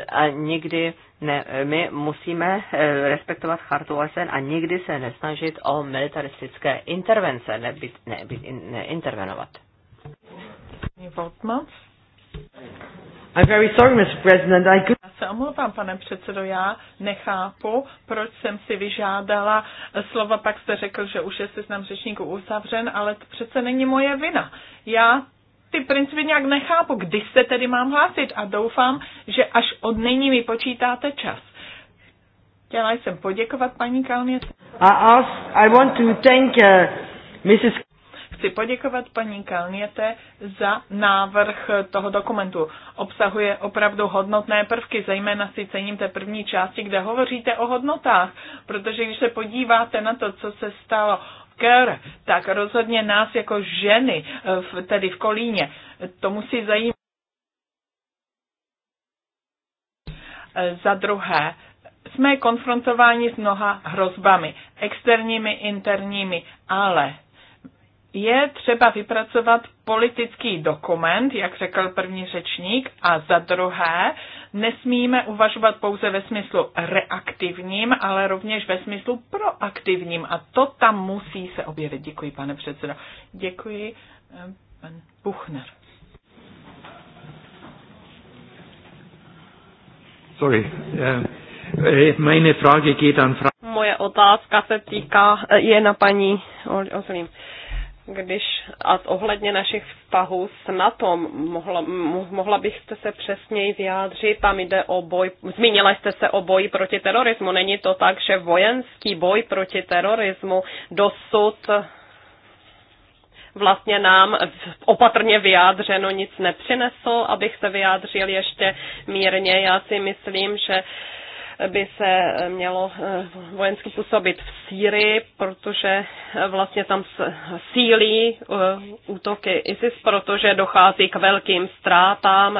a nikdy ne, my musíme respektovat chartu OSN a nikdy se nesnažit o militaristické intervence, nebyt, nebyt, neintervenovat. Voltmans? I'm very sorry, Mr. President. I could... Já se omlouvám, pane předsedo, já nechápu, proč jsem si vyžádala slova, pak jste řekl, že už je seznam řečníků uzavřen, ale to přece není moje vina. Já ty principy nějak nechápu, kdy se tedy mám hlásit a doufám, že až od nyní mi počítáte čas. Chtěla jsem poděkovat paní Kalmě. I, ask, I want to thank uh, Mrs chci poděkovat paní Kalněte za návrh toho dokumentu. Obsahuje opravdu hodnotné prvky, zejména si cením té první části, kde hovoříte o hodnotách, protože když se podíváte na to, co se stalo Ker, tak rozhodně nás jako ženy, tedy v Kolíně, to musí zajímat. Za druhé, jsme konfrontováni s mnoha hrozbami, externími, interními, ale je třeba vypracovat politický dokument, jak řekl první řečník, a za druhé nesmíme uvažovat pouze ve smyslu reaktivním, ale rovněž ve smyslu proaktivním. A to tam musí se objevit. Děkuji, pane předsedo. Děkuji, eh, pan Buchner. Sorry. Uh, meine Frage geht an Moje otázka se týká, je na paní Oslím. Oh, když a ohledně našich vztahů s NATO, mohla, mohla byste se přesněji vyjádřit, tam jde o boj, zmínila jste se o boji proti terorismu, není to tak, že vojenský boj proti terorismu dosud vlastně nám opatrně vyjádřeno nic nepřinesl, abych se vyjádřil ještě mírně. Já si myslím, že uh, by se eh, mělo eh, vojensky působit v Sýrii, protože eh, vlastně tam sílí útoky ISIS, protože dochází k velkým ztrátám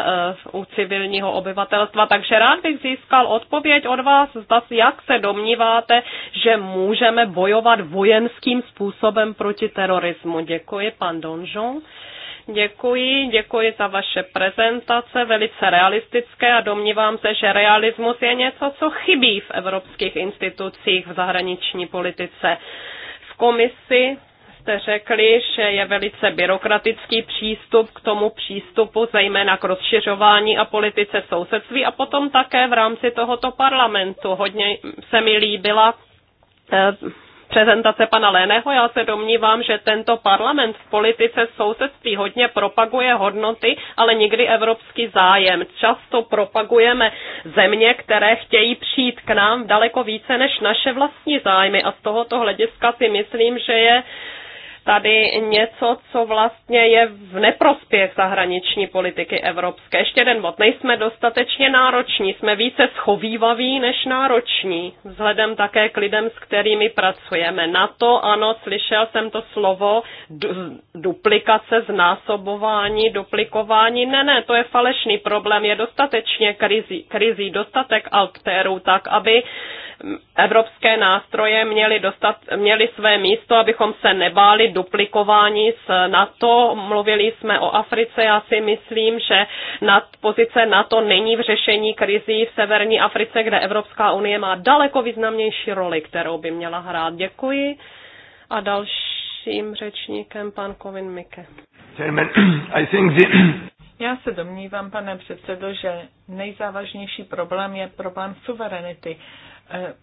u civilního obyvatelstva. Takže rád bych získal odpověď od vás, zda jak se domníváte, že můžeme bojovat vojenským způsobem proti terorismu. Děkuji, pan Donjon. Děkuji, děkuji za vaše prezentace, velice realistické a domnívám se, že realismus je něco, co chybí v evropských institucích v zahraniční politice. V komisi jste řekli, že je velice byrokratický přístup k tomu přístupu, zejména k rozšiřování a politice sousedství a potom také v rámci tohoto parlamentu. Hodně se mi líbila eh, prezentace pana Léného, já se domnívám, že tento parlament v politice sousedství hodně propaguje hodnoty, ale nikdy evropský zájem. Často propagujeme země, které chtějí přijít k nám daleko více než naše vlastní zájmy a z tohoto hlediska si myslím, že je tady něco, co vlastně je v neprospěch zahraniční politiky evropské. Ještě jeden bod. Nejsme dostatečně nároční, jsme více schovývaví než nároční, vzhledem také k lidem, s kterými pracujeme. Na to, ano, slyšel jsem to slovo duplikace, znásobování, duplikování. Ne, ne, to je falešný problém. Je dostatečně krizí, krizí dostatek aktérů tak, aby evropské nástroje měly, dostat, měly své místo, abychom se nebáli duplikování s NATO. Mluvili jsme o Africe, já si myslím, že nad pozice NATO není v řešení krizí v severní Africe, kde Evropská unie má daleko významnější roli, kterou by měla hrát. Děkuji. A dalším řečníkem pan Kovin Mike. [CLEARS THROAT] [CLEARS THROAT] Já se domnívám, pane předsedo, že nejzávažnější problém je problém suverenity. Eh,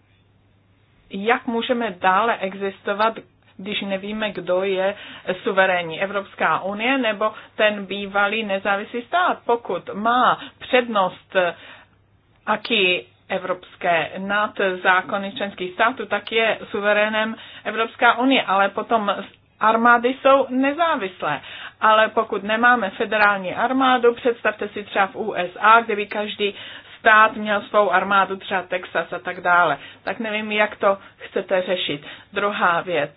jak můžeme dále existovat, když nevíme, kdo je suverénní, Evropská unie nebo ten bývalý nezávislý stát. Pokud má přednost eh, aký evropské nad zákony členských států, tak je suverénem Evropská unie, ale potom armády jsou nezávislé. Ale pokud nemáme federální armádu, představte si třeba v USA, kde by každý stát měl svou armádu, třeba Texas a tak dále. Tak nevím, jak to chcete řešit. Druhá věc.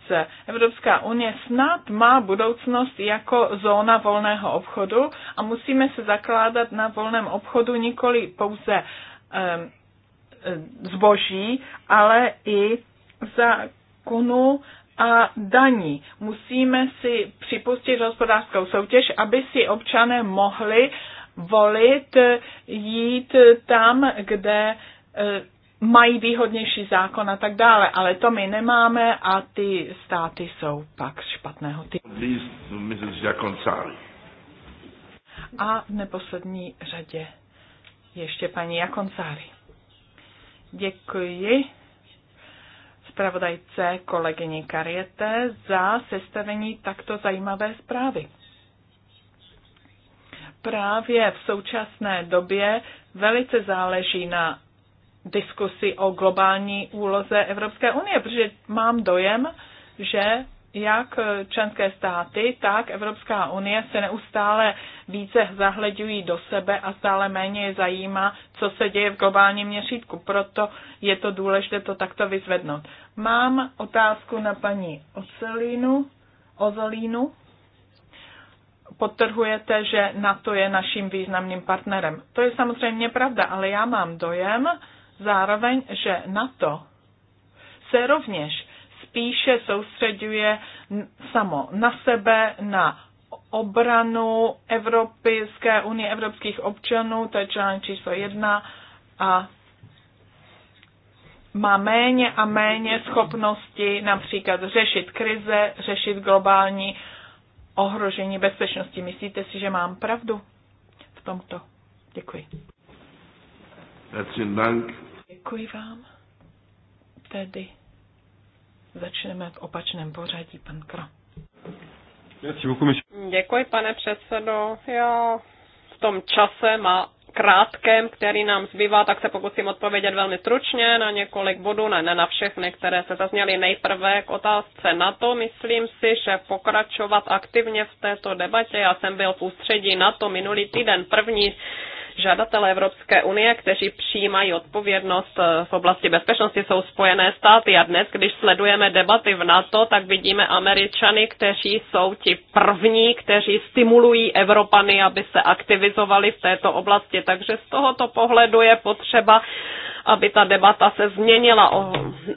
Evropská unie snad má budoucnost jako zóna volného obchodu a musíme se zakládat na volném obchodu nikoli pouze um, zboží, ale i zákonu a daní. Musíme si připustit hospodářskou soutěž, aby si občané mohli volit, jít tam, kde eh, mají výhodnější zákon a tak dále, ale to my nemáme a ty státy jsou pak špatného typu. A v neposlední řadě ještě paní Jakoncáry. Děkuji zpravodajce kolegyni Kariete za sestavení takto zajímavé zprávy právě v současné době velice záleží na diskusi o globální úloze Evropské unie, protože mám dojem, že jak členské státy, tak Evropská unie se neustále více zahleďují do sebe a stále méně je zajímá, co se děje v globálním měřítku. Proto je to důležité to takto vyzvednout. Mám otázku na paní Ocelínu, Ozolínu podtrhujete, že NATO je naším významným partnerem. To je samozřejmě pravda, ale já mám dojem zároveň, že NATO se rovněž spíše soustředuje samo na sebe, na obranu Evropské unie evropských občanů, to je článek číslo jedna, a má méně a méně schopnosti například řešit krize, řešit globální uh, ohrožení bezpečnosti. Myslíte si, že mám pravdu v tomto? Děkuji. Děkuji vám. Tedy začneme v opačném pořadí, pan Kro. Děkuji, pane předsedo. Já v tom čase má krátkém, který nám zbývá, tak se pokusím odpovědět velmi stručně na několik bodů, ne, ne na všechny, které se zazněly nejprve k otázce na to. Myslím si, že pokračovat aktivně v této debatě, já jsem byl v ústředí na to minulý týden první žadatelé Evropské unie, kteří přijímají odpovědnost eh, v oblasti bezpečnosti, jsou Spojené státy. A dnes, když sledujeme debaty v NATO, tak vidíme Američany, kteří jsou ti první, kteří stimulují Evropany, aby se aktivizovali v této oblasti. Takže z tohoto pohledu je potřeba aby ta debata se změnila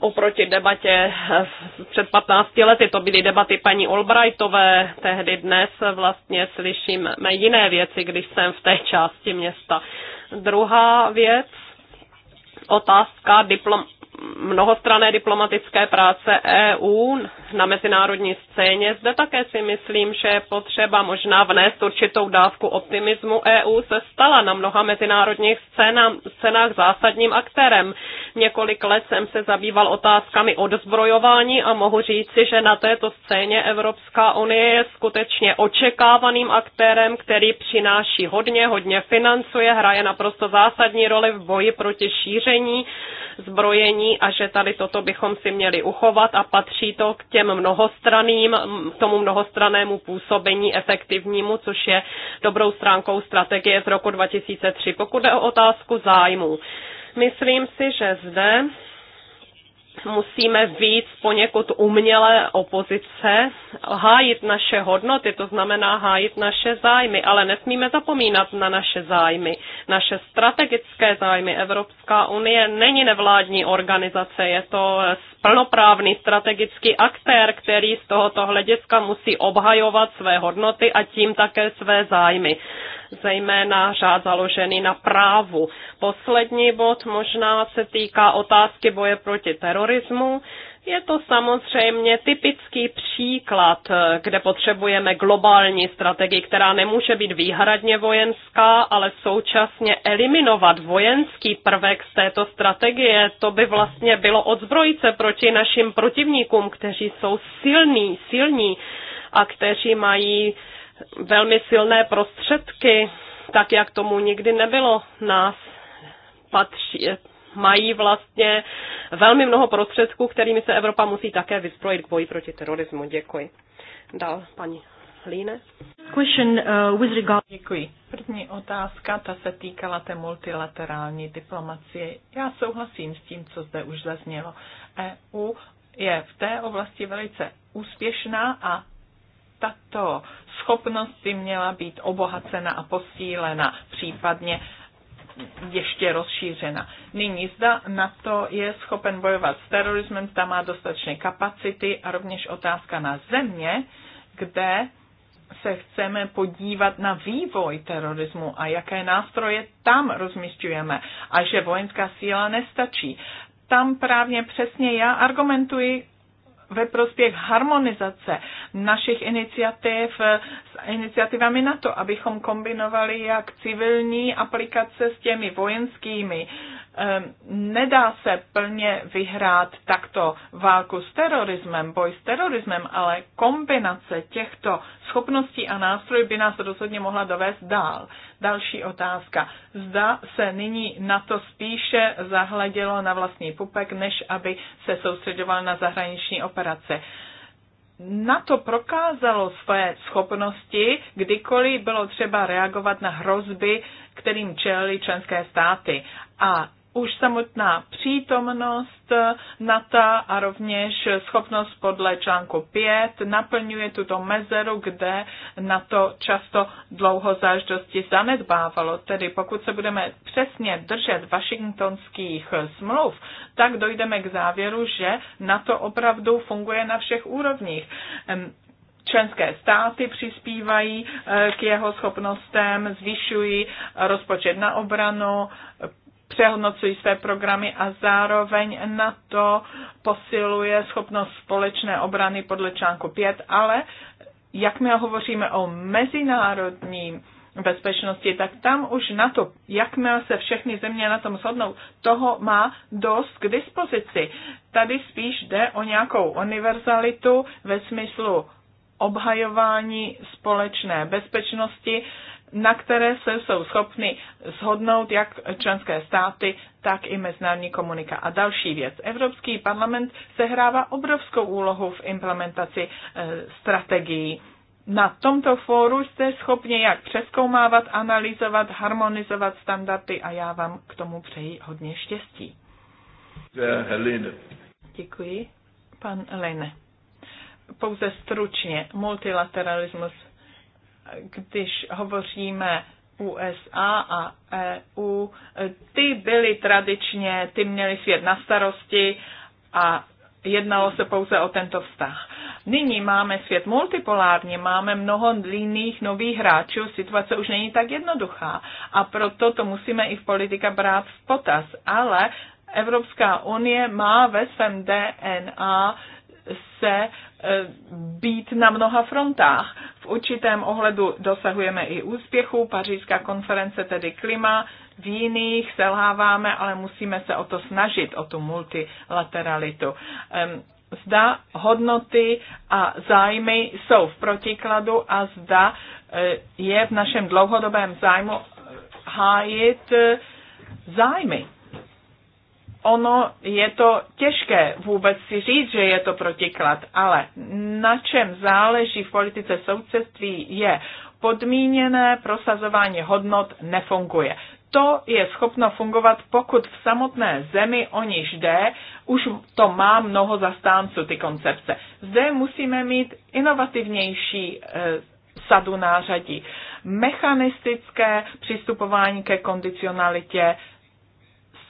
oproti debatě eh, před 15 lety. To byly debaty paní Albrightové, tehdy dnes vlastně slyšíme jiné věci, když jsem v té části města místa. Druhá věc, otázka diplom, mnohostrané diplomatické práce EU na mezinárodní scéně. Zde také si myslím, že je potřeba možná vnést určitou dávku optimismu. EU se stala na mnoha mezinárodních scénách, scénách zásadním aktérem. Několik let jsem se zabýval otázkami odzbrojování a mohu říci, že na této scéně Evropská unie je skutečně očekávaným aktérem, který přináší hodně, hodně financuje, hraje naprosto zásadní roli v boji proti šíření zbrojení a že tady toto bychom si měli uchovat a patří to k těm mnohostraným, tomu mnohostranému působení efektivnímu, což je dobrou stránkou strategie z roku 2003. Pokud je o otázku zájmu, myslím si, že zde musíme víc poněkud umělé opozice, hájit naše hodnoty, to znamená hájit naše zájmy, ale nesmíme zapomínat na naše zájmy, naše strategické zájmy. Evropská unie není nevládní organizace, je to plnoprávný strategický aktér, který z tohoto hlediska musí obhajovat své hodnoty a tím také své zájmy zejména řád založený na právu. Poslední bod možná se týká otázky boje proti terorismu. Je to samozřejmě typický příklad, kde potřebujeme globální strategii, která nemůže být výhradně vojenská, ale současně eliminovat vojenský prvek z této strategie. To by vlastně bylo odzbrojice proti našim protivníkům, kteří jsou silní, silní a kteří mají velmi silné prostředky, tak jak tomu nikdy nebylo nás patří, mají vlastně velmi mnoho prostředků, kterými se Evropa musí také vyzbrojit k boji proti terorismu. Děkuji. dal paní Líne. Question, uh, with regard... Děkuji. První otázka, ta se týkala té multilaterální diplomacie. Já souhlasím s tím, co zde už zaznělo. EU je v té oblasti velice úspěšná a tato schopnost by měla být obohacena a posílena, případně ještě rozšířena. Nyní zda na to je schopen bojovat s terorismem, ta má dostatečné kapacity a rovněž otázka na země, kde se chceme podívat na vývoj terorismu a jaké nástroje tam rozmístujeme a že vojenská síla nestačí. Tam právě přesně já argumentuji ve prospěch harmonizace našich iniciativ eh, s iniciativami to, abychom kombinovali jak civilní aplikace s těmi vojenskými Ehm, nedá se plně vyhrát takto válku s terorismem, boj s terorismem, ale kombinace těchto schopností a nástrojů by nás rozhodně mohla dovést dál. Další otázka. Zda se nyní na to spíše zahledělo na vlastní pupek, než aby se soustředoval na zahraniční operace. Na to prokázalo své schopnosti, kdykoliv bylo třeba reagovat na hrozby, kterým čelili členské státy. A už samotná přítomnost NATA a rovněž schopnost podle článku 5 naplňuje tuto mezeru, kde na to často dlouho záždosti zanedbávalo. Tedy pokud se budeme přesně držet washingtonských smluv, tak dojdeme k závěru, že na to opravdu funguje na všech úrovních členské státy přispívají eh, k jeho schopnostem, zvyšují rozpočet na obranu, přehodnocují své programy a zároveň na to posiluje schopnost společné obrany podle článku 5, ale jak my hovoříme o mezinárodní bezpečnosti, tak tam už na to, jakmile se všechny země na tom shodnou, toho má dost k dispozici. Tady spíš jde o nějakou univerzalitu ve smyslu obhajování společné bezpečnosti, na které se jsou schopny shodnout jak členské státy, tak i mezinárodní komunika. A další věc. Evropský parlament sehrává obrovskou úlohu v implementaci eh, strategií. Na tomto fóru jste schopni jak přeskoumávat, analyzovat, harmonizovat standardy a já vám k tomu přeji hodně štěstí. Děkuji. Pan Lene. Pouze stručně. Multilateralismus když hovoříme USA a EU, ty byly tradičně, ty měly svět na starosti a jednalo se pouze o tento vztah. Nyní máme svět multipolární, máme mnoho jiných nových hráčů, situace už není tak jednoduchá a proto to musíme i v politika brát v potaz, ale Evropská unie má ve svém DNA se e, být na mnoha frontách. V určitém ohledu dosahujeme i úspěchu, pařížská konference tedy klima, v jiných selháváme, ale musíme se o to snažit, o tu multilateralitu. Zda hodnoty a zájmy jsou v protikladu a zda e, je v našem dlouhodobém zájmu hájit e, zájmy ono je to těžké vůbec si říct, že je to protiklad, ale na čem záleží v politice souceství je podmíněné prosazování hodnot nefunguje. To je schopno fungovat, pokud v samotné zemi o níž jde, už to má mnoho zastánců, ty koncepce. Zde musíme mít inovativnější eh, sadu nářadí. Mechanistické přistupování ke kondicionalitě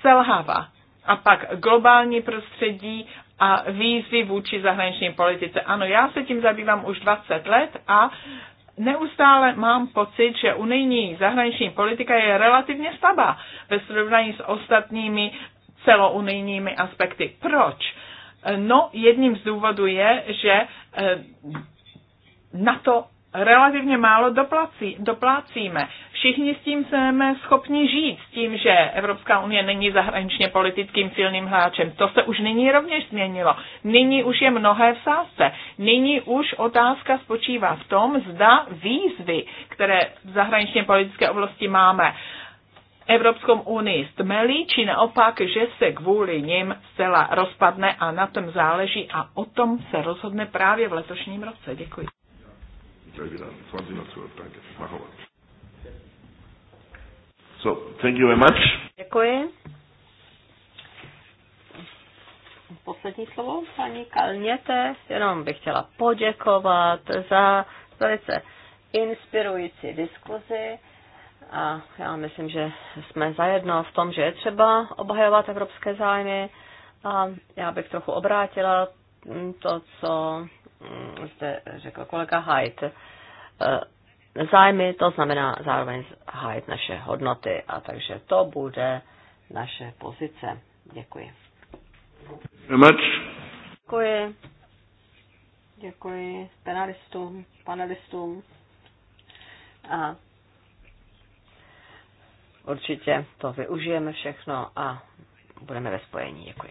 selhává a pak globální prostředí a výzvy vůči zahraniční politice. Ano, já se tím zabývám už 20 let a neustále mám pocit, že unijní zahraniční politika je relativně slabá ve srovnání s ostatními celounijními aspekty. Proč? No, jedním z důvodů je, že eh, na to relativně málo doplací, doplácíme. Všichni s tím jsme schopni žít, s tím, že Evropská unie není zahraničně politickým silným hráčem. To se už nyní rovněž změnilo. Nyní už je mnohé v sázce. Nyní už otázka spočívá v tom, zda výzvy, které v zahraničně politické oblasti máme, Evropskou unii stmelí, či naopak, že se kvůli nim zcela rozpadne a na tom záleží a o tom se rozhodne právě v letošním roce. Děkuji. So, thank you very much. Děkuji. Poslední slovo, paní Kalněte. Jenom bych chtěla poděkovat za velice inspirující diskuzi. A já myslím, že jsme zajedno v tom, že je třeba obhajovat evropské zájmy. A já bych trochu obrátila to, co mm, zde řekl kolega Haidt. Eh, zájmy, to znamená zároveň hájit naše hodnoty. A takže to bude naše pozice. Děkuji. Děkuji. Děkuji penalistům, panelistům. A určitě to využijeme všechno a budeme ve spojení. Děkuji.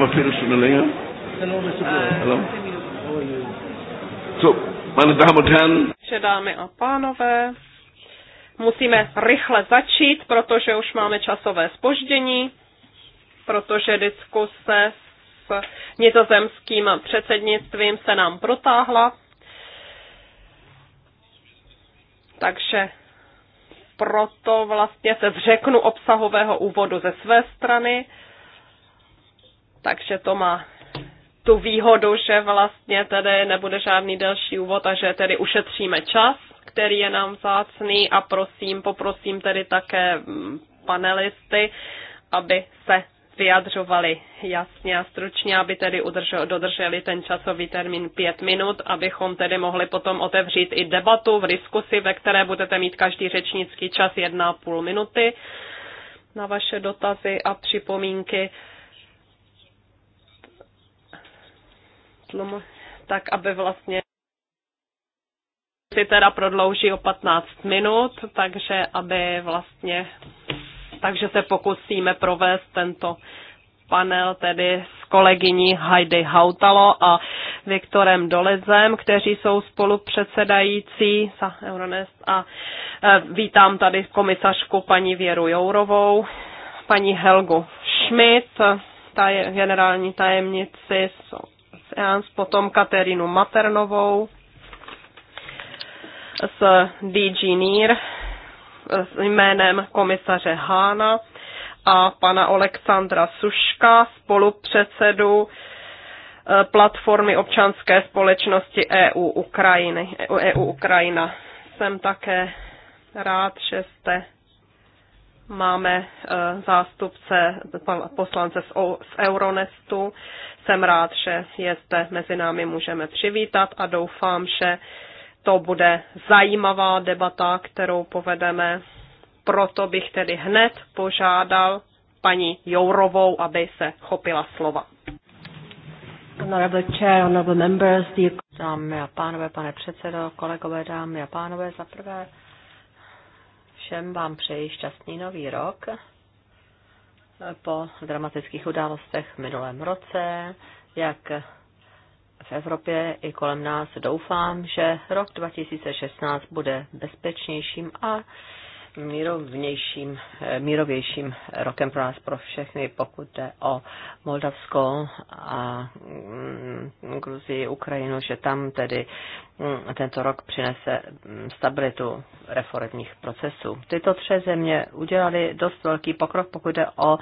haben wir eine Viertelstunde länger. Hallo? So, meine Damen und Herren. Dámy a pánové, musíme rychle začít, protože už máme časové spoždění, protože diskuse s nizozemským předsednictvím se nám protáhla. Takže proto vlastně se zřeknu obsahového úvodu ze své strany takže to má tu výhodu, že vlastně tedy nebude žádný delší úvod a že tedy ušetříme čas, který je nám vzácný a prosím, poprosím tedy také mm, panelisty, aby se vyjadřovali jasně a stručně, aby tedy udržel, dodrželi ten časový termín pět minut, abychom tedy mohli potom otevřít i debatu v diskusi, ve které budete mít každý řečnický čas jedna a půl minuty na vaše dotazy a připomínky. tlum, tak aby vlastně si teda prodlouží o 15 minut, takže aby vlastně, takže se pokusíme provést tento panel tedy s kolegyní Heidi Hautalo a Viktorem Dolezem, kteří jsou spolupředsedající za Euronest a e, vítám tady komisařku paní Věru Jourovou, paní Helgu Schmidt, ta je generální tajemnici z Seans, potom Katerinu Maternovou s DG NIR s jménem komisaře Hána a pana Alexandra Suška, spolupředsedu eh, platformy občanské společnosti EU, Ukrajiny, EU Ukrajina. Jsem také rád, že jste Máme eh, zástupce poslance z Euronestu. Jsem rád, že je zde mezi námi můžeme přivítat a doufám, že to bude zajímavá debata, kterou povedeme. Proto bych tedy hned požádal paní Jourovou, aby se chopila slova. Dámy a pánové, pane předsedo, kolegové, dámy a pánové, za prvé všem vám přeji šťastný nový rok po dramatických událostech v minulém roce, jak v Evropě i kolem nás doufám, že rok 2016 bude bezpečnějším a mírovnějším, eh, mírovějším rokem pro nás, pro všechny, pokud jde o Moldavsko a mm, Gruzii, Ukrajinu, že tam tedy mm, tento rok přinese mm, stabilitu reformních procesů. Tyto tři země udělali dost velký pokrok, pokud jde o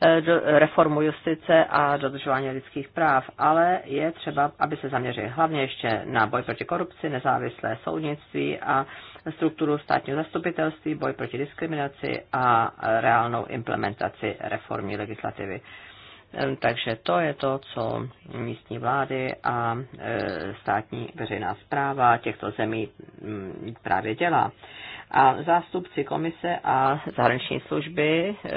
eh, reformu justice a dodržování lidských práv, ale je třeba, aby se zaměřili hlavně ještě na boj proti korupci, nezávislé soudnictví a strukturu státního zastupitelství, boj proti diskriminaci a reálnou implementaci reformní legislativy. Takže to je to, co místní vlády a e, státní veřejná zpráva těchto zemí právě dělá. A zástupci komise a zahraniční služby e,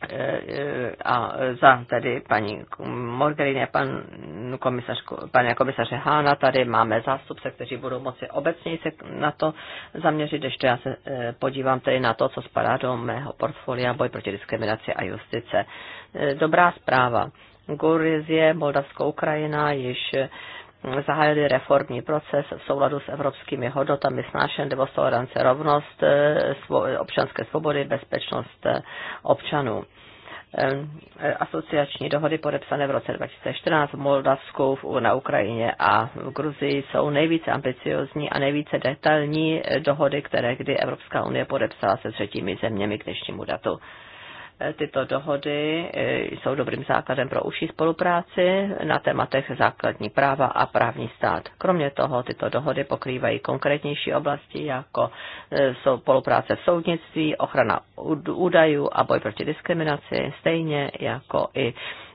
Eh, eh, a za tedy paní Morgerini a pan komisař, pana komisaře Hána. Tady máme zástupce, kteří budou moci obecně se na to zaměřit, ještě já se eh, podívám tedy na to, co spadá do mého portfolia boj proti diskriminaci a justice. Dobrá zpráva. Gorizie, Moldavská Ukrajina již zahájili reformní proces v souladu s evropskými hodnotami snášenlivost, tolerance, rovnost, eh, občanské svobody, bezpečnost eh, občanů eh, asociační dohody podepsané v roce 2014 v Moldavsku, na Ukrajině a v Gruzii jsou nejvíce ambiciozní a nejvíce detailní dohody, které kdy Evropská unie podepsala se třetími zeměmi k dnešnímu datu. Eh, tyto dohody eh, jsou dobrým základem pro užší spolupráci na tématech základní práva a právní stát. Kromě toho tyto dohody pokrývají konkrétnější oblasti, jako eh, jsou spolupráce v soudnictví, ochrana údajů a boj proti diskriminaci, stejně jako i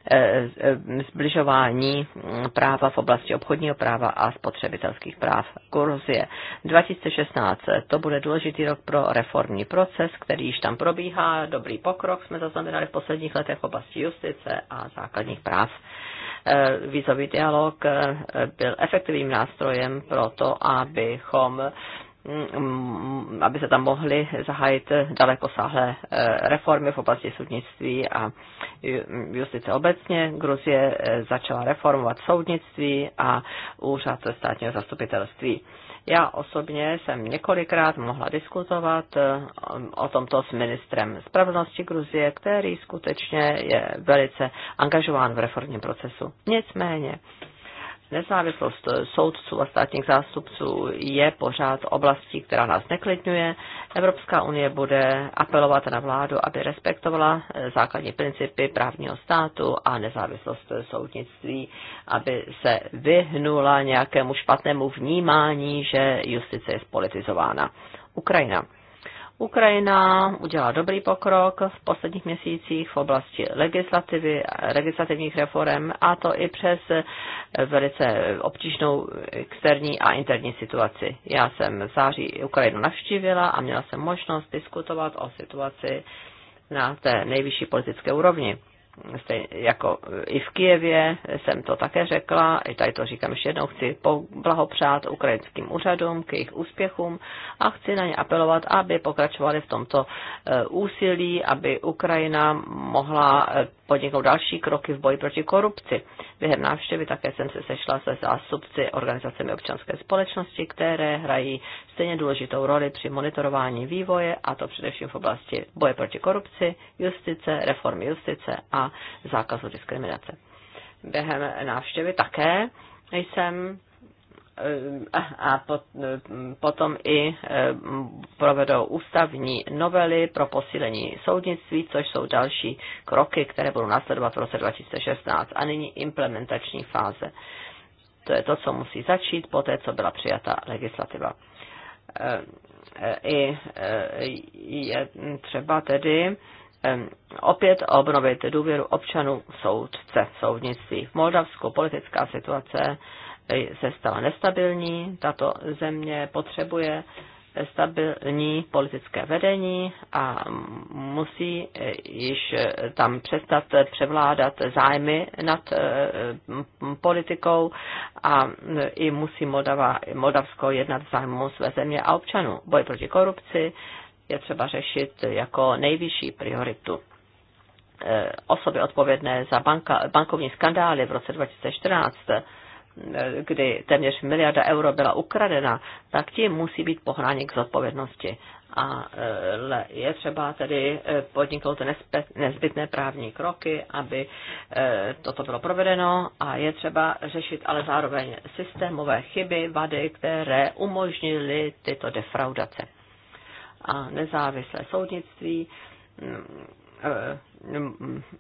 Eh, eh, zbližování mm, práva v oblasti obchodního práva a spotřebitelských práv. Gruzie 2016, eh, to bude důležitý rok pro reformní proces, který již tam probíhá. Dobrý pokrok jsme zaznamenali v posledních letech v oblasti justice a základních práv. Vízový dialog byl efektivním nástrojem pro to, abychom Mm, mm, aby se tam mohly zahájit dalekosáhlé eh, reformy v oblasti soudnictví a justice obecně. Gruzie eh, začala reformovat soudnictví a úřad státního zastupitelství. Já osobně jsem několikrát mohla diskutovat eh, o tomto s ministrem spravedlnosti Gruzie, který skutečně je velice angažován v reformním procesu. Nicméně, Nezávislost eh, soudců a státních zástupců je pořád oblastí, která nás neklidňuje. Evropská unie bude apelovat na vládu, aby respektovala eh, základní principy právního státu a nezávislost eh, soudnictví, aby se vyhnula nějakému špatnému vnímání, že justice je spolitizována. Ukrajina. Ukrajina udělala dobrý pokrok v posledních měsících v oblasti legislativy, legislativních reform a to i přes velice obtížnou externí a interní situaci. Já jsem v září Ukrajinu navštívila a měla jsem možnost diskutovat o situaci na té nejvyšší politické úrovni stejně jako i v Kijevě jsem to také řekla, i tady to říkám ještě jednou, chci blahopřát ukrajinským úřadům k jejich úspěchům a chci na ně apelovat, aby pokračovali v tomto e, úsilí, aby Ukrajina mohla e, podniknout další kroky v boji proti korupci. Během návštěvy také jsem se sešla se zástupci organizacemi občanské společnosti, které hrají stejně důležitou roli při monitorování vývoje, a to především v oblasti boje proti korupci, justice, reformy justice a zákazu diskriminace. Během návštěvy také jsem eh, a potom i eh, provedou ústavní novely pro posílení soudnictví, což jsou další kroky, které budou následovat v roce 2016 a nyní implementační fáze. To je to, co musí začít po té, co byla přijata legislativa. Eh, I je třeba tedy opět obnovit důvěru občanů v soudce, v soudnictví. V Moldavsku politická situace eh, se stala nestabilní, tato země potřebuje stabilní politické vedení a musí eh, již eh, tam přestat převládat zájmy nad politikou a i musí Moldava, Moldavsko jednat v zájmu své země a občanů. Boj proti korupci, je třeba řešit jako nejvyšší prioritu. Eh, osoby odpovědné za banka, bankovní skandály v roce 2014 eh, kdy téměř miliarda euro byla ukradena, tak ti musí být pohráni k zodpovědnosti. A eh, je třeba tedy podniknout nezbytné právní kroky, aby toto bylo provedeno a je třeba řešit ale zároveň systémové chyby, vady, které umožnily tyto defraudace a nezávislé soudnictví mm, eh, mm,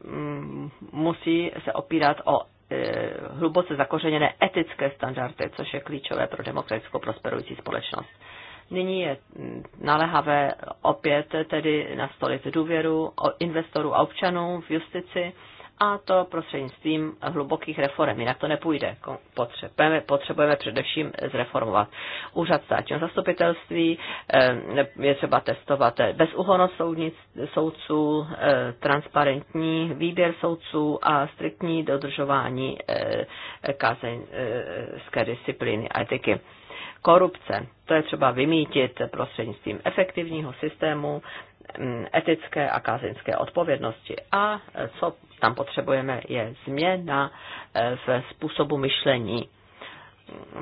mm, musí se opírat o eh, hluboce zakořeněné etické standardy, což je klíčové pro demokratickou prosperující společnost. Nyní je naléhavé opět tedy nastolit důvěru investorů a občanů v justici a to prostřednictvím hlubokých reform, jinak to nepůjde. Potřebujeme, potřebujeme především zreformovat úřad státního zastupitelství, eh, je třeba testovat bezúhonost soudců, eh, transparentní výběr soudců a striktní dodržování eh, kázeňské disciplíny a etiky korupce. To je třeba vymítit prostřednictvím efektivního systému Mm, etické a kázeňské odpovědnosti. A e, co tam potřebujeme, je změna e, v způsobu myšlení.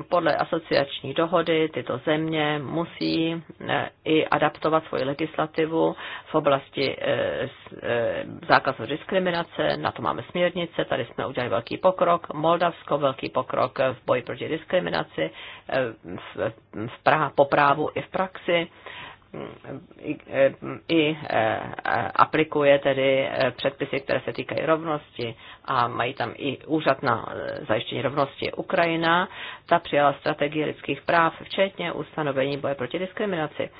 Podle asociační dohody tyto země musí e, i adaptovat svoji legislativu v oblasti zákazu diskriminace. Na to máme směrnice, tady jsme udělali velký pokrok. Moldavsko velký pokrok v boji proti diskriminaci v, v, v, po právu i v praxi i aplikuje tedy eh, předpisy, které se týkají rovnosti a mají tam i úřad na eh, zajištění rovnosti Ukrajina. Ta přijala strategii lidských práv, včetně ustanovení boje proti diskriminaci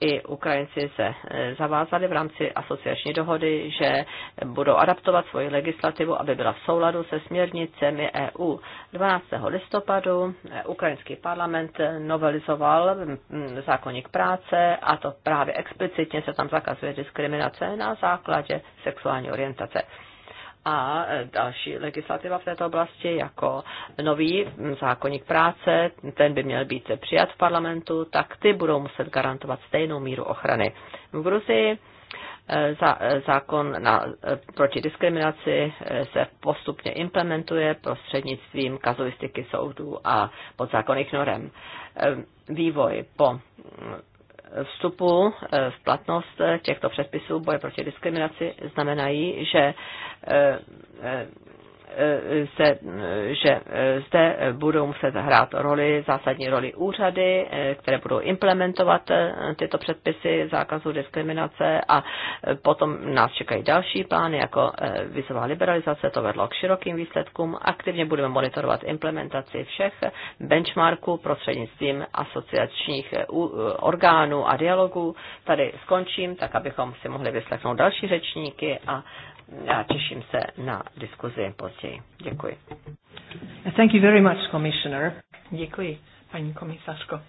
i Ukrajinci se eh, zavázali v rámci asociační dohody, že budou adaptovat svoji legislativu, aby byla v souladu se směrnicemi EU. 12. listopadu eh, ukrajinský parlament eh, novelizoval mm, zákonník práce a to právě explicitně se tam zakazuje diskriminace na základě sexuální orientace a další legislativa v této oblasti, jako nový zákonník práce, ten by měl být přijat v parlamentu, tak ty budou muset garantovat stejnou míru ochrany. V Gruzii eh, eh, zákon na, eh, proti diskriminaci se postupně implementuje prostřednictvím kazuistiky soudů a podzákonných norem. Vývoj po vstupu eh, v platnost eh, těchto předpisů boje proti diskriminaci znamenají, že eh, se, že zde budou muset hrát roli, zásadní roli úřady, které budou implementovat tyto předpisy zákazu diskriminace a potom nás čekají další plány, jako vizová liberalizace, to vedlo k širokým výsledkům. Aktivně budeme monitorovat implementaci všech benchmarků prostřednictvím asociačních orgánů a dialogů. Tady skončím, tak abychom si mohli vyslechnout další řečníky a a těším se na diskuzi později. Děkuji. Thank you very much, Commissioner. Děkuji, paní komisařko.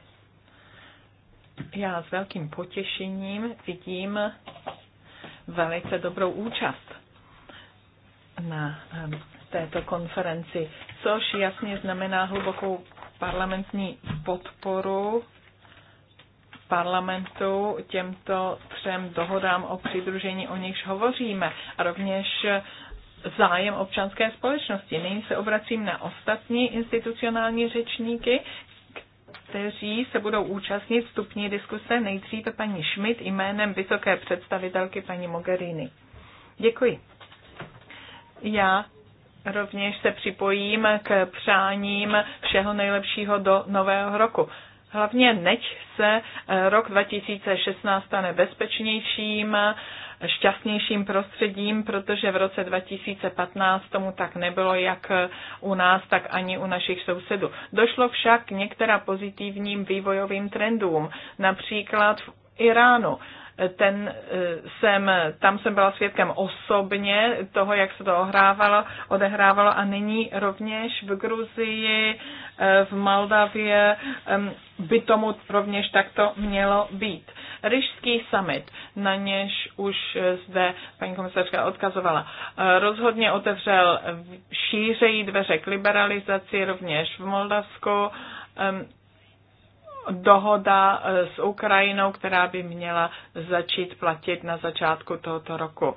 Já s velkým potěšením vidím velice dobrou účast na této konferenci, což jasně znamená hlubokou parlamentní podporu parlamentu těmto třem dohodám o přidružení, o nichž hovoříme, a rovněž zájem občanské společnosti. Nyní se obracím na ostatní institucionální řečníky, kteří se budou účastnit vstupní diskuse nejdříve paní Schmidt jménem vysoké představitelky paní Mogherini. Děkuji. Já rovněž se připojím k přáním všeho nejlepšího do nového roku. Hlavně neď se eh, rok 2016 stane bezpečnějším, šťastnějším prostředím, protože v roce 2015 tomu tak nebylo jak u nás, tak ani u našich sousedů. Došlo však k některá pozitivním vývojovým trendům, například v Iránu ten eh, jsem, tam jsem byla svědkem osobně toho, jak se to ohrávalo, odehrávalo a nyní rovněž v Gruzii, eh, v Moldavě by tomu rovněž takto mělo být. Ryšský summit, na něž už zde paní komisařka odkazovala, eh, rozhodně otevřel šířejí dveře k liberalizaci rovněž v Moldavsku dohoda eh, s Ukrajinou, která by měla začít platit na začátku tohoto roku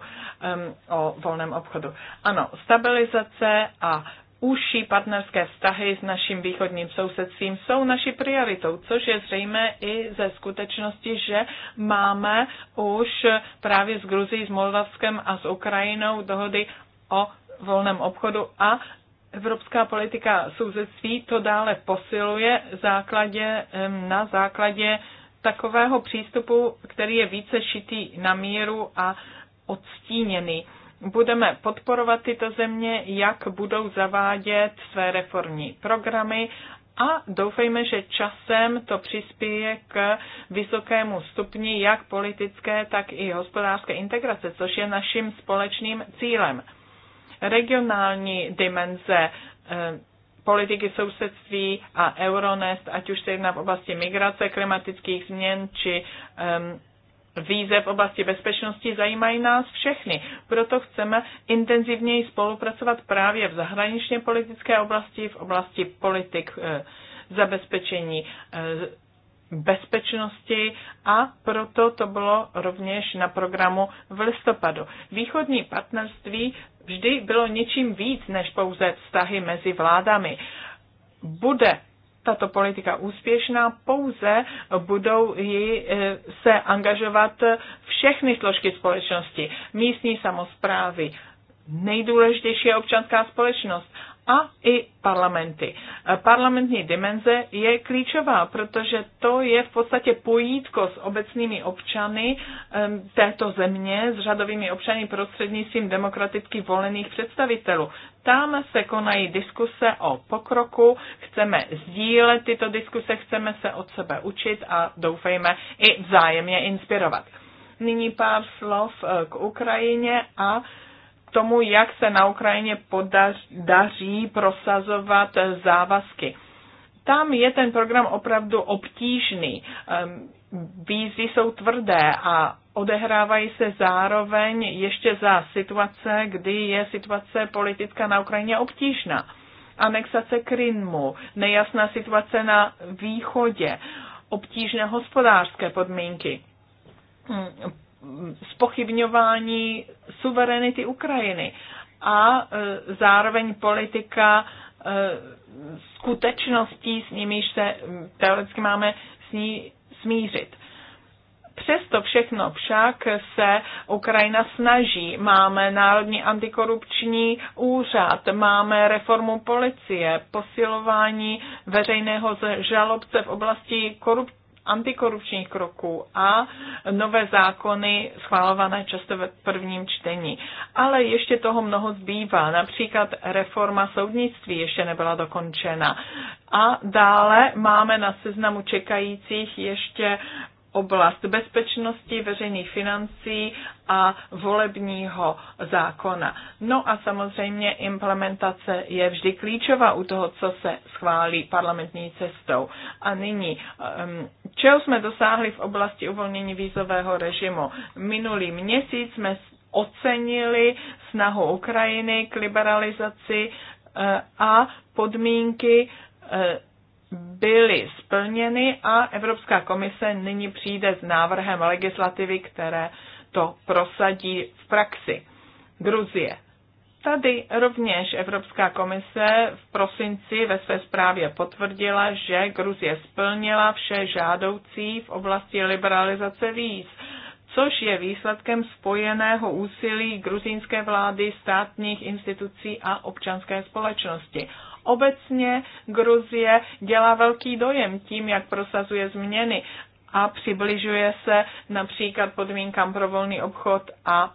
o volném obchodu. Ano, stabilizace a užší partnerské vztahy s naším východním sousedstvím jsou naší prioritou, což je zřejmé i ze skutečnosti, že máme už právě s Gruzií, s Moldavskem a s Ukrajinou dohody o volném obchodu a Evropská politika sousedství to dále posiluje základě, na základě takového přístupu, který je více šitý na míru a odstíněný. Budeme podporovat tyto země, jak budou zavádět své reformní programy a doufejme, že časem to přispěje k vysokému stupni jak politické, tak i hospodářské integrace, což je naším společným cílem regionální dimenze eh, politiky sousedství a Euronest, ať už se jedná v oblasti migrace, klimatických změn či um, výzev v oblasti bezpečnosti zajímají nás všechny, proto chceme intenzivněji spolupracovat právě v zahraničně politické oblasti, v oblasti politik eh, zabezpečení eh, bezpečnosti a proto to bylo rovněž na programu v listopadu. Východní partnerství vždy bylo něčím víc než pouze vztahy mezi vládami. Bude tato politika úspěšná, pouze budou ji eh, se angažovat všechny složky společnosti, místní samozprávy, nejdůležitější je občanská společnost a i parlamenty. Parlamentní dimenze je klíčová, protože to je v podstatě pojítko s obecnými občany této země, s řadovými občany prostřednictvím demokraticky volených představitelů. Tam se konají diskuse o pokroku, chceme sdílet tyto diskuse, chceme se od sebe učit a doufejme i vzájemně inspirovat. Nyní pár slov eh, k Ukrajině a tomu, jak se na Ukrajině podaří, prosazovat závazky. Tam je ten program opravdu obtížný. Ehm, Výzvy jsou tvrdé a odehrávají se zároveň ještě za situace, kdy je situace politická na Ukrajině obtížná. Anexace Krymu, nejasná situace na východě, obtížné hospodářské podmínky hm, spochybňování suverenity Ukrajiny a e, zároveň politika e, skutečností, s nimiž se teoreticky máme s ní smířit. Přesto všechno však se Ukrajina snaží. Máme Národní antikorupční úřad, máme reformu policie, posilování veřejného žalobce v oblasti korupce antikorupčních kroků a nové zákony schválované často ve prvním čtení. Ale ještě toho mnoho zbývá. Například reforma soudnictví ještě nebyla dokončena. A dále máme na seznamu čekajících ještě oblast bezpečnosti, veřejných financí a volebního zákona. No a samozřejmě implementace je vždy klíčová u toho, co se schválí parlamentní cestou. A nyní, čeho jsme dosáhli v oblasti uvolnění vízového režimu? Minulý měsíc jsme ocenili snahu Ukrajiny k liberalizaci e, a podmínky e, byly splněny a Evropská komise nyní přijde s návrhem legislativy, které to prosadí v praxi. Gruzie. Tady rovněž Evropská komise v prosinci ve své zprávě potvrdila, že Gruzie splnila vše žádoucí v oblasti liberalizace víz, což je výsledkem spojeného úsilí gruzínské vlády, státních institucí a občanské společnosti. Obecně Gruzie dělá velký dojem tím, jak prosazuje změny a přibližuje se například podmínkám pro volný obchod a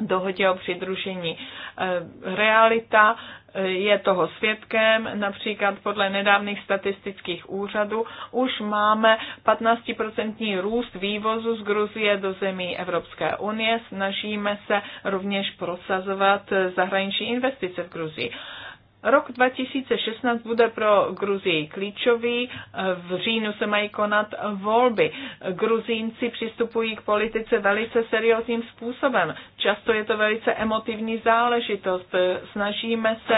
dohodě o přidružení. Eh, realita eh, je toho svědkem, například podle nedávných statistických úřadů už máme 15% růst vývozu z Gruzie do zemí Evropské unie. Snažíme se rovněž prosazovat eh, zahraniční investice v Gruzii. Rok 2016 bude pro Gruzii klíčový. V říjnu se mají konat volby. Gruzínci přistupují k politice velice seriózním způsobem. Často je to velice emotivní záležitost. Snažíme se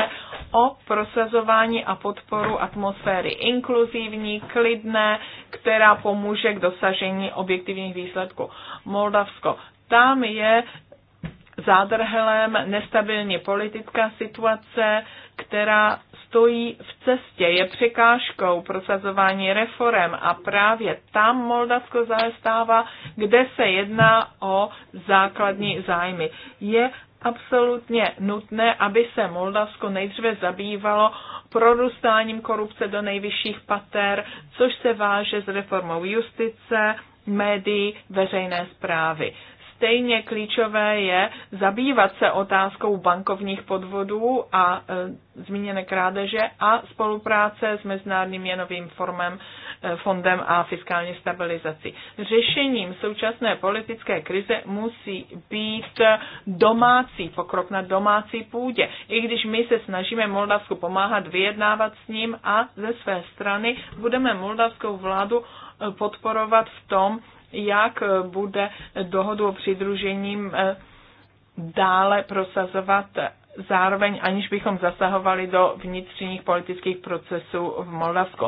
o prosazování a podporu atmosféry inkluzivní, klidné, která pomůže k dosažení objektivních výsledků. Moldavsko. Tam je zádrhelem nestabilní politická situace, která stojí v cestě, je překážkou prosazování reform a právě tam Moldavsko zastává, kde se jedná o základní zájmy. Je absolutně nutné, aby se Moldavsko nejdříve zabývalo prorůstáním korupce do nejvyšších pater, což se váže s reformou justice, médií, veřejné zprávy. Stejně klíčové je zabývat se otázkou bankovních podvodů a e, zmíněné krádeže a spolupráce s Mezinárodním měnovým formem, e, fondem a fiskální stabilizací. Řešením současné politické krize musí být domácí pokrok na domácí půdě. I když my se snažíme Moldavsku pomáhat vyjednávat s ním a ze své strany budeme moldavskou vládu e, podporovat v tom, jak eh, bude dohodu o přidružením eh, dále prosazovat eh, zároveň aniž bychom zasahovali do vnitřních politických procesů v Moldavsku.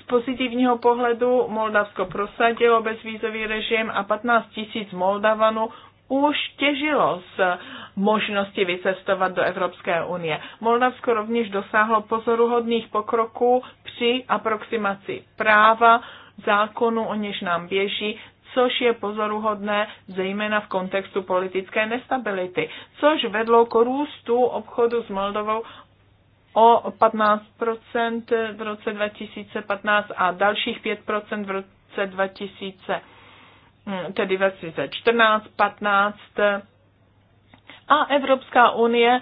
Z pozitivního pohledu Moldavsko prosadilo bezvízový režim a 15 tisíc Moldavanů už těžilo z možnosti vycestovat do Evropské unie. Moldavsko rovněž dosáhlo pozoruhodných pokroků při aproximaci práva zákonu, o něž nám běží, což je pozoruhodné zejména v kontextu politické nestability, což vedlo k růstu obchodu s Moldovou o 15% v roce 2015 a dalších 5% v roce 2000, hm, tedy 2014, 15. A Evropská unie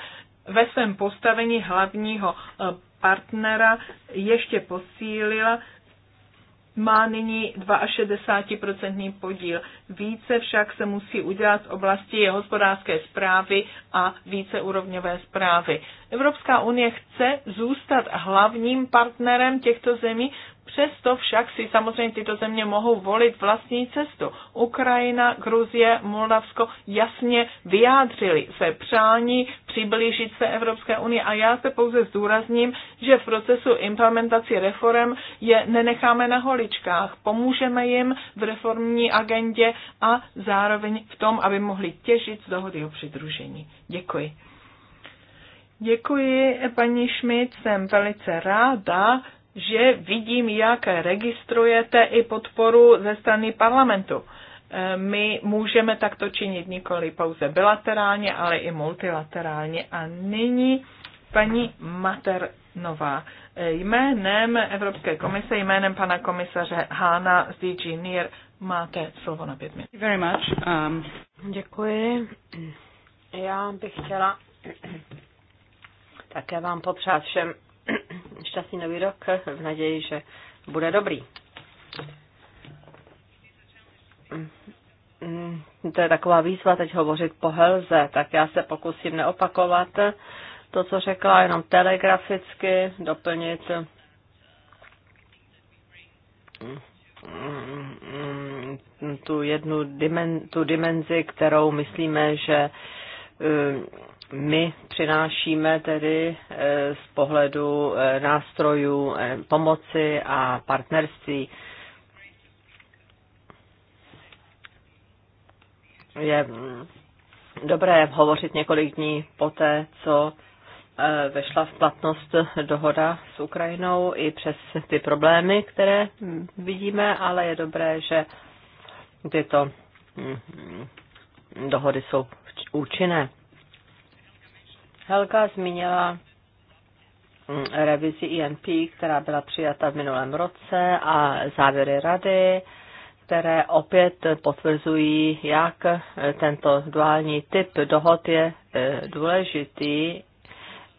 ve svém postavení hlavního eh, partnera ještě posílila má nyní 62% podíl. Více však se musí udělat v oblasti hospodářské zprávy a víceúrovňové zprávy. Evropská unie chce zůstat hlavním partnerem těchto zemí, Přesto však si samozřejmě tyto země mohou volit vlastní cestu. Ukrajina, Gruzie, Moldavsko jasně vyjádřili své přání přiblížit se Evropské unii a já se pouze zdůrazním, že v procesu implementaci reform je nenecháme na holičkách. Pomůžeme jim v reformní agendě a zároveň v tom, aby mohli těžit z dohody o přidružení. Děkuji. Děkuji, paní Šmit, jsem velice ráda, že vidím, jak registrujete i podporu ze strany parlamentu. E, my můžeme takto činit nikoli pouze bilaterálně, ale i multilaterálně. A nyní paní Maternová. E, jménem Evropské komise, jménem pana komisaře Hána z DG NIR máte slovo na pět minut. Very much. Um... Děkuji. Já bych chtěla také vám popřát všem šťastný nový rok v naději, že bude dobrý. Mm, to je taková výzva teď hovořit po helze, tak já se pokusím neopakovat to, co řekla, jenom telegraficky doplnit mm, mm, tu jednu dimen, tu dimenzi, kterou myslíme, že my přinášíme tedy eh, z pohledu eh, nástrojů eh, pomoci a partnerství. Je mm, dobré hovořit několik dní poté, co vešla v platnost dohoda s Ukrajinou i přes ty problémy, které mm, vidíme, ale je dobré, že tyto mm, dohody jsou účinné. Helga zmínila mm, revizi INP, e která byla přijata v minulém roce a závěry rady, které opět potvrzují, jak tento duální typ dohod je e, důležitý.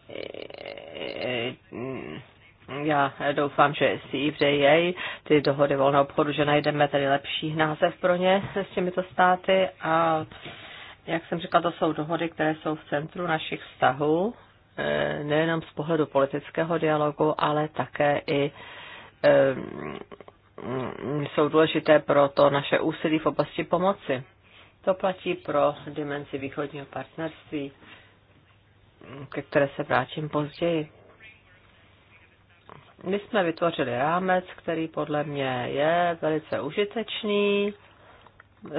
E, já doufám, že si jej ty dohody volného obchodu, že najdeme tady lepší název pro ně s těmito státy a jak jsem říkal, to jsou dohody, které jsou v centru našich vztahů, eh, nejenom z pohledu politického dialogu, ale také i eh, mm, jsou důležité pro to naše úsilí v oblasti pomoci. To platí pro dimenzi východního partnerství, ke které se vrátím později. My jsme vytvořili rámec, který podle mě je velice užitečný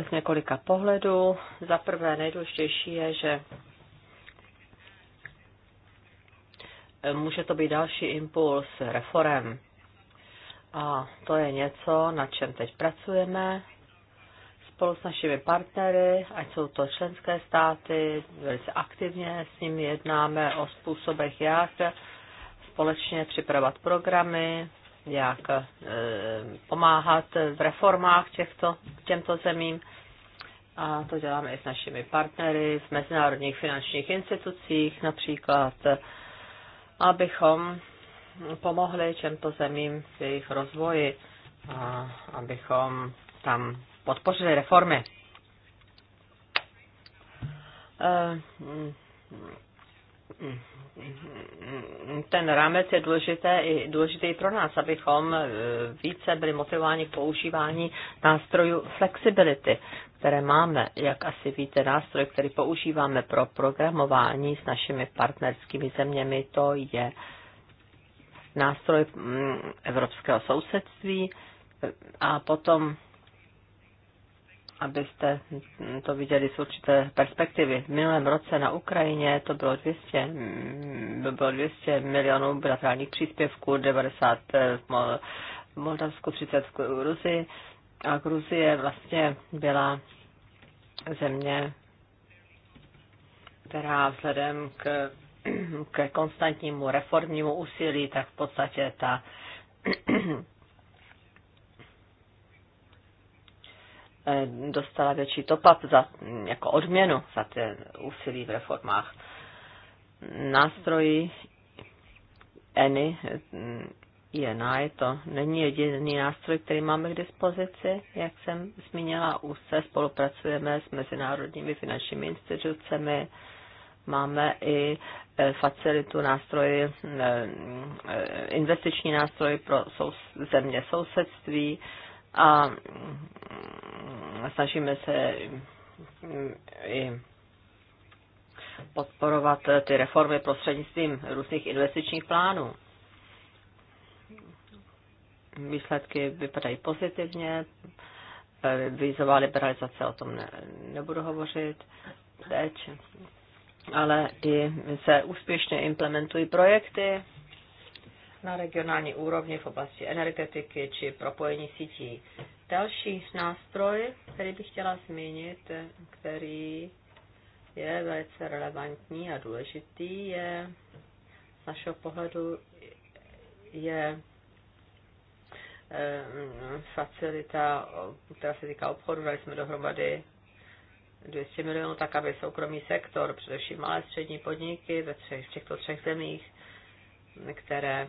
z několika pohledů. Za prvé nejdůležitější je, že může to být další impuls reform. A to je něco, na čem teď pracujeme spolu s našimi partnery, ať jsou to členské státy, velice aktivně s nimi jednáme o způsobech, jak společně připravovat programy, jak eh, pomáhat v reformách těchto, těmto zemím. A to děláme i s našimi partnery v mezinárodních finančních institucích například, abychom pomohli těmto zemím v jejich rozvoji a abychom tam podpořili reformy. Eh, ten rámec je důležité, i, důležitý pro nás, abychom e, více byli motivováni k používání nástrojů flexibility, které máme. Jak asi víte, nástroj, který používáme pro programování s našimi partnerskými zeměmi, to je nástroj mm, evropského sousedství e, a potom abyste to viděli z určité perspektivy. V minulém roce na Ukrajině to bylo 200, mm, bylo 200 milionů bilaterálních příspěvků, 90 eh, v Moldavsku, 30 v Gruzii. A Gruzie vlastně byla země, která vzhledem k, [CLEARS THROAT] ke konstantnímu reformnímu úsilí, tak v podstatě ta [CLEARS THROAT] Eh, dostala větší topat za, jako odměnu za ty úsilí v reformách. Nástroji ENI eh, je to není jediný nástroj, který máme k dispozici. Jak jsem zmínila, se spolupracujeme s mezinárodními finančními institucemi, máme i eh, facilitu nástroj, investiční nástroj pro země sousedství, a snažíme se i podporovat ty reformy prostřednictvím různých investičních plánů. Výsledky vypadají pozitivně, vízová liberalizace o tom ne, nebudu hovořit teď, ale i se úspěšně implementují projekty, na regionální úrovni v oblasti energetiky či propojení sítí. Další nástroj, který bych chtěla zmínit, který je velice relevantní a důležitý, je z našeho pohledu je eh, facilita, která se týká obchodu, dali jsme dohromady 200 milionů, tak aby soukromý sektor, především malé střední podniky ve třech, v těchto třech zemích, které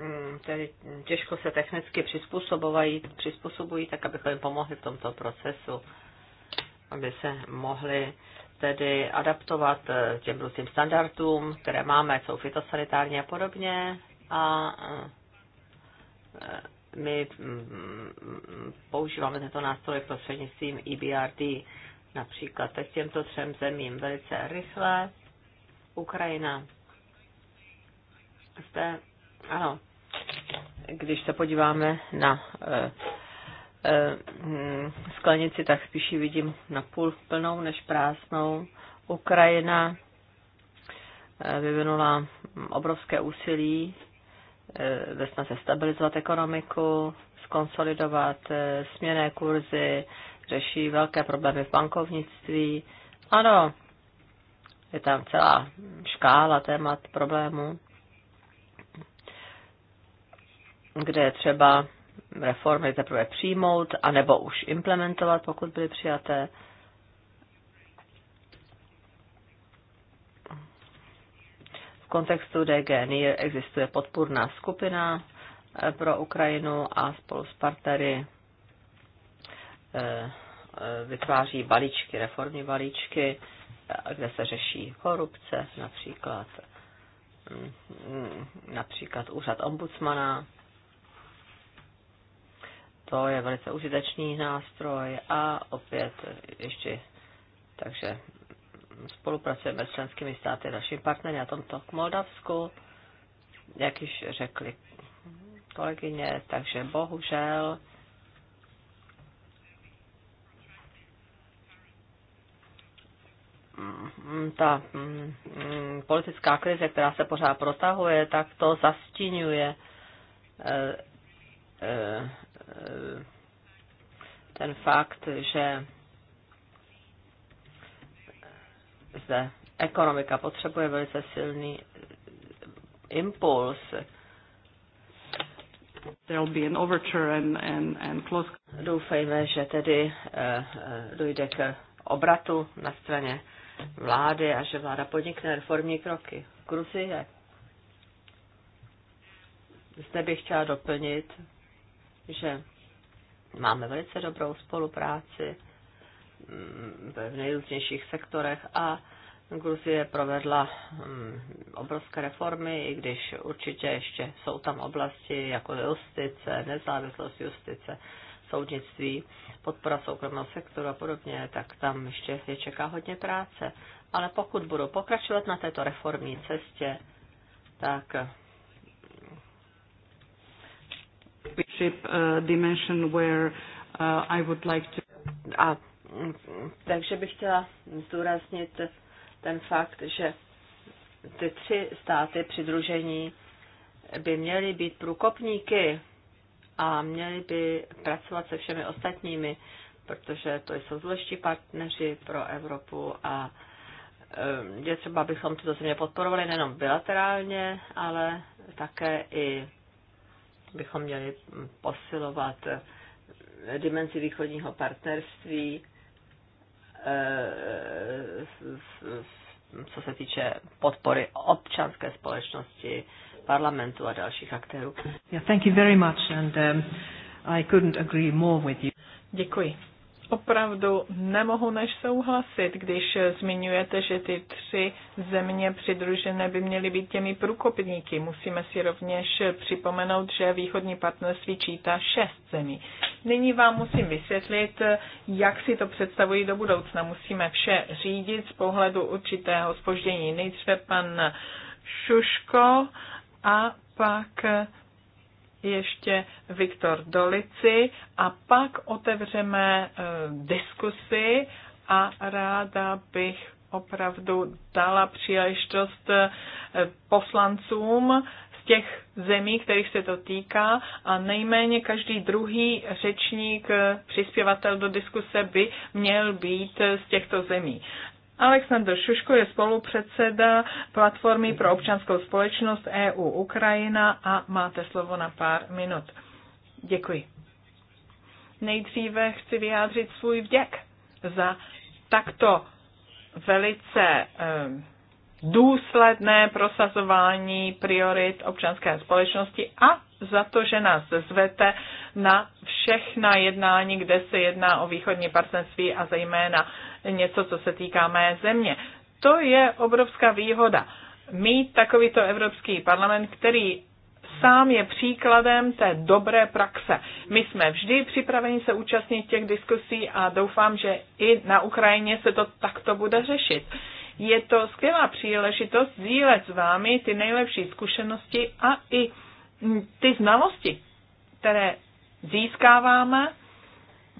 Mm, tedy těžko se technicky přizpůsobují, přizpůsobují tak abychom jim pomohli v tomto procesu, aby se mohli tedy adaptovat eh, těm různým standardům, které máme, jsou fitosanitární a podobně. A eh, my mm, používáme tento nástroj prostřednictvím EBRD například teď těmto třem zemím velice rychle. Ukrajina. Zde, ano, když se podíváme na eh, eh, sklenici, tak spíš ji vidím na půl plnou než prázdnou. Ukrajina eh, vyvinula obrovské úsilí ve snaze stabilizovat ekonomiku, skonsolidovat směné kurzy, řeší velké problémy v bankovnictví. Ano, je tam celá škála témat problémů kde je třeba reformy teprve přijmout, anebo už implementovat, pokud byly přijaté. V kontextu DG NIR existuje podpůrná skupina eh, pro Ukrajinu a spolu s partnery eh, eh, vytváří balíčky, reformní balíčky, kde se řeší korupce, například, mm, mm, například úřad ombudsmana, to je velice užitečný nástroj a opět ještě, takže spolupracujeme s členskými státy, našimi partnery na tomto k Moldavsku, jak již řekli kolegyně, takže bohužel ta mm, politická krize, která se pořád protahuje, tak to zastínuje. Eh, eh, Eh, ten fakt, že zde ekonomika potřebuje velice silný impuls. Doufejme, že tedy eh, eh, dojde k obratu na straně vlády a že vláda podnikne reformní kroky. Gruzie. Zde bych chtěla doplnit že máme velice dobrou spolupráci mm, v nejrůznějších sektorech a Gruzie provedla mm, obrovské reformy, i když určitě ještě jsou tam oblasti jako justice, nezávislost justice, soudnictví, podpora soukromého sektoru a podobně, tak tam ještě je čeká hodně práce. Ale pokud budou pokračovat na této reformní cestě, tak leadership uh, dimension where uh, I would like to. A, takže bych chtěla zdůraznit ten fakt, že ty tři státy přidružení by měly být průkopníky a měli by pracovat se všemi ostatními, protože to jsou důležití partneři pro Evropu a um, je třeba, abychom tyto země podporovali nejenom bilaterálně, ale také i bychom měli posilovat dimenzi východního partnerství, eh, co se týče podpory občanské společnosti, parlamentu a dalších aktérů. Yeah, thank you very much and um, I couldn't agree more with you. Děkuji opravdu nemohu než souhlasit, když zmiňujete, že ty tři země přidružené by měly být těmi průkopníky. Musíme si rovněž připomenout, že východní partnerství čítá šest zemí. Nyní vám musím vysvětlit, jak si to představují do budoucna. Musíme vše řídit z pohledu určitého spoždění. Nejdříve pan Šuško a pak ještě Viktor Dolici a pak otevřeme eh, diskusy a ráda bych opravdu dala příležitost eh, poslancům z těch zemí, kterých se to týká a nejméně každý druhý řečník, eh, přispěvatel do diskuse by měl být z těchto zemí. Aleksandr Šuško je spolupředseda Platformy pro občanskou společnost EU Ukrajina a máte slovo na pár minut. Děkuji. Nejdříve chci vyjádřit svůj vděk za takto velice ehm, důsledné prosazování priorit občanské společnosti a za to, že nás zvete na všechna jednání, kde se jedná o východní partnerství a zejména něco, co se týká mé země. To je obrovská výhoda. Mít takovýto Evropský parlament, který sám je příkladem té dobré praxe. My jsme vždy připraveni se účastnit těch diskusí a doufám, že i na Ukrajině se to takto bude řešit. Je to skvělá příležitost sdílet s vámi ty nejlepší zkušenosti a i ty znalosti, které získáváme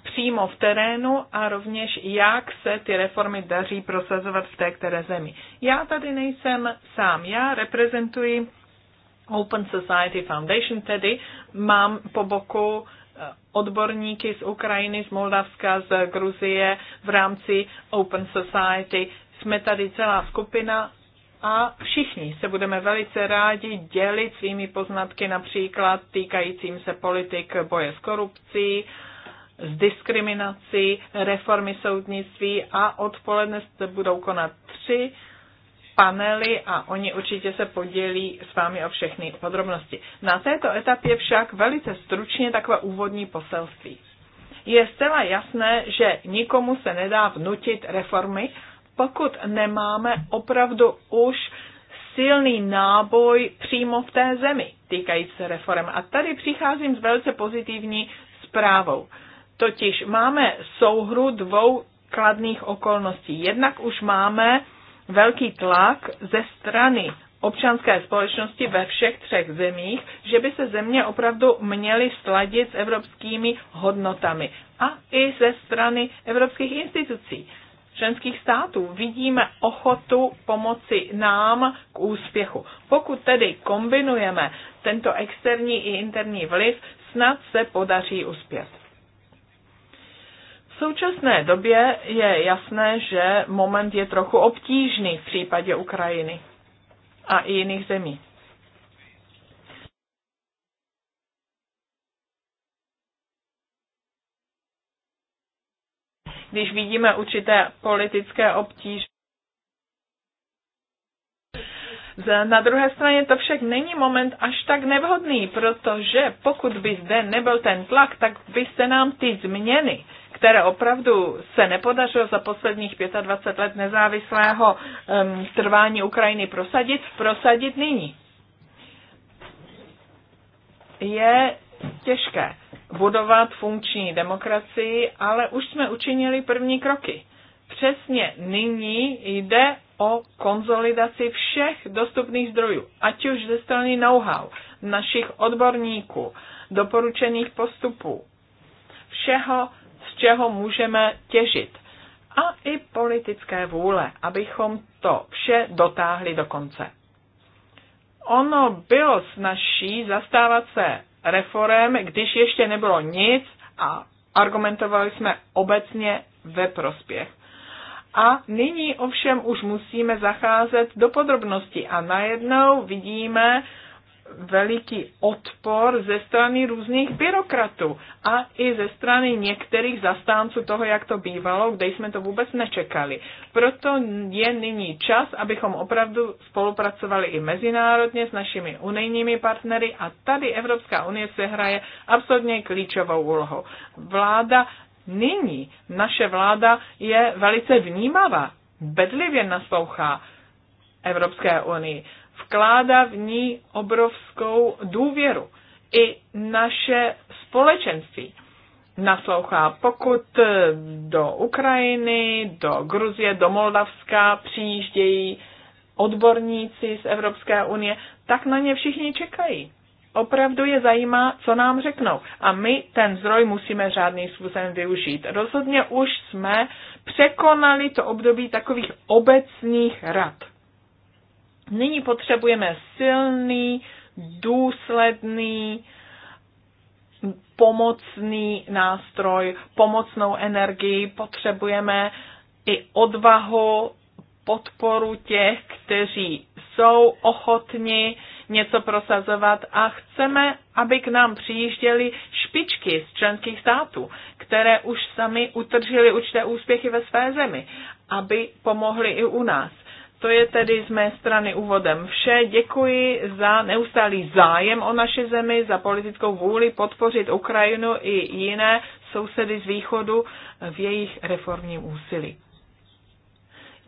přímo v terénu a rovněž jak se ty reformy daří prosazovat v té které zemi. Já tady nejsem sám, já reprezentuji Open Society Foundation, tedy mám po boku eh, odborníky z Ukrajiny, z Moldavska, z Gruzie v rámci Open Society. Jsme tady celá skupina a všichni se budeme velice rádi dělit svými poznatky například týkajícím se politik boje s korupcí, s diskriminací, reformy soudnictví a odpoledne se budou konat tři panely a oni určitě se podělí s vámi o všechny podrobnosti. Na této etapě však velice stručně takové úvodní poselství. Je zcela jasné, že nikomu se nedá vnutit reformy, pokud nemáme opravdu už silný náboj přímo v té zemi týkající se reform. A tady přicházím s velice pozitivní zprávou. Totiž máme souhru dvou kladných okolností. Jednak už máme velký tlak ze strany občanské společnosti ve všech třech zemích, že by se země opravdu měly sladit s evropskými hodnotami. A i ze strany evropských institucí, členských států vidíme ochotu pomoci nám k úspěchu. Pokud tedy kombinujeme tento externí i interní vliv, snad se podaří uspět. V současné době je jasné, že moment je trochu obtížný v případě Ukrajiny a i jiných zemí. Když vidíme určité politické obtíže, na druhé straně to však není moment až tak nevhodný, protože pokud by zde nebyl ten tlak, tak by se nám ty změny, které opravdu se nepodařilo za posledních 25 let nezávislého um, trvání Ukrajiny prosadit, prosadit nyní. Je těžké budovat funkční demokracii, ale už jsme učinili první kroky. Přesně nyní jde o konzolidaci všech dostupných zdrojů, ať už ze strany know-how, našich odborníků, doporučených postupů, všeho, z čeho můžeme těžit a i politické vůle, abychom to vše dotáhli do konce. Ono bylo snažší zastávat se reform, když ještě nebylo nic a argumentovali jsme obecně ve prospěch. A nyní ovšem už musíme zacházet do podrobností a najednou vidíme veliký odpor ze strany různých byrokratů a i ze strany některých zastánců toho, jak to bývalo, kde jsme to vůbec nečekali. Proto je nyní čas, abychom opravdu spolupracovali i mezinárodně s našimi unijními partnery a tady Evropská unie se hraje absolutně klíčovou úlohou. Vláda Nyní naše vláda je velice vnímavá, bedlivě naslouchá Evropské unii, vkládá v ní obrovskou důvěru. I naše společenství naslouchá. Pokud do Ukrajiny, do Gruzie, do Moldavska přijíždějí odborníci z Evropské unie, tak na ně všichni čekají opravdu je zajímá, co nám řeknou. A my ten zdroj musíme řádným způsobem využít. Rozhodně už jsme překonali to období takových obecných rad. Nyní potřebujeme silný, důsledný, pomocný nástroj, pomocnou energii, potřebujeme i odvahu, podporu těch, kteří jsou ochotni něco prosazovat a chceme, aby k nám přijížděly špičky z členských států, které už sami utržili určité úspěchy ve své zemi, aby pomohli i u nás. To je tedy z mé strany úvodem vše. Děkuji za neustálý zájem o naše zemi, za politickou vůli podpořit Ukrajinu i jiné sousedy z východu v jejich reformním úsilí.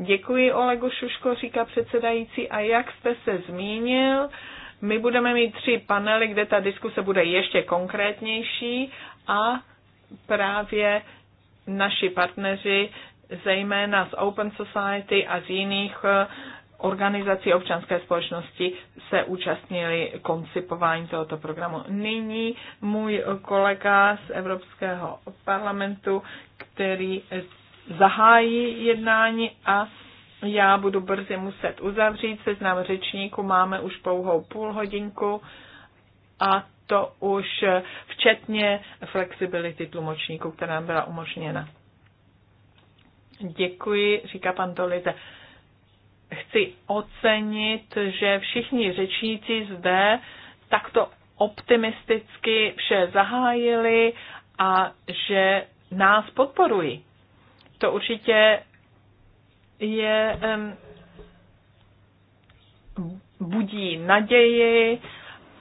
Děkuji Olegu Šuško, říká předsedající. A jak jste se zmínil, my budeme mít tři panely, kde ta diskuse bude ještě konkrétnější a právě naši partneři, zejména z Open Society a z jiných eh, organizací občanské společnosti se účastnili koncipování tohoto programu. Nyní můj kolega z Evropského parlamentu, který zahájí jednání a já budu brzy muset uzavřít seznam řečníků. Máme už pouhou půl hodinku a to už včetně flexibility tlumočníku, která nám byla umožněna. Děkuji, říká pan Dolite. Chci ocenit, že všichni řečníci zde takto optimisticky vše zahájili a že nás podporují to určitě je budí naději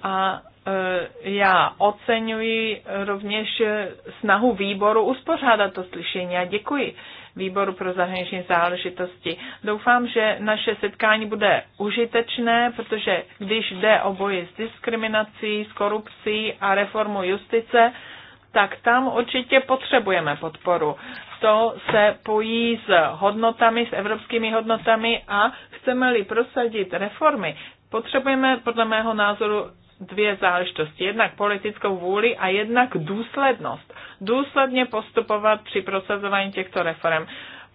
a e, já oceňuji rovněž snahu výboru uspořádat to slyšení a děkuji výboru pro zahraniční záležitosti. Doufám, že naše setkání bude užitečné, protože když jde o boji s diskriminací, s korupcí a reformu justice, tak tam určitě potřebujeme podporu. To se pojí s hodnotami, s evropskými hodnotami a chceme-li prosadit reformy, potřebujeme podle mého názoru dvě záležitosti. Jednak politickou vůli a jednak důslednost. Důsledně postupovat při prosazování těchto reform.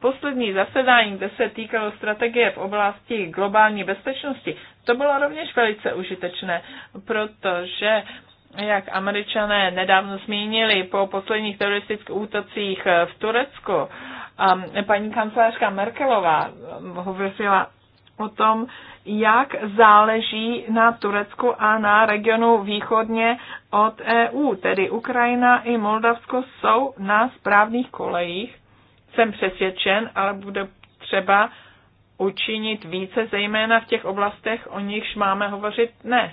Poslední zasedání, kde se týkalo strategie v oblasti globální bezpečnosti, to bylo rovněž velice užitečné, protože jak američané nedávno zmínili po posledních teroristických útocích eh, v Turecku, a paní kancelářka Merkelová eh, hovořila o tom, jak záleží na Turecku a na regionu východně od EU, tedy Ukrajina i Moldavsko jsou na správných kolejích. Jsem přesvědčen, ale bude třeba učinit více, zejména v těch oblastech, o nichž máme hovořit dnes.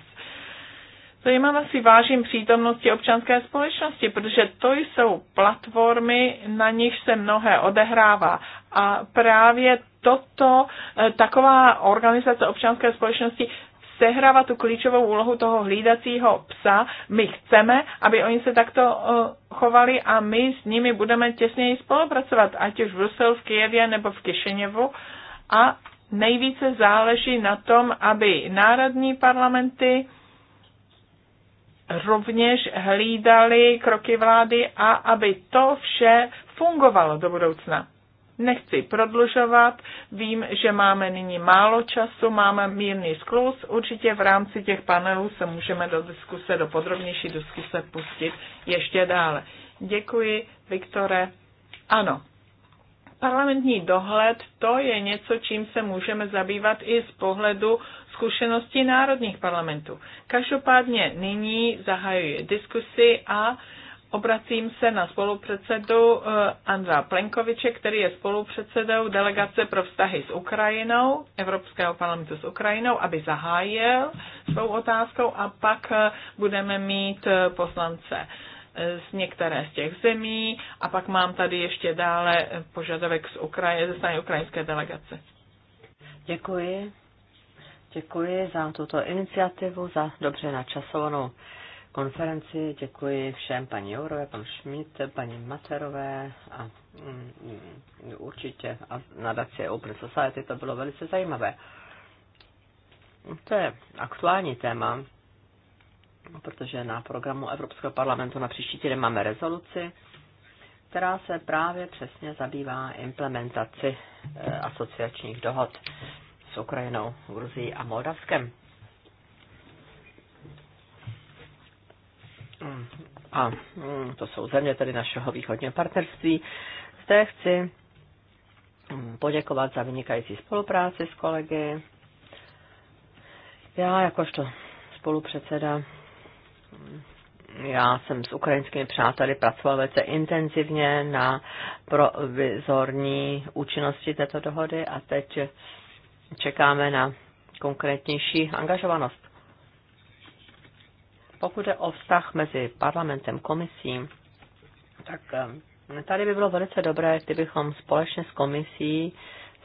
Zajímavá si vážím přítomnosti občanské společnosti, protože to jsou platformy, na nich se mnohé odehrává. A právě toto, eh, taková organizace občanské společnosti sehrává tu klíčovou úlohu toho hlídacího psa. My chceme, aby oni se takto eh, chovali a my s nimi budeme těsněji spolupracovat, ať už v Bruselu, v Kijevě nebo v Kišeněvu. A nejvíce záleží na tom, aby národní parlamenty, rovněž hlídali kroky vlády a aby to vše fungovalo do budoucna. Nechci prodlužovat, vím, že máme nyní málo času, máme mírný sklus, určitě v rámci těch panelů se můžeme do diskuse, do podrobnější diskuse pustit ještě dále. Děkuji, Viktore. Ano, parlamentní dohled, to je něco, čím se můžeme zabývat i z pohledu zkušenosti národních parlamentů. Každopádně nyní zahajuji diskusi a obracím se na spolupředsedu eh, Andra Plenkoviče, který je spolupředsedou delegace pro vztahy s Ukrajinou, Evropského parlamentu s Ukrajinou, aby zahájil svou otázkou a pak eh, budeme mít eh, poslance z některé z těch zemí a pak mám tady ještě dále požadavek z Ukraje, ze strany ukrajinské delegace. Děkuji. Děkuji za tuto iniciativu, za dobře načasovanou konferenci. Děkuji všem paní Jourové, pan Schmidt, paní Materové a mm, určitě a nadaci Open Society. To bylo velice zajímavé. To je aktuální téma, protože na programu Evropského parlamentu na příští týden máme rezoluci, která se právě přesně zabývá implementaci eh, asociačních dohod s Ukrajinou, Gruzií a Moldavskem. A to jsou země tedy našeho východního partnerství. Zde chci poděkovat za vynikající spolupráci s kolegy. Já jakožto spolupředseda já jsem s ukrajinskými přáteli pracoval velice intenzivně na provizorní účinnosti této dohody a teď čekáme na konkrétnější angažovanost. Pokud je o vztah mezi parlamentem a komisí, tak eh, tady by bylo velice dobré, kdybychom společně s komisí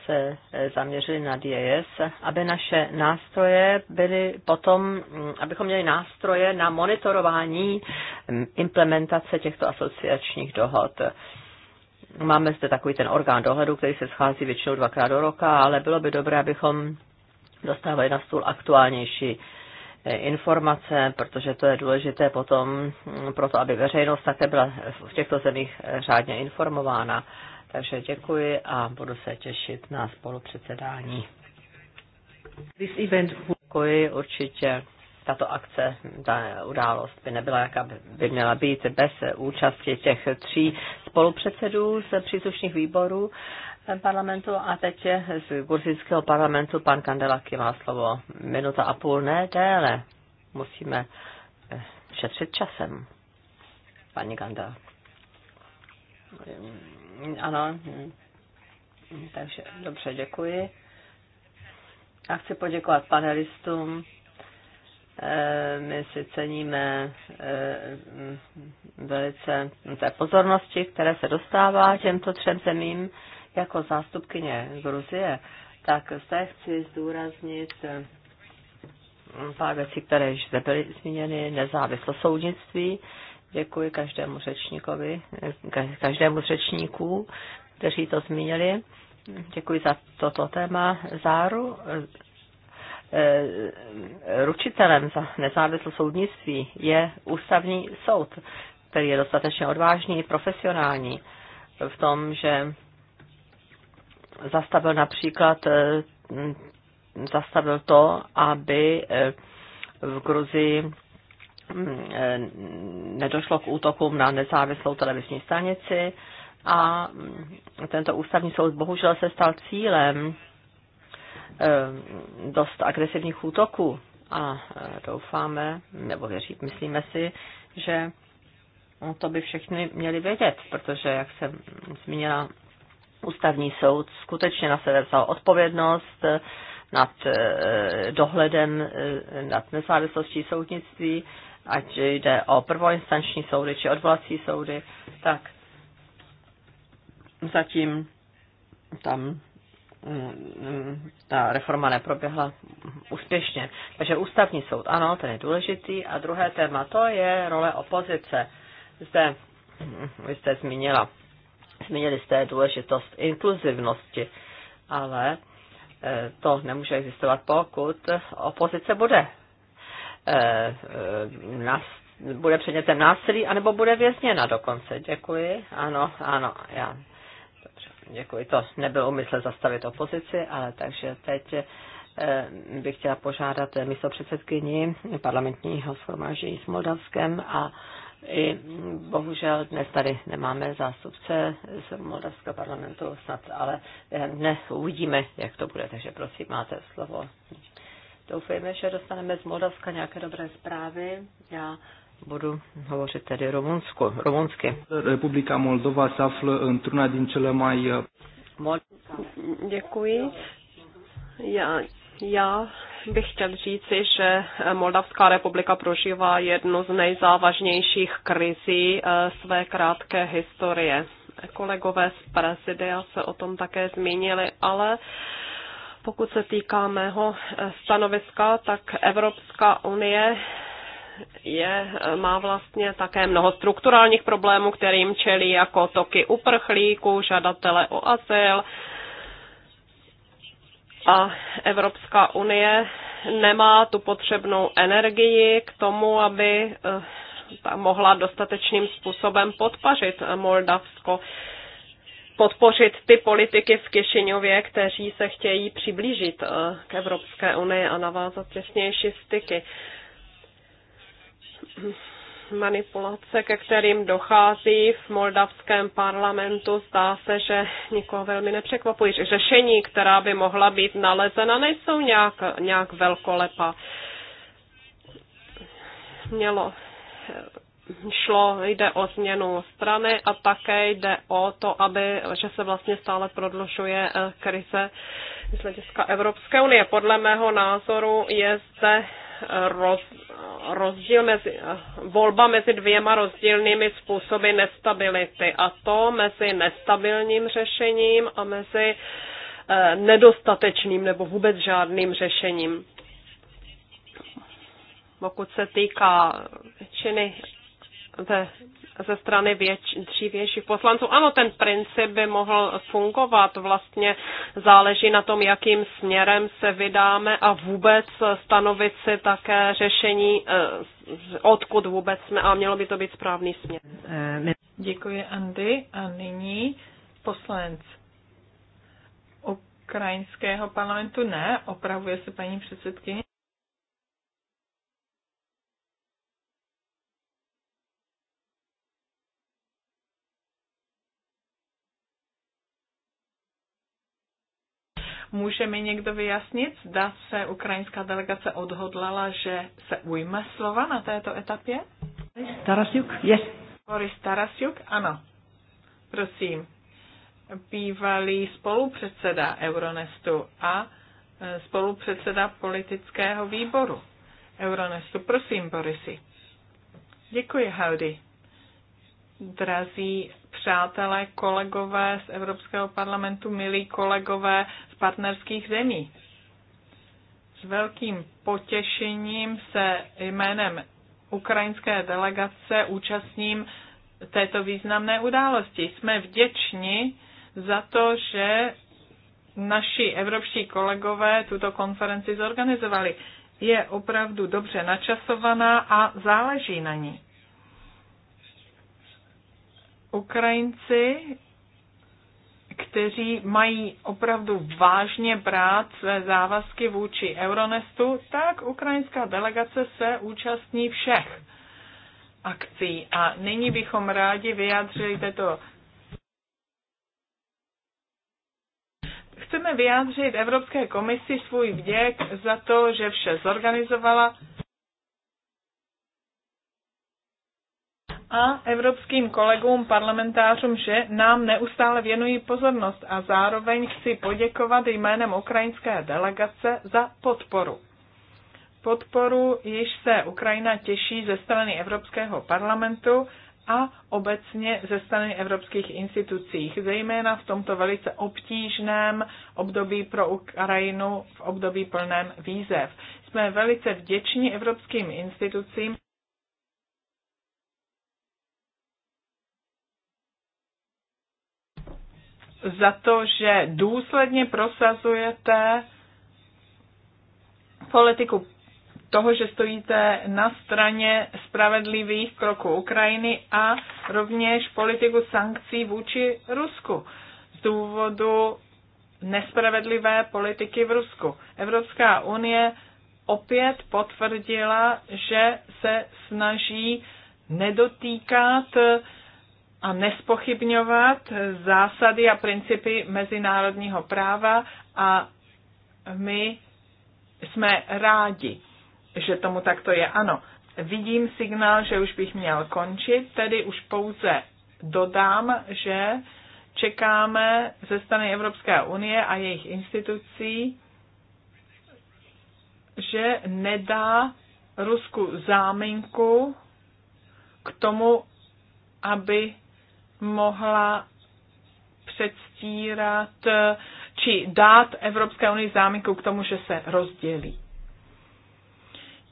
se eh, zaměřili na DAS, aby naše nástroje byly potom, mm, abychom měli nástroje na monitorování mm, implementace těchto asociačních dohod. Máme zde takový ten orgán dohledu, který se schází většinou dvakrát do roka, ale bylo by dobré, abychom dostávali na stůl aktuálnější eh, informace, protože to je důležité potom mm, proto, aby veřejnost také byla v těchto zemích eh, řádně informována. Takže děkuji a budu se těšit na spolupředsedání. This event... Děkuji určitě tato akce, ta událost by nebyla, jaká by měla být bez účasti těch tří spolupředsedů z příslušných výborů parlamentu a teď z gruzinského parlamentu pan Kandelaky má slovo minuta a půl, ne déle. Musíme eh, šetřit časem, paní Kandela. Ano, takže dobře, děkuji. A chci poděkovat panelistům Eh, my si ceníme eh, velice té pozornosti, které se dostává těmto třem zemím jako zástupkyně Gruzie, tak zde chci zdůraznit eh, pár věcí, které již zde byly zmíněny, nezávislost soudnictví. Děkuji každému řečníkovi, každému řečníku, kteří to zmínili. Děkuji za toto téma. Záru, Eh, ručitelem za nezávislé soudnictví je ústavní soud, který je dostatečně odvážný i profesionální v tom, že zastavil například eh, zastavil to, aby eh, v Gruzii nedošlo k útokům na nezávislou televizní stanici a tento ústavní soud bohužel se stal cílem Eh, dost agresivních útoků a eh, doufáme, nebo věří, myslíme si, že to by všechny měli vědět, protože, jak jsem zmínila, ústavní soud skutečně na sebe vzal odpovědnost eh, nad dohledem, nad nezávislostí soudnictví, ať jde o prvoinstanční soudy či odvolací soudy, tak zatím tam ta reforma neproběhla úspěšně. Takže ústavní soud, ano, ten je důležitý. A druhé téma, to je role opozice. Zde, vy jste zmínila, zmínili jste důležitost inkluzivnosti, ale eh, to nemůže existovat, pokud opozice bude eh, eh, nás bude předmětem násilí, anebo bude vězněna dokonce. Děkuji. Ano, ano, já Děkuji, to nebyl umysl zastavit opozici, ale takže teď eh, bych chtěla požádat místo předsedkyni parlamentního shromáždění s Moldavskem a i bohužel dnes tady nemáme zástupce z Moldavského parlamentu, snad ale dnes eh, uvidíme, jak to bude, takže prosím, máte slovo. Doufejme, že dostaneme z Moldavska nějaké dobré zprávy. Já budu hovořit tedy rumunsku, rumunsky. Republika Moldova se află într-una din cele mai... Eh, Děkuji. Já, já bych chtěl říci, že Moldavská republika prožívá jednu z nejzávažnějších krizí eh, své krátké historie. Kolegové z prezidia se o tom také zmínili, ale pokud se týká mého eh, stanoviska, tak Evropská unie je, má vlastně také mnoho strukturálních problémů, kterým čelí jako toky uprchlíků, žadatele o azyl, a Evropská unie nemá tu potřebnou energii k tomu, aby eh, mohla dostatečným způsobem podpařit Moldavsko, podpořit ty politiky v Kišiňově, kteří se chtějí přiblížit eh, k Evropské unii a navázat těsnější styky manipulace, ke kterým dochází v moldavském parlamentu, zdá se, že nikoho velmi nepřekvapují. Řešení, která by mohla být nalezena, nejsou nějak, nějak velkolepa. Mělo, šlo, jde o změnu strany a také jde o to, aby, že se vlastně stále prodlužuje eh, krize z hlediska Evropské unie. Podle mého názoru je zde roz, rozdíl mezi, volba mezi dvěma rozdílnými způsoby nestability a to mezi nestabilním řešením a mezi eh, nedostatečným nebo vůbec žádným řešením. Pokud se týká většiny ve ze strany tří dřívějších poslanců. Ano, ten princip by mohl fungovat. Vlastně záleží na tom, jakým směrem se vydáme a vůbec stanovit si také řešení, eh, odkud vůbec jsme a mělo by to být správný směr. Děkuji, Andy. A nyní poslanec ukrajinského parlamentu. Ne, opravuje se paní předsedkyně. Může mi někdo vyjasnit, zda se ukrajinská delegace odhodlala, že se ujme slova na této etapě? Tarasiuk, yes. Boris Tarasiuk, ano. Prosím. Bývalý spolupředseda Euronestu a e, spolupředseda politického výboru Euronestu. Prosím, Borisi. Děkuji, Howdy drazí přátelé, kolegové z Evropského parlamentu, milí kolegové z partnerských zemí. S velkým potěšením se jménem ukrajinské delegace účastním této významné události. Jsme vděční za to, že naši evropští kolegové tuto konferenci zorganizovali. Je opravdu dobře načasovaná a záleží na ní. Ukrajinci, kteří mají opravdu vážně brát své závazky vůči Euronestu, tak ukrajinská delegace se účastní všech akcí. A nyní bychom rádi vyjádřili této Chceme vyjádřit Evropské komisi svůj vděk za to, že vše zorganizovala, a evropským kolegům parlamentářům, že nám neustále věnují pozornost a zároveň chci poděkovat jménem ukrajinské delegace za podporu. Podporu již se Ukrajina těší ze strany Evropského parlamentu a obecně ze strany evropských institucích, zejména v tomto velice obtížném období pro Ukrajinu, v období plném výzev. Jsme velice vděční evropským institucím za to, že důsledně prosazujete politiku toho, že stojíte na straně spravedlivých kroků Ukrajiny a rovněž politiku sankcí vůči Rusku z důvodu nespravedlivé politiky v Rusku. Evropská unie opět potvrdila, že se snaží nedotýkat a nespochybňovat zásady a principy mezinárodního práva a my jsme rádi, že tomu takto je. Ano, vidím signál, že už bych měl končit, tedy už pouze dodám, že čekáme ze strany Evropské unie a jejich institucí, že nedá Rusku záminku k tomu, aby mohla předstírat či dát Evropské unii záminku k tomu, že se rozdělí.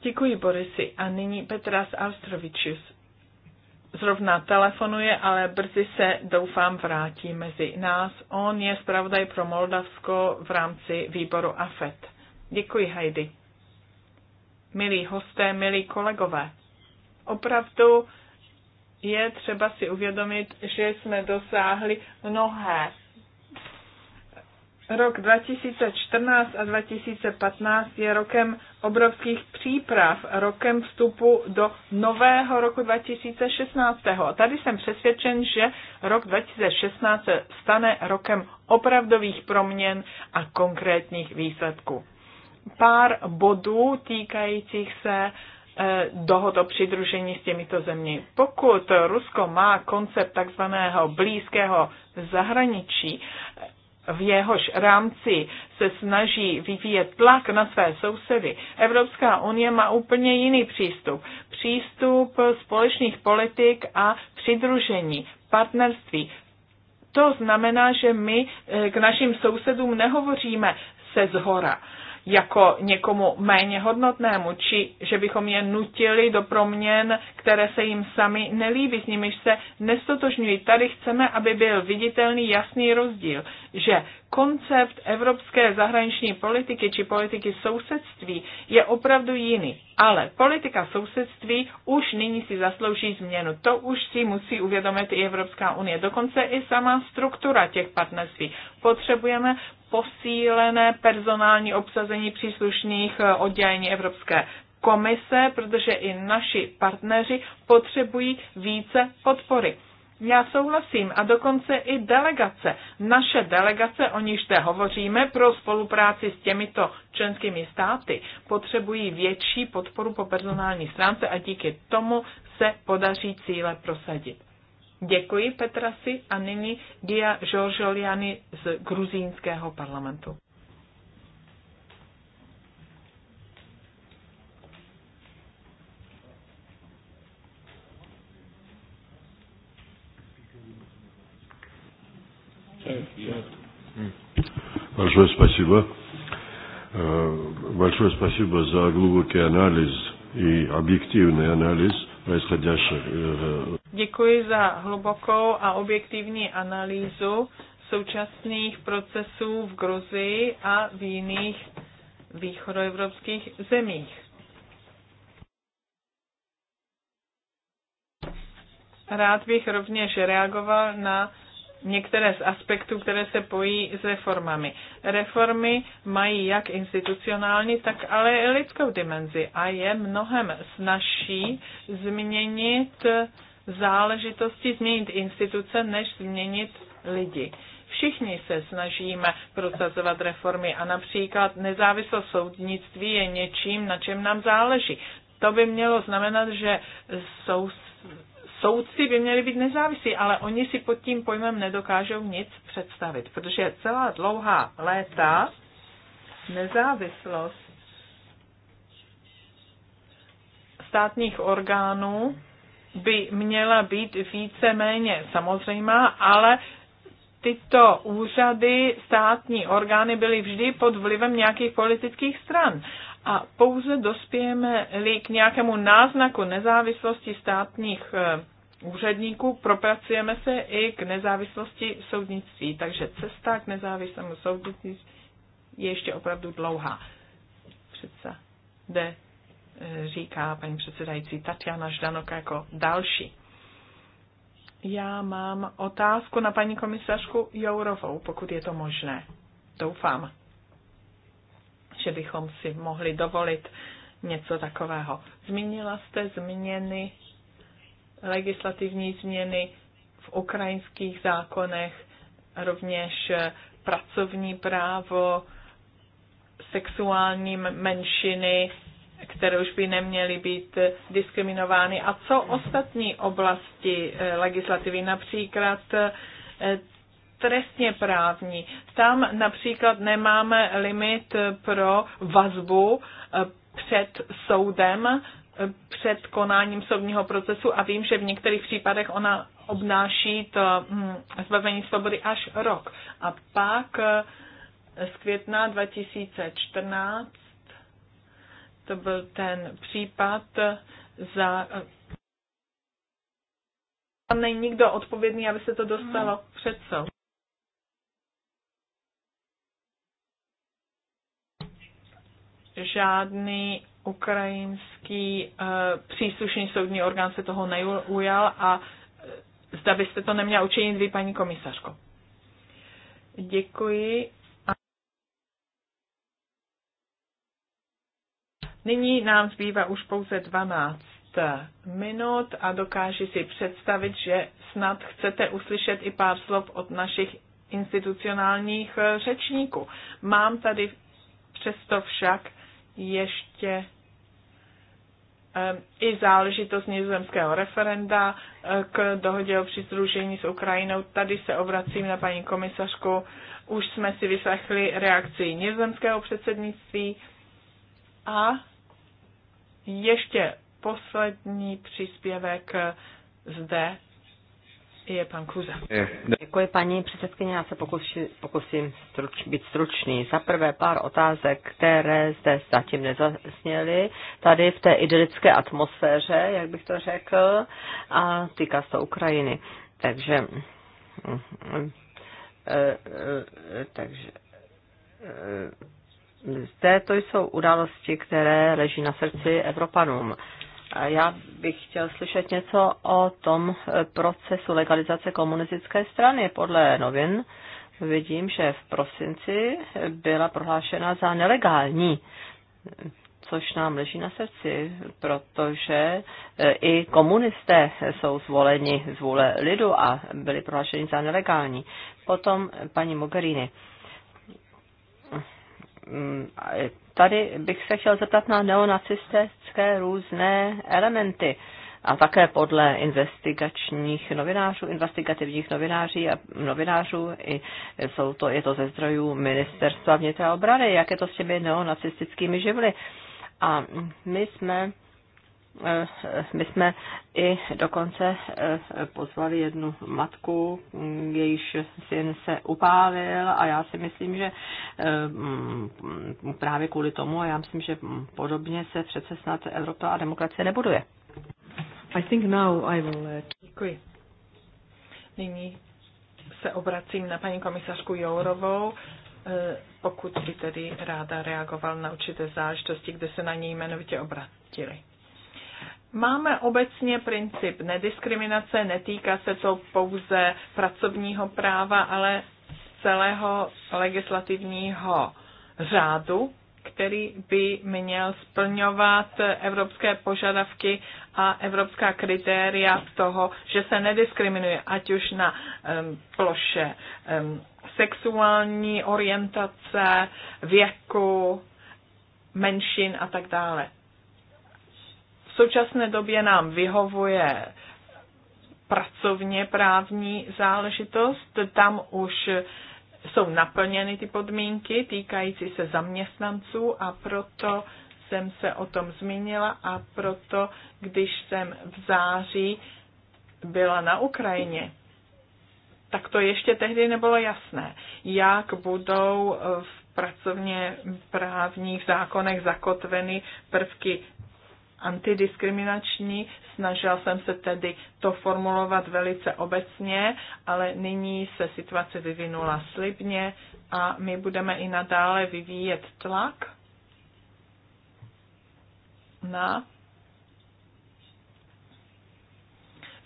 Děkuji, Borisy. A nyní z Austrovičius Zrovna telefonuje, ale brzy se, doufám, vrátí mezi nás. On je zpravodaj pro Moldavsko v rámci výboru AFET. Děkuji, Heidi. Milí hosté, milí kolegové. Opravdu je třeba si uvědomit, že jsme dosáhli mnohé. Rok 2014 a 2015 je rokem obrovských příprav, rokem vstupu do nového roku 2016. A tady jsem přesvědčen, že rok 2016 se stane rokem opravdových proměn a konkrétních výsledků. Pár bodů týkajících se uh, Eh, dohod o přidružení s těmito zeměmi. Pokud Rusko má koncept takzvaného blízkého zahraničí, v jehož rámci se snaží vyvíjet tlak na své sousedy, Evropská unie má úplně jiný přístup. Přístup společných politik a přidružení, partnerství. To znamená, že my eh, k našim sousedům nehovoříme se zhora. hora jako někomu méně hodnotnému, či že bychom je nutili do proměn, které se jim sami nelíbí, s nimiž se nestotožňují. Tady chceme, aby byl viditelný jasný rozdíl, že koncept evropské zahraniční politiky či politiky sousedství je opravdu jiný. Ale politika sousedství už nyní si zaslouží změnu. To už si musí uvědomit i Evropská unie. Dokonce i sama struktura těch partnerství. Potřebujeme posílené personální obsazení příslušných eh, oddělení Evropské komise, protože i naši partneři potřebují více podpory. Já souhlasím a dokonce i delegace. Naše delegace, o níž zde hovoříme, pro spolupráci s těmito členskými státy potřebují větší podporu po personální stránce a díky tomu se podaří cíle prosadit. Děkuji Petrasi a nyní Gia Žoržoliani z gruzínského parlamentu. Hmm. Большое спасибо. Э, большое спасибо за глубокий анализ и объективный анализ происходящих. Э, Děkuji za hlubokou a objektivní analýzu současných procesů v Gruzii a v jiných východoevropských zemích. Rád bych rovněž reagoval na některé z aspektů, které se pojí s reformami. Reformy mají jak institucionální, tak ale i lidskou dimenzi a je mnohem snažší změnit záležitosti, změnit instituce, než změnit lidi. Všichni se snažíme prosazovat reformy a například nezávislost soudnictví je něčím, na čem nám záleží. To by mělo znamenat, že soud soudci by měli být nezávislí, ale oni si pod tím pojmem nedokážou nic představit, protože celá dlouhá léta nezávislost státních orgánů by měla být více-méně samozřejmá, ale tyto úřady, státní orgány byly vždy pod vlivem nějakých politických stran a pouze dospějeme-li k nějakému náznaku nezávislosti státních eh, úředníků, propracujeme se i k nezávislosti soudnictví. Takže cesta k nezávislému soudnictví je ještě opravdu dlouhá. Přece jde, eh, říká paní předsedající Tatiana Ždanok jako další. Já mám otázku na paní komisařku Jourovou, pokud je to možné. Doufám že bychom si mohli dovolit něco takového. Zmínila jste změny, legislativní změny v ukrajinských zákonech, rovněž eh, pracovní právo, sexuální menšiny, které už by neměly být eh, diskriminovány. A co ostatní oblasti eh, legislativy, například trestně právní. Tam například nemáme limit pro vazbu eh, před soudem, eh, před konáním soudního procesu a vím, že v některých případech ona obnáší to hm, zbavení svobody až rok. A pak eh, z května 2014 to byl ten případ za tam není nikdo odpovědný, aby se to dostalo před soud. žádný ukrajinský eh, příslušný soudní orgán se toho neujal a eh, zda byste to neměla učinit vy, paní komisařko. Děkuji. Nyní nám zbývá už pouze 12 minut a dokáži si představit, že snad chcete uslyšet i pár slov od našich institucionálních eh, řečníků. Mám tady přesto však ještě i záležitost nizozemského referenda eh, k dohodě o přistružení s Ukrajinou. Tady se obracím na paní komisařku. Už jsme si vyslechli reakci nizozemského předsednictví a ještě poslední příspěvek zde je pan Kluza. Děkuji paní předsedkyně, já se pokusím, pokusím struč, být stručný. Za prvé pár otázek, které zde zatím nezasněly, tady v té idylické atmosféře, jak bych to řekl, a týká se to Ukrajiny. Takže, mm, mm, e, e, takže e, zde to jsou události, které leží na srdci Evropanům. Já bych chtěl slyšet něco o tom procesu legalizace komunistické strany. Podle novin vidím, že v prosinci byla prohlášena za nelegální, což nám leží na srdci, protože e, i komunisté jsou zvoleni z vůle lidu a byli prohlášeni za nelegální. Potom paní Mogherini mm, tady bych se chtěl zeptat na neonacistické různé elementy. A také podle investigačních novinářů, investigativních novináří a novinářů i jsou to, je to ze zdrojů ministerstva vnitra obrany, jak je to s těmi neonacistickými živly. A my jsme Eh, my jsme i dokonce eh, pozvali jednu matku, jejíž syn se upálil a já si myslím, že eh, právě kvůli tomu a já myslím, že podobně se přece snad Evropa a demokracie nebuduje. I think now I will... Děkuji. Nyní se obracím na paní komisařku Jourovou pokud by tedy ráda reagoval na určité záležitosti, kde se na něj jmenovitě obratili. Máme obecně princip nediskriminace, netýká se to pouze pracovního práva, ale celého legislativního řádu, který by měl splňovat evropské požadavky a evropská kritéria toho, že se nediskriminuje, ať už na um, ploše um, sexuální orientace, věku, menšin a tak dále současné době nám vyhovuje pracovně právní záležitost. Tam už jsou naplněny ty podmínky týkající se zaměstnanců a proto jsem se o tom zmínila a proto, když jsem v září byla na Ukrajině, tak to ještě tehdy nebylo jasné, jak budou v pracovně právních zákonech zakotveny prvky antidiskriminační. Snažil jsem se tedy to formulovat velice obecně, ale nyní se situace vyvinula slibně a my budeme i nadále vyvíjet tlak na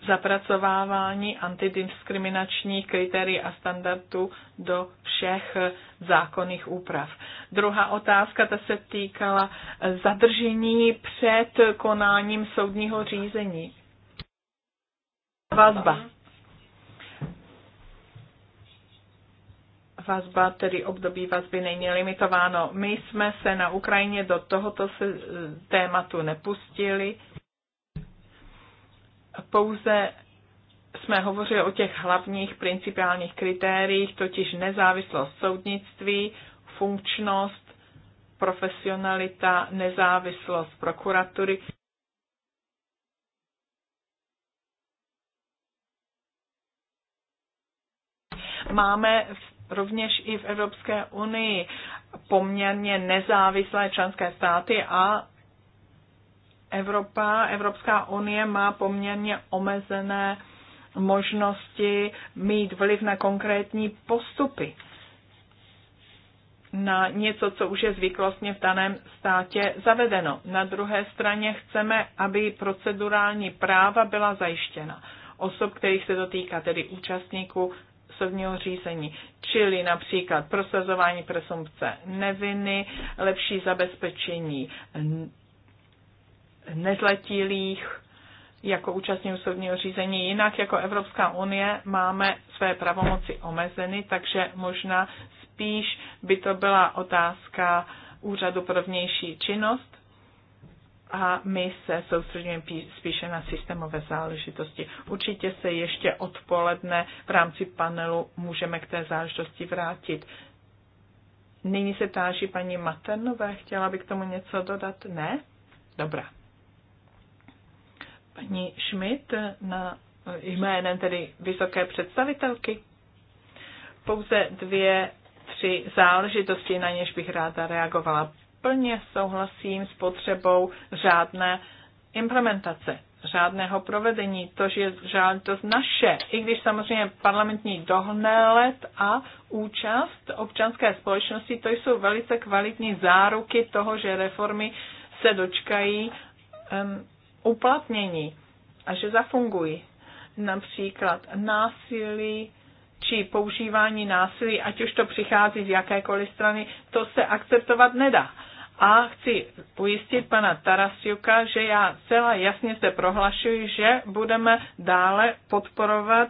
zapracovávání antidiskriminačních kritérií a standardů do všech zákonných úprav. Druhá otázka, ta se týkala zadržení před konáním soudního řízení. Vazba. vazba, tedy období vazby není limitováno. My jsme se na Ukrajině do tohoto tématu nepustili pouze jsme hovořili o těch hlavních principiálních kritériích, totiž nezávislost soudnictví, funkčnost, profesionalita, nezávislost prokuratury. Máme rovněž i v Evropské unii poměrně nezávislé členské státy a Evropa, Evropská unie má poměrně omezené možnosti mít vliv na konkrétní postupy, na něco, co už je zvyklostně v daném státě zavedeno. Na druhé straně chceme, aby procedurální práva byla zajištěna osob, kterých se dotýká, tedy účastníků soudního řízení, čili například prosazování presumpce neviny, lepší zabezpečení nezletilých jako účastní soudního řízení. Jinak jako Evropská unie máme své pravomoci omezeny, takže možná spíš by to byla otázka úřadu pro vnější činnost a my se soustředíme spíše na systémové záležitosti. Určitě se ještě odpoledne v rámci panelu můžeme k té záležitosti vrátit. Nyní se táží paní Maternové, chtěla by k tomu něco dodat? Ne? Dobrá paní Schmidt na jménem tedy vysoké představitelky. Pouze dvě, tři záležitosti, na něž bych ráda reagovala. Plně souhlasím s potřebou řádné implementace, řádného provedení. To je žádost naše, i když samozřejmě parlamentní dohled a účast občanské společnosti, to jsou velice kvalitní záruky toho, že reformy se dočkají um, uplatnění a že zafungují. Například násilí či používání násilí, ať už to přichází z jakékoliv strany, to se akceptovat nedá. A chci ujistit pana Tarasiuka, že já celá jasně se prohlašuji, že budeme dále podporovat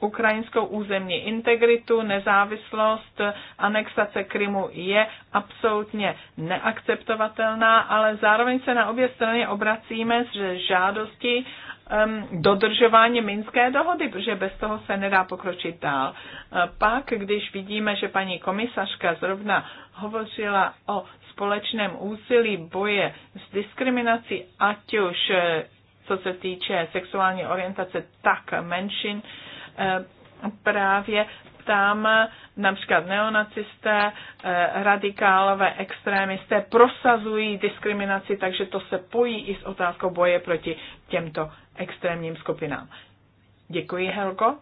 ukrajinskou územní integritu, nezávislost, anexace Krymu je absolutně neakceptovatelná, ale zároveň se na obě strany obracíme s žádostí um, dodržování Minské dohody, protože bez toho se nedá pokročit dál. E, pak, když vidíme, že paní komisařka zrovna hovořila o společném úsilí boje s diskriminací, ať už e, co se týče sexuální orientace, tak menšin, Eh, právě tam eh, například neonacisté, eh, radikálové, extrémisté prosazují diskriminaci, takže to se pojí i s otázkou boje proti těmto extrémním skupinám. Děkuji, Helko.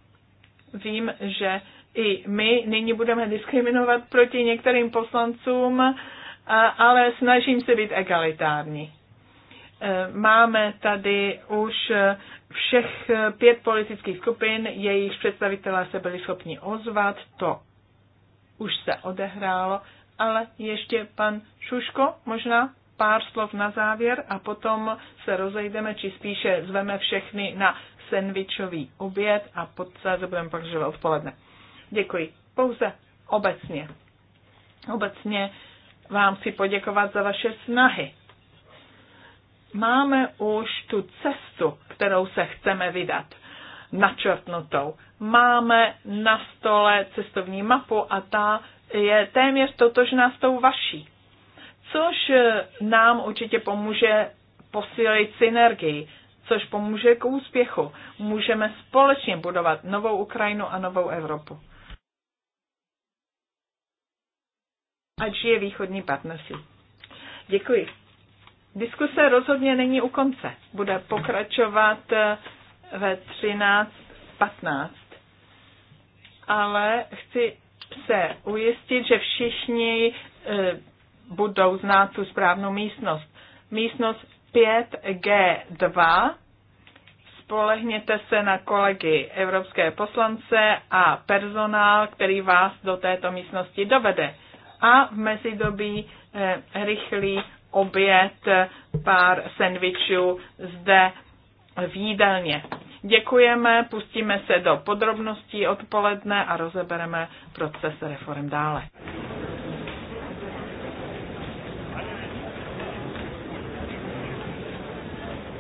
Vím, že i my nyní budeme diskriminovat proti některým poslancům, ale snažím se být egalitární. Eh, máme tady už eh, všech eh, pět politických skupin, jejich představitelé se byli schopni ozvat, to už se odehrálo, ale ještě pan Šuško možná pár slov na závěr a potom se rozejdeme, či spíše zveme všechny na sendvičový oběd a se budeme pak živé odpoledne. Děkuji. Pouze obecně. Obecně vám chci poděkovat za vaše snahy máme už tu cestu, kterou se chceme vydat, načrtnutou. Máme na stole cestovní mapu a ta je téměř totožná s tou vaší. Což nám určitě pomůže posílit synergii, což pomůže k úspěchu. Můžeme společně budovat novou Ukrajinu a novou Evropu. Ať žije východní partnerství. Děkuji. Diskuse rozhodně není u konce. Bude pokračovat eh, ve 13.15. Ale chci se ujistit, že všichni eh, budou znát tu správnou místnost. Místnost 5G2. Spolehněte se na kolegy evropské poslance a personál, který vás do této místnosti dovede. A v mezidobí eh, rychlý oběd pár sendvičů zde v jídelně. Děkujeme, pustíme se do podrobností odpoledne a rozebereme proces reform dále.